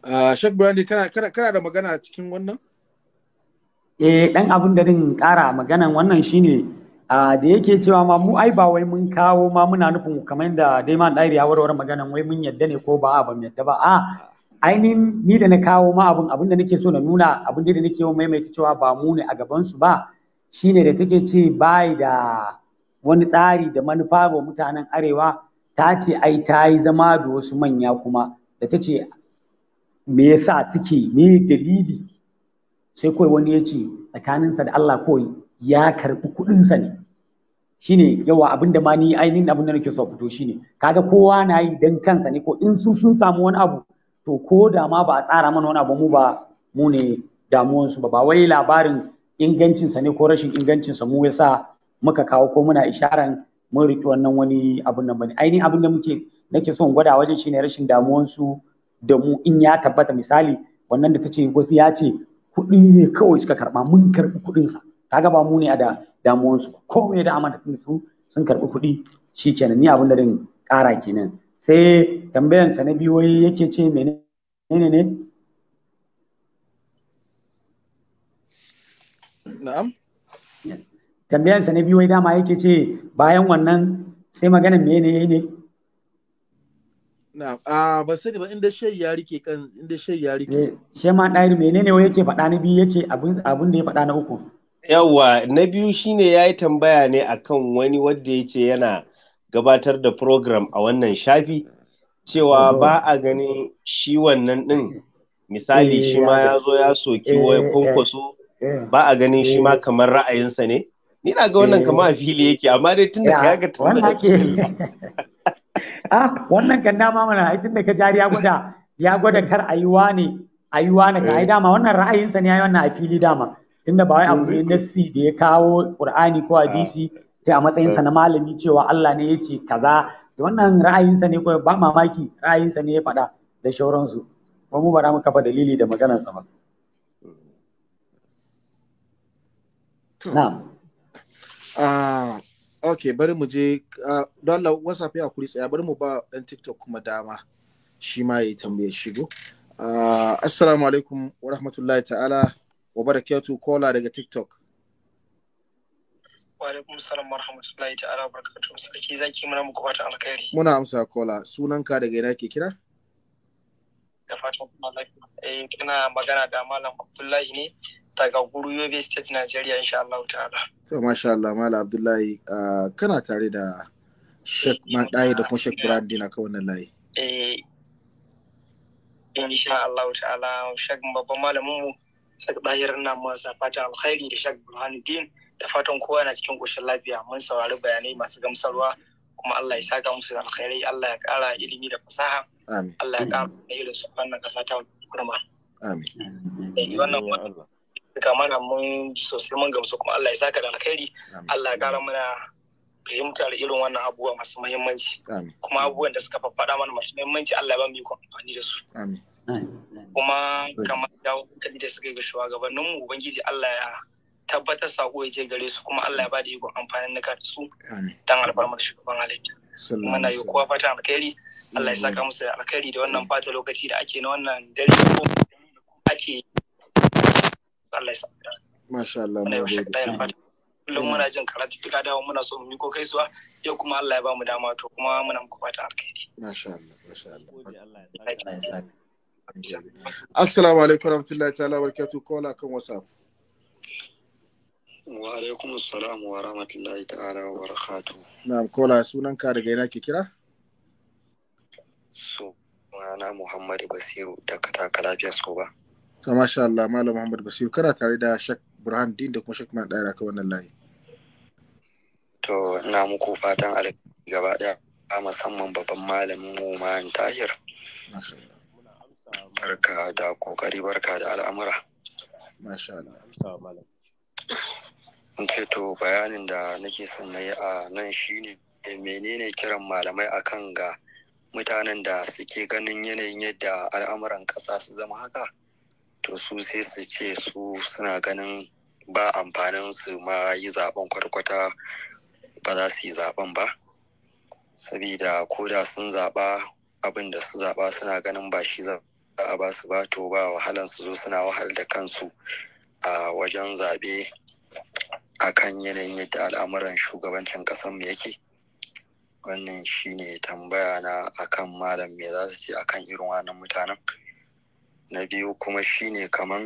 uh, Sheikh Brandy kana, da magana a cikin wannan eh dan abin da din kara maganan wannan shine uh, da yake cewa ma mu ai ba wai mun kawo ma muna nufin kamar da dai ma dairi ya warware maganan wai mun yadda ne ko ba a ba mu yadda ba a ah, ainihin ni da na kawo ma abun abin da nake so na nuna abin da nake yawan maimaita cewa ba mu ne a gaban su ba shine da take ce bai da wani tsari da manufa ga mutanen arewa ta ce ai ta yi zama da wasu manya kuma da ta ce me yasa suke me dalili sai kawai wani ya ce tsakaninsa da Allah kawai ya karɓi kuɗinsa ne shine yawa abin da ma ni ainihin abin da nake so fito shine kaga kowa na yi dan kansa ne ko in su sun samu wani abu to ko da ma ba a tsara mana wani abu mu ba mu ne damuwansu ba ba wai labarin ingancinsa ne ko rashin ingancinsa mu yasa muka kawo ko muna isharan mun riki wannan wani abun nan bane ainihin abin da muke nake son gwada wajen shine rashin damuwansu da mu in ya tabbata misali wannan da ta ce wasu ya ce kuɗi ne kawai suka karɓa mun karɓi kuɗinsa kaga ba mu ne a da damuwansu komai da amana su sun karɓi kuɗi shikenan ni abin da din ƙara kenan sai tambayansa na biyu wai yake ce menene ne na'am tambayansa na biyu wai dama yake ce bayan wannan sai magana menene ne na'am a ah, ba sani ba inda shay ya rike kan inda shay ya rike eh, she ma dai menene wai yake faɗa na biyu yace abin abin da ya faɗa na uku yawa na biyu shine yayi tambaya ne akan wani wanda yace yana gabatar da program a wannan shafi cewa ba a ganin shi wannan ɗin misali eh, shi ma ya zo ya soki wai eh, eh, kwankwaso ba a ganin shi ma kamar ra'ayinsa ne ni na ga wannan kama a fili yake amma dai tun da ka yaga tambaya ah wannan kan dama mana ai tun da ka jari ya gwada ya gwada kar ayuwa ne ayuwa ne ka ai dama wannan ra'ayinsa ne ai wannan a fili dama tunda ba wai abu ne nassi da ya kawo qur'ani ko ah. hadisi sai a matsayinsa na eh. malami cewa Allah ne ya ce kaza Da wannan ra'ayinsa ne kawai ba mamaki ra'ayinsa ne ya faɗa da shauransu ba mu bara mu kafa dalili da maganarsa ba na'am ah okay bari mu je ah, don Allah WhatsApp ya kuri tsaya bari mu ba dan TikTok kuma dama shi ma ya tambaye shigo ah, assalamu alaikum wa rahmatullahi ta'ala wa barakatu kola daga TikTok wa alaikum salam wa rahmatullahi ta'ala wa sarki zaki muna muku fatan alkhairi muna amsa kola Sunan ka daga ina ke kira da fatan kuma lafiya eh kana magana da malam Abdullahi ne daga Guru Yobe State Nigeria insha Allah ta'ala to masha Allah malam Abdullahi kana tare da Sheikh eh, Mandai da kuma Sheikh Brandina ka wannan layi eh insha Allah ta'ala Sheikh babban malamin mu Sheikh Dahir na masa fatan alkhairi da Sheikh Burhanuddin da fatan kowa yana cikin ƙoshin lafiya mun saurari bayanai masu gamsarwa kuma Allah ya saka musu da alkhairi Allah ya ƙara ilimi da fasaha Allah ya ƙara da irin su wannan ƙasa ta kurma amin eh, wannan wannan duka mana mun ji sosai mun gamsu kuma Allah ya saka da alkhairi Allah ya ƙara mana fahimtar irin wannan abubuwa masu muhimmanci kuma abubuwan da suka faɗa mana masu muhimmanci Allah ya ba mu yi amfani da su kuma kamar da da suka yi ga shugabanninmu ubangiji Allah ya tabbatar sako ya je gare su kuma Allah ya bada iko amfanin nika da su dan albarmar shugaban halitta muna yi kowa fata alkhairi Allah ya saka musu alkhairi da wannan fata lokaci da ake na wannan dare ko ake Allah ya saka masha Allah mu gode kullum muna jin karatu tuka dawo muna so mu ko kai suwa yau kuma Allah ya ba mu dama to kuma muna muku fata alkhairi masha Allah masha Allah Allah ya saka Assalamu alaikum warahmatullahi ta'ala barakatuh kola kan WhatsApp Wa alaikum salam wa rahmatullahi ta'ala wa barakatu. Na'am kola sunan ka daga ina ke kira? So, na Muhammad Basiru da ka Lafiya ba. To masha Allah Malam Muhammad Basiru kana tare da Shak Burhan Din da kuma Shak Man Daira ka wannan layi. To ina muku fatan alaƙi gaba ɗaya, a musamman babban malamin mu Mahan Tahir. Barka da kokari barka da al'amura. Masha Allah. ce to bayanin da nake son na yi a nan shine eh, menene kiran malamai akan ga mutanen da suke ganin yanayin yadda al'amuran ƙasa su zama haka to su sai su ce su suna ganin ba amfanin su ma yi zaben kwarkwata ba za su yi zaben ba sabida ko da sun zaɓa abin da su zaɓa suna ganin ba shi za a ba su ba to ba wahalan su zo suna wahal da kansu a wajen zaɓe akan yanayin yadda al'amuran shugabancin ƙasar mu yake wannan shi ne tambaya na akan malam me za su ce akan irin wannan mutanen na biyu kuma shi ne kamar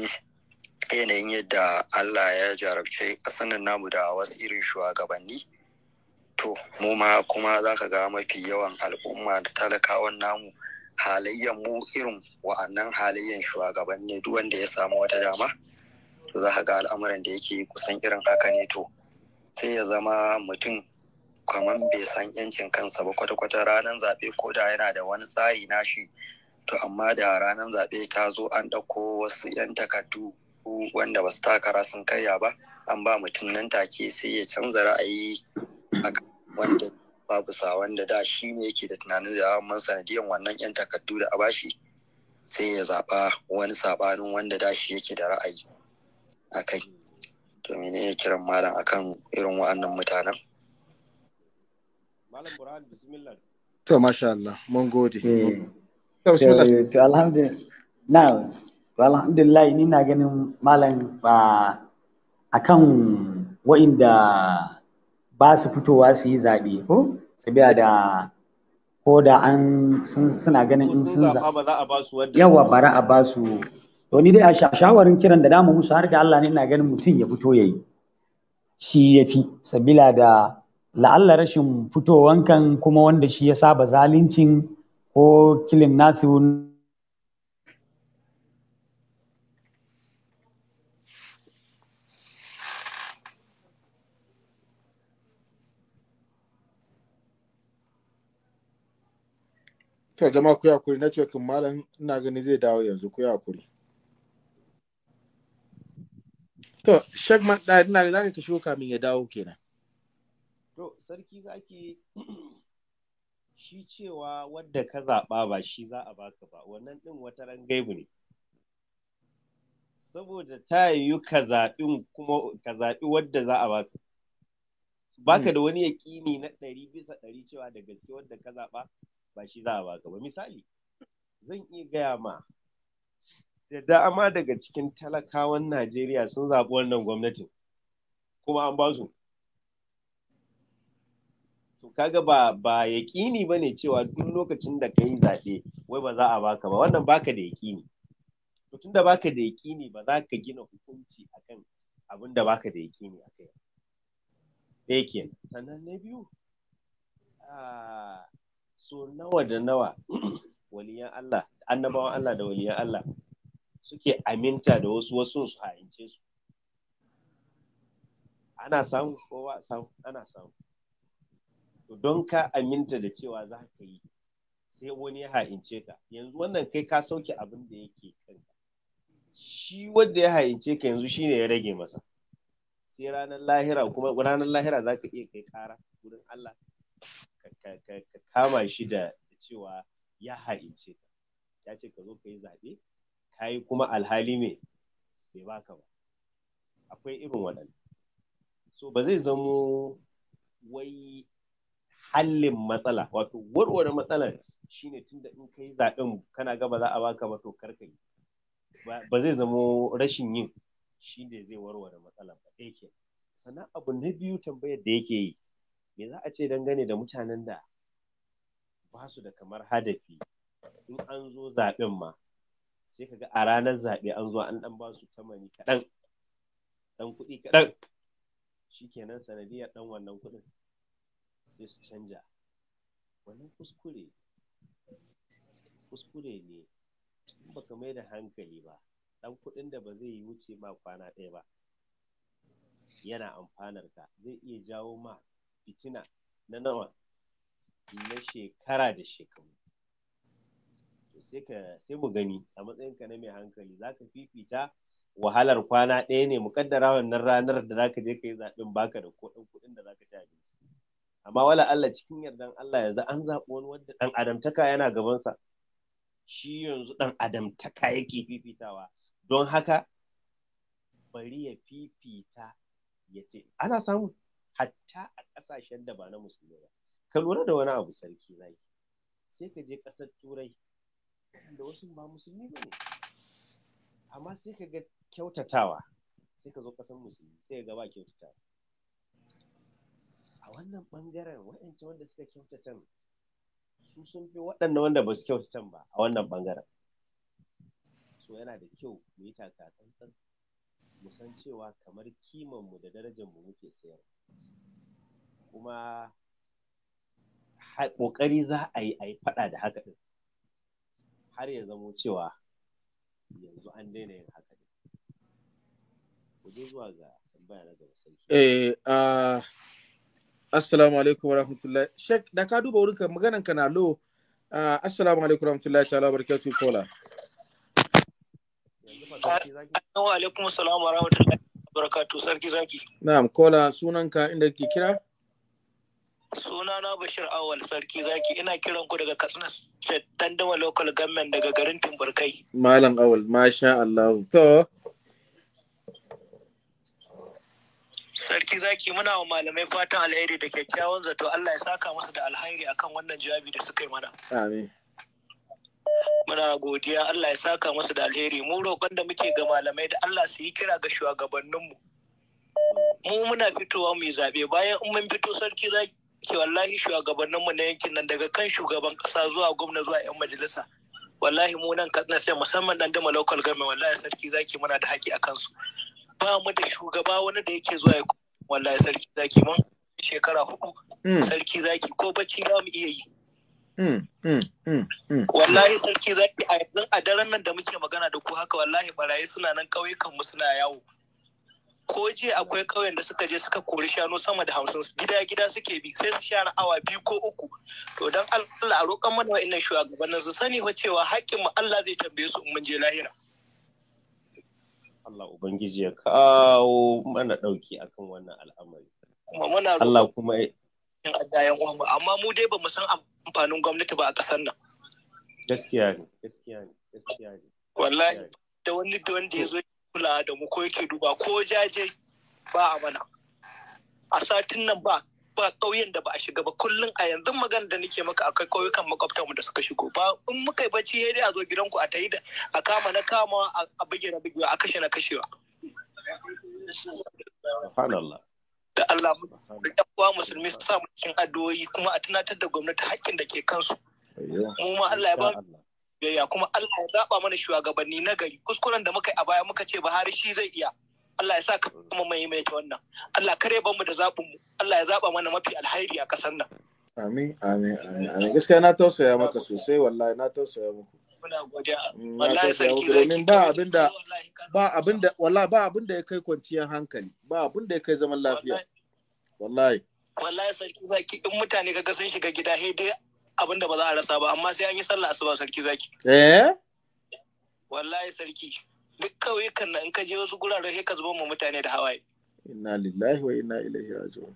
yanayin yadda Allah ya jarabce ƙasar namu da wasu irin shugabanni to mu ma kuma za ka ga mafi yawan al'umma da talakawan namu halayyan mu irin wa'annan halayyan shugaban duk wanda ya samu wata dama to za ka ga al'amuran da yake kusan irin haka ne to sai ya zama mutum kaman bai san yancin kansa ba kwata-kwata ranar zaɓe ko da yana da wani tsari nashi to amma da ranar zaɓe ta zo an ɗauko wasu 'yan takardu wanda ba su takara sun karya ba an ba mutum nan take sai ya canza ra'ayi a wanda babu sa wanda da shi ne yake da tunanin zaɓen sanadiyan wannan 'yan takardu da a bashi sai ya zaɓa wani saɓanin wanda da shi yake da ra'ayi a kai to mene ya kiran malam akan irin wa'annan mutanen malam burhan bismillah to masha Allah mun gode eh, eh, to alhamdulillah na alhamdulillah ni na ganin malam ba akan wa'inda ba su fitowa su yi zaɓe ko sabiya da ko da an suna ganin in sun zaɓa yawa bara a ba su to ni dai a shawarin kiran da damu musu har da Allah ne ina ganin mutum ya fito yayi shi yafi sabila da la'alla rashin fitowan kan kuma wanda shi ya saba zalincin ko kilin nasu To zama ku yakuri network malam ina gani zai dawo yanzu ku kuri. To, Shek Mandari na za ka kashe kamin ya dawo kenan. To, sarki zaki shi cewa wadda ka zaɓa ba shi za a baka ba, wannan din wata ran ne. Saboda ta yiwu ka zaɓi kuma ka zaɓi wadda za a baka. Baka da hmm. wani yaƙini na ɗari bisa ɗari cewa da gaske wadda ka zaɓa ba shi za a baka ba. Misali, zan iya gaya ma da dama daga cikin talakawan Najeriya sun zaɓi wannan gwamnatin kuma an ba su. To kaga ba ba yaƙini ba ne cewa duk lokacin da ka yi zaɓe wai ba za a baka ba wannan baka da yaƙini. To tunda baka da yaƙini ba za ka gina hukunci akan abin da baka da yaƙini a kai. Ɗaya Sannan na biyu ah, so nawa da nawa waliyan Allah annabawan Allah da waliyan Allah suke aminta da wasu wasu su haince su ana samu kowa samu ana samu to don ka aminta da cewa za ka yi sai wani ya haince ka yanzu wannan kai ka sauke abin da yake kanka shi wanda ya haince ka yanzu shine ya rage masa sai ranar lahira kuma ranar lahira za ka iya kai kara wurin Allah ka kama shi da cewa ya haince ka ya ce ka zo ka yi zaɓe kayi kuma alhali me bai baka ba akwai irin waɗanda so ba zai zamo wai hallin matsala wato warware matsalar shine tunda in kai zaɓen kana gaba za a baka ba to karka yi ba zai zamo rashin yin shi ne zai warware matsalar ba ɗaya ke sannan abu na biyu tambayar da yake yi me za a ce dangane da mutanen da ba su da kamar hadafi in an zo zaɓen ma sai kaga a ranar zaɓe an zo an ɗan ba su tamani kaɗan ɗan kuɗi kaɗan Shi shikenan sanadiyar ɗan wannan kuɗin sai su canja wannan kuskure kuskure ne in baka mai da hankali ba ɗan kuɗin da ba zai yi wuce ma kwana ɗaya ba yana amfanar ka zai iya jawo ma fitina na nawa na shekara da shekaru sai ka mu gani a matsayin ka na mai hankali zaka fifita wahalar kwana ɗaya ne mu kaddara wannan ranar da zaka je kai zaɓen baka da ko kuɗin da zaka ci abinci amma wala Allah cikin yardan Allah yanzu an zaɓi wani wanda ɗan adamtaka yana gabansa shi yanzu ɗan adamtaka yake fifitawa don haka bari ya fifita ya ce ana samu hatta a ƙasashen da ba na musulmi ba ka lura da wani abu sarki zaki sai ka je ƙasar turai da wasu ba musulmi ba ne amma sai ka ga kyautatawa sai ka zo kasan musulmi sai ba kyautatawa a wannan bangaren waɗancan wanda suka kyautata su sun fi waɗanda wanda ba su kyautatan ba a wannan bangaren so yana da kyau mu yi takatsantsan mu san cewa kamar kimanmu da mu muke sayar kuma ƙoƙari za a yi a yi faɗa da haka ɗin har ya zamo cewa yanzu an daina yin haka ne kuje zuwa ga tambaya na gaba sai. eh uh, assalamu alaikum warahmatullahi shek da ka duba wurinka maganan ka na lo uh, assalamu alaikum warahmatullahi ta'ala barakatuh kola Assalamu alaikum wa warahmatullahi barakatuh sarki zaki na'am kola sunanka inda kike kira sunana bashir awal sarki zaki ina kiran ku daga katsina dama local government daga garin timburkai malam awal masha Allah to sarki zaki muna wa malamai fatan alheri da kyakkyawan zato Allah ya saka musu da alheri akan wannan jawabi da suka yi mana amin muna godiya Allah ya saka musu da alheri mu roƙon da muke ga malamai da Allah su yi kira ga shugabanninmu mu muna fitowa mu yi zaɓe bayan in mun fito sarki zaki ke wallahi shugabanninmu na yankin nan daga kan shugaban kasa zuwa gwamna zuwa 'yan majalisa wallahi mu nan kan sai musamman dan dama local government wallahi sarki zaki muna da haƙi a kansu ba mu da shugaba wani da yake zuwa ya wallahi sarki zaki mun shekara hudu hmm. sarki zaki ko bacci ba mu iya yi hmm, hmm, wallahi sarki zaki a yanzu a daren nan da muke magana da ku haka wallahi barayi suna nan ƙauyukan mu suna yawo ko je akwai ƙauyen da suka je suka kori shanu sama da hamsin gida gida suke bi sai su share awa biyu ko uku to dan Allah a roƙan mana wa'annan shugabannin su sani fa cewa haƙƙin mu Allah zai tambaye su in mun je lahira Allah ubangiji ya kawo mana ɗauki akan wannan al'amari Allah kuma amma mu dai ba mu san amfanin gwamnati ba a ƙasar nan gaskiya ne gaskiya ne gaskiya ne wallahi da wani da wanda ya zo kula da mu ko yake duba ko jaje ba a mana a satin nan ba ba ƙauyen da ba a shiga ba kullum a yanzu magana da nake maka akwai ƙauyukan makwabtanmu da suka shigo ba in muka yi bacci sai dai a zo gidanku a tayi da a kama na kama a bige na bige a kashe na kashewa da Allah da uwa musulmi su sa mu cikin addu'o'i kuma a tunatar da gwamnati haƙƙin da ke kansu mu ma Allah ya ba biyayya kuma Allah ya zaba mana shugabanni na gari kuskuren da muka yi a baya muka ce Buhari shi zai iya Allah ya sa ka kuma maimaita wannan Allah kare mu da zabin mu Allah ya zaba mana mafi alhairi a kasar nan amin amin amin gaskiya na tausaya maka sosai wallahi na tausaya maka mm, wallahi sarki zai ba abinda ba abinda wallahi ba abinda ya kai kwanciyar hankali ba abinda ya kai zaman lafiya wallahi wallahi sarki zaki in mutane kaga sun shiga gida sai dai abin da ba za a rasa ba amma sai an yi sallah asuba sarki zaki eh wallahi sarki duk kauyukan na in ka je wasu guraren sai ka zuba mu mutane da hawaye inna lillahi wa inna ilaihi raji'un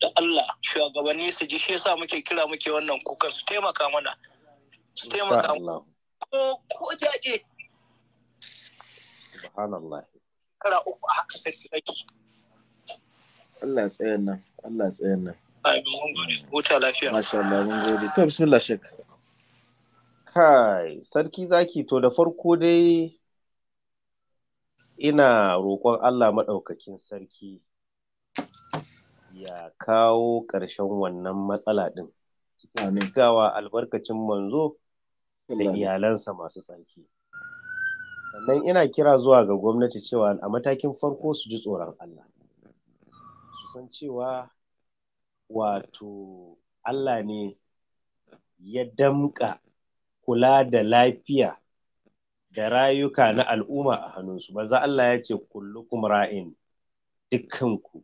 da Allah shugabanni su ji shi yasa muke kira muke wannan kukan su taimaka mana su taimaka mana ko ko jaje subhanallah kara uku a sarki zaki Allah tsayen nan Allah tsayen nan Amin Kai, sarki zaki to da farko dai ina roƙon Allah maɗaukakin sarki ya kawo ƙarshen wannan matsala ɗin. Cikin gawa albarkacin manzo da iyalansa masu tsarki. Sannan ina kira zuwa ga gwamnati cewa a matakin farko su ji tsoron Allah. Su san cewa wato Allah ne ya damƙa kula da lafiya da rayuka na al'umma a hannunsu maza Allah ya ce kullukum ra'in dukkanku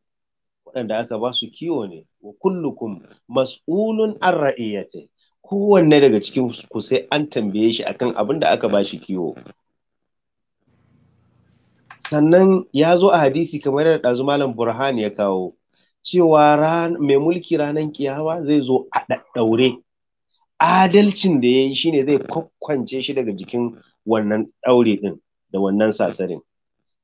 waɗanda aka ba su kiwo ne wa kullukum mas'ulun an ra'iyate kowanne daga cikin ku sai an tambaye shi akan abin da aka ba shi kiwo sannan ya zo a hadisi kamar yadda ɗazu malam burhan ya kawo cewa mai mulki ranar kiyawa zai zo a ɗaɗɗaure adalcin da ya yi shine zai kwakwance shi daga jikin wannan ɗaure ɗin da wannan sasarin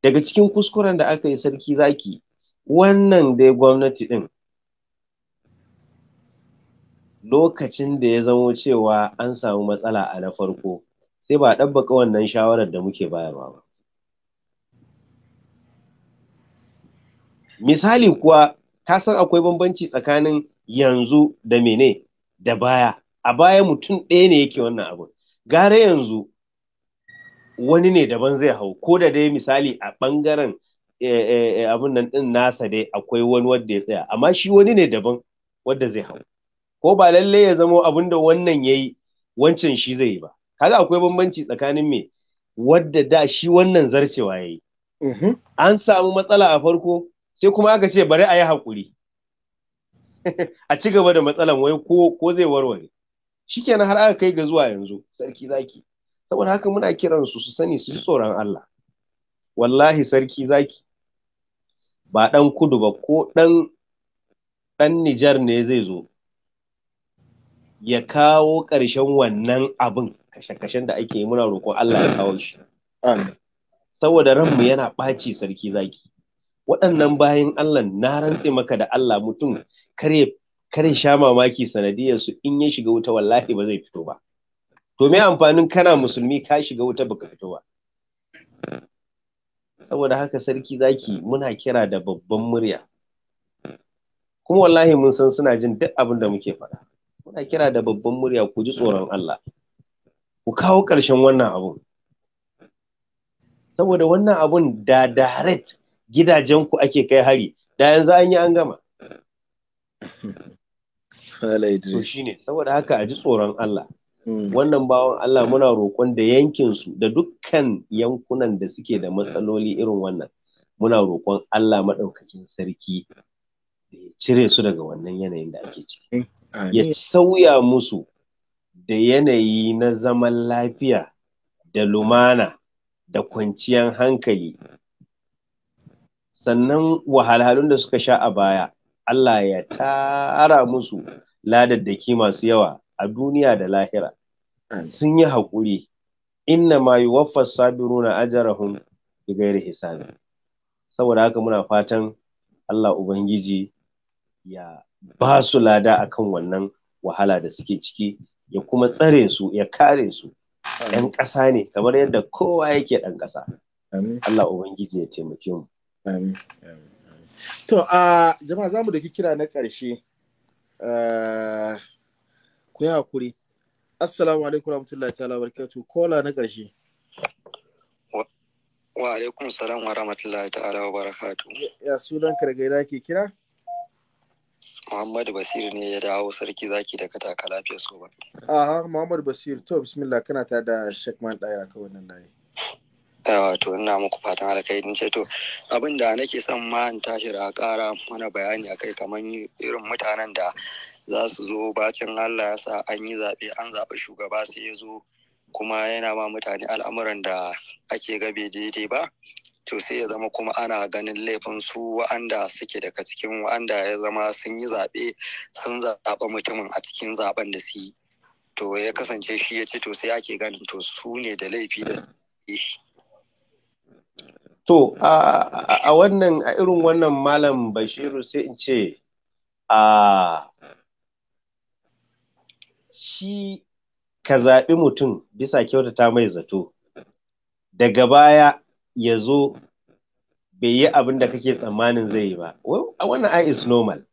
daga cikin kuskuren da aka yi sarki zaki wannan dai gwamnati ɗin lokacin da ya zamo cewa an samu matsala a na farko sai ba ɗabbaka wannan shawarar da muke bayarwa ba misali kuwa ka san akwai bambanci tsakanin yanzu da mene da baya a baya mutum ɗaya ne yake wannan abu gara yanzu wani ne daban zai hau ko da dai misali a ɓangaren eh, eh, eh, abin nan ɗin nasa dai akwai wani wanda ya tsaya amma shi wani ne daban wanda zai hau ko ba lallai ya zama abin da wannan ya yi wancan shi zai yi ba kaga akwai bambanci tsakanin me wadda da shi wannan zarcewa ya yi mm-hmm. an samu matsala a farko sai kuma aka ce bari a yi haƙuri a ci gaba da matsalan wai ko zai warware shikenan har aka kai ga zuwa yanzu sarki zaki saboda haka muna kiran su su sani su ji tsoron Allah wallahi sarki zaki ba ɗan kudu ba ko ɗan ɗan Nijar ne zai zo ya kawo ƙarshen wannan abin kashe-kashen da ake yi muna roƙon Allah ya kawo shi saboda ranmu yana ɓaci sarki zaki waɗannan bayan Allah na rantse maka da Allah mutum kare kare sha mamaki sanadiyar su in ya shiga wuta wallahi ba zai fito ba to me amfanin kana musulmi ka shiga wuta baka fito ba saboda haka sarki zaki muna kira da babban murya kuma wallahi mun san suna jin duk abin da muke faɗa muna kira da babban murya ku ji tsoron Allah ku kawo ƙarshen wannan abun saboda wannan abun da direct gidajen ku ake kai hari da yanzu an yi an gama to shine saboda haka a ji tsoron Allah hmm. wannan bawan Allah muna roƙon da yankin su da dukkan yankunan da suke da matsaloli irin wannan muna roƙon Allah maɗaukakin sarki da ya cire su daga wannan yanayin da ake ciki ya sauya musu da yanayi na zaman lafiya da lumana da kwanciyar hankali sannan wahalhalun da suka sha a baya Allah ya tara musu ladaddaki masu yawa a duniya da lahira sun yi haƙuri inna ma Sabiru na ajarahun bighairi hisabi saboda haka muna fatan Allah ubangiji ya ba su lada akan wannan wahala da suke ciki ya kuma tsare su ya kare su ɗan ƙasa ne kamar yadda kowa yake ɗan ƙasa Allah ubangiji ya taimake mu To, a jama'a za mu da kira na ƙarshe. ku yi hakuri. Assalamu alaikum rahmatullahi ta'ala barkatu. Kola na ƙarshe. Wa alaikum salam wa rahmatullahi ta'ala wa barakatu. Ya sunan ina ke kira? Muhammadu Basir ne ya dawo sarki zaki da kataka lafiya so ba. Aha, Muhammadu Basir, to bismillah kana ta da Sheikh Man Daya kawai nan layi. to ina muku fatan alkhairi ce to abin da nake son ma in tashi da ƙara mana bayani a kai kamar irin mutanen da za su zo bakin Allah ya sa an yi zaɓe an zaɓi shugaba sai ya zo kuma yana ma mutane al'amuran da ake gabe daidai ba to sai ya zama kuma ana ganin laifin su wa'anda suke daga cikin wa'anda ya zama sun yi zaɓe sun zaɓa mutumin a cikin zaɓen da su yi to ya kasance shi ya ce to sai ake ganin to su ne da laifi da shi To, a wannan a irin wannan Malam Bashiru sai in ce, a shi ka zaɓi mutum bisa kyautata mai zato, daga baya ya zo bai yi abin da kake tsammanin zai yi ba. Wannan ai is normal.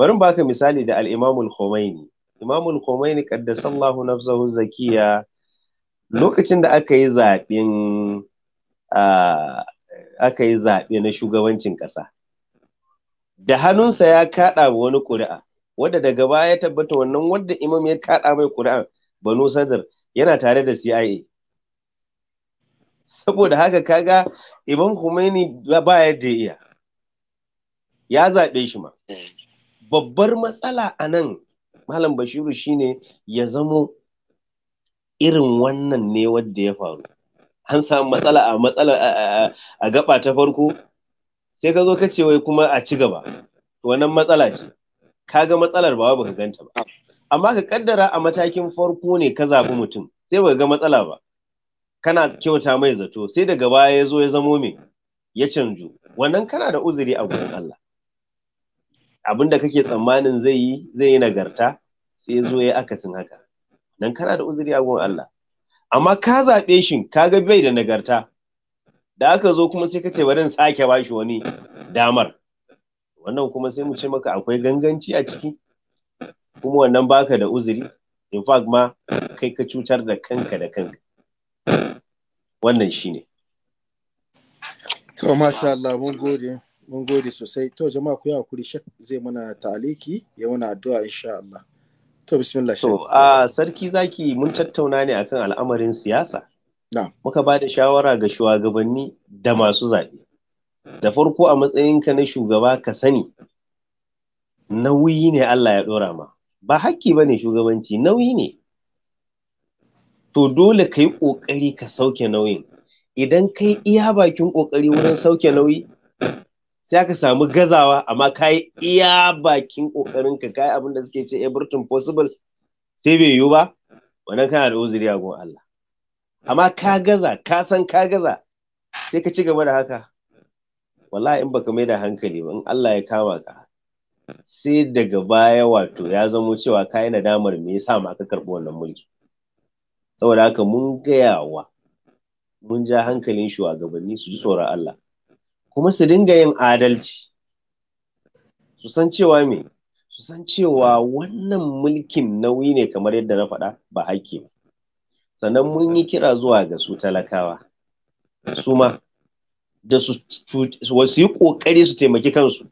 Bari baka misali da al'imamul Khomeini. Imamul Khomeini kaddasallahu nafsahu zakiya lokacin da aka yi zaɓin. aka yi zaɓe na shugabancin ƙasa da hannunsa ya kaɗa wa wani ƙuri'a wadda daga baya ya tabbata wannan wanda imam ya kaɗa mai ƙuri'a banu sadar yana tare da CIA saboda haka kaga imam Khomeini ba yadda iya ya zaɓe shi ma babbar matsala a nan malam bashiru shine ya zamo irin wannan ne wadda ya faru an samu matsala a matsala a gaba ta farko sai ka zo ka ce wai kuma a ci gaba wannan matsala ce ka ga matsalar ba baka ganta ba amma ka kaddara a matakin farko ne ka zaɓi mutum sai baka ga matsala ba kana kyauta mai zato sai daga baya ya zo ya zamo me ya canju wannan kana da uzuri a gurin Allah abin da kake tsammanin zai yi zai yi nagarta sai ya zo ya akasin haka nan kana da uzuri a gurin Allah amma ka zaɓe shi ga bai da nagarta da aka zo kuma sai ka ce bari in sake ba shi wani damar wannan kuma sai mu ce maka akwai ganganci a ciki kuma wannan baka da uzuri in fact ma kai ka cutar da kanka da kanka wannan shine to masha Allah mun gode mun gode sosai to jama'a ku yi hakuri shek zai mana ta'aliki ya mana addu'a insha Allah To bismillah. To a sarki zaki mun tattauna ne akan al'amarin siyasa. Muka ba da shawara ga shugabanni da masu zaɓe. Da farko a matsayinka na shugaba ka sani nauyi ne Allah ya ɗora ma. Ba hakki ba ne shugabanci nauyi ne. To dole ka yi ƙoƙari ka sauke nauyin. Idan kai iya bakin ƙoƙari wurin sauke nauyi sai aka samu gazawa amma ka yi iya bakin ƙoƙarinka ka yi abin da suke ce everything possible sai bai yiwu ba wannan kana da uzuri a Allah amma ka gaza ka san ka gaza sai ka ci gaba da haka wallahi in baka mai da hankali ba in Allah ya kama ka sai daga baya wato ya zamo cewa ka yi nadamar me yasa ma ka karɓi wannan mulki saboda haka mun gaya wa mun ja hankalin shugabanni su ji tsoron Allah kuma su dinga yin adalci su san cewa me su san cewa wannan mulkin nauyi ne kamar yadda na faɗa ba haƙƙi ba sannan mun yi kira zuwa ga su talakawa su ma da su yi ƙoƙari su taimaki kansu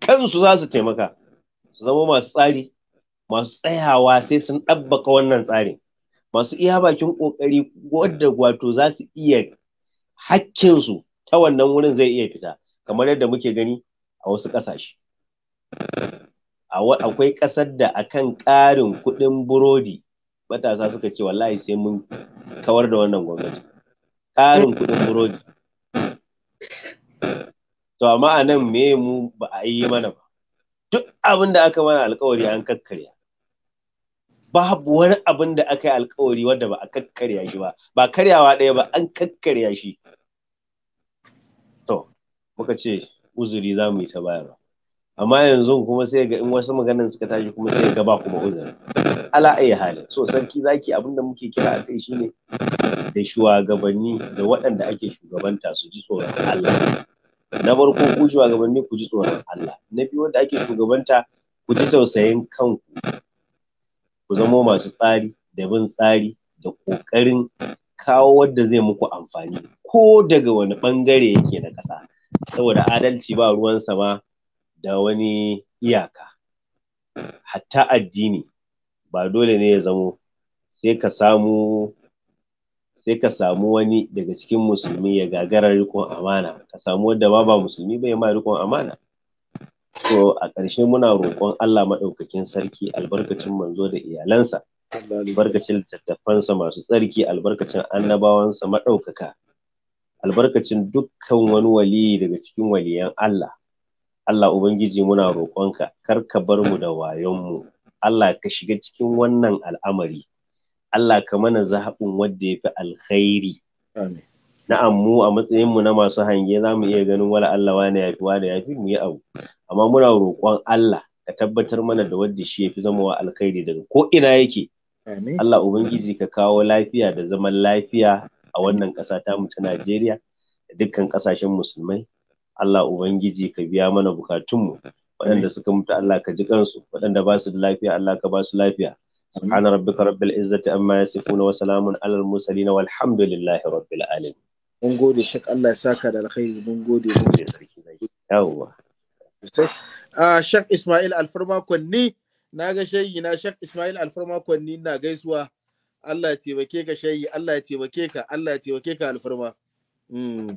kansu za su taimaka su zama masu tsari masu tsayawa sai sun ɗabbaka wannan tsarin masu iya bakin ƙoƙari wadda wato za su iya haƙƙinsu. ta wannan wurin zai iya fita kamar yadda muke gani a wasu ƙasashe akwai ƙasar da akan ƙarin kuɗin burodi matasa suka ce wallahi sai mun kawar da wannan gwamnati ƙarin kuɗin burodi to amma a nan me mu ba a yi mana ba duk abin da aka mana alkawari an kakkarya babu wani abin da aka yi alkawari wanda ba a kakkarya shi ba ba karyawa ɗaya ba an kakkarya shi to muka ce uzuri za mu yi ta bayarwa amma yanzu kuma sai ga in wasu maganan suka tashi kuma sai ga ba kuma uzuri ala ayi halin so sarki zaki abin da muke kira a kai shine da shugabanni da waɗanda ake shugabanta su ji tsoron Allah na farko ku shugabanni ku ji tsoron Allah na biyu wanda ake shugabanta ku ji tausayin kanku ku zama masu tsari da bin tsari da ƙoƙarin kawo wanda zai muku amfani ko daga wani bangare yake na ƙasa saboda adalci ba ruwansa ma da wani iyaka hatta addini ba dole ne ya zamo sai ka samu sai ka samu wani daga cikin musulmi ya gagara rikon amana ka samu wanda ba ba musulmi bai ma rikon amana to a ƙarshe muna roƙon Allah maɗaukakin sarki albarkacin manzo da iyalansa albarkacin littattafansa masu tsarki albarkacin annabawansa maɗaukaka albarkacin dukkan wani waliyi daga cikin waliyan Allah Allah ubangiji muna roƙonka kar ka bar mu da wayonmu Allah ka shiga cikin wannan al'amari Allah ka mana zaɓin wanda ya fi alkhairi na'am mu a matsayin mu na masu hange za mu iya ganin wala Allah wani yafi wani yafi mu yi abu amma muna roƙon Allah ka tabbatar mana da wanda shi yafi zama wa alkhairi daga ko ina yake Allah ubangiji ka kawo lafiya da zaman lafiya a wannan ƙasa ta mu ta Najeriya da dukkan ƙasashen musulmai Allah ubangiji ka biya mana bukatunmu waɗanda suka mutu Allah ka ji kansu waɗanda ba su da lafiya Allah ka ba su lafiya سبحان ربك رب العزة أما يصفون وسلام على المرسلين والحمد لله رب العالمين mun gode shek Allah ya saka da alkhairi mun gode yawwa ah shek Ismail alfarma kwanni na ga shayi na shek Ismail alfarma kwanni na gaisuwa Allah ya taimake ka shayi Allah ya taimake ka Allah ya taimake ka alfarma hmm.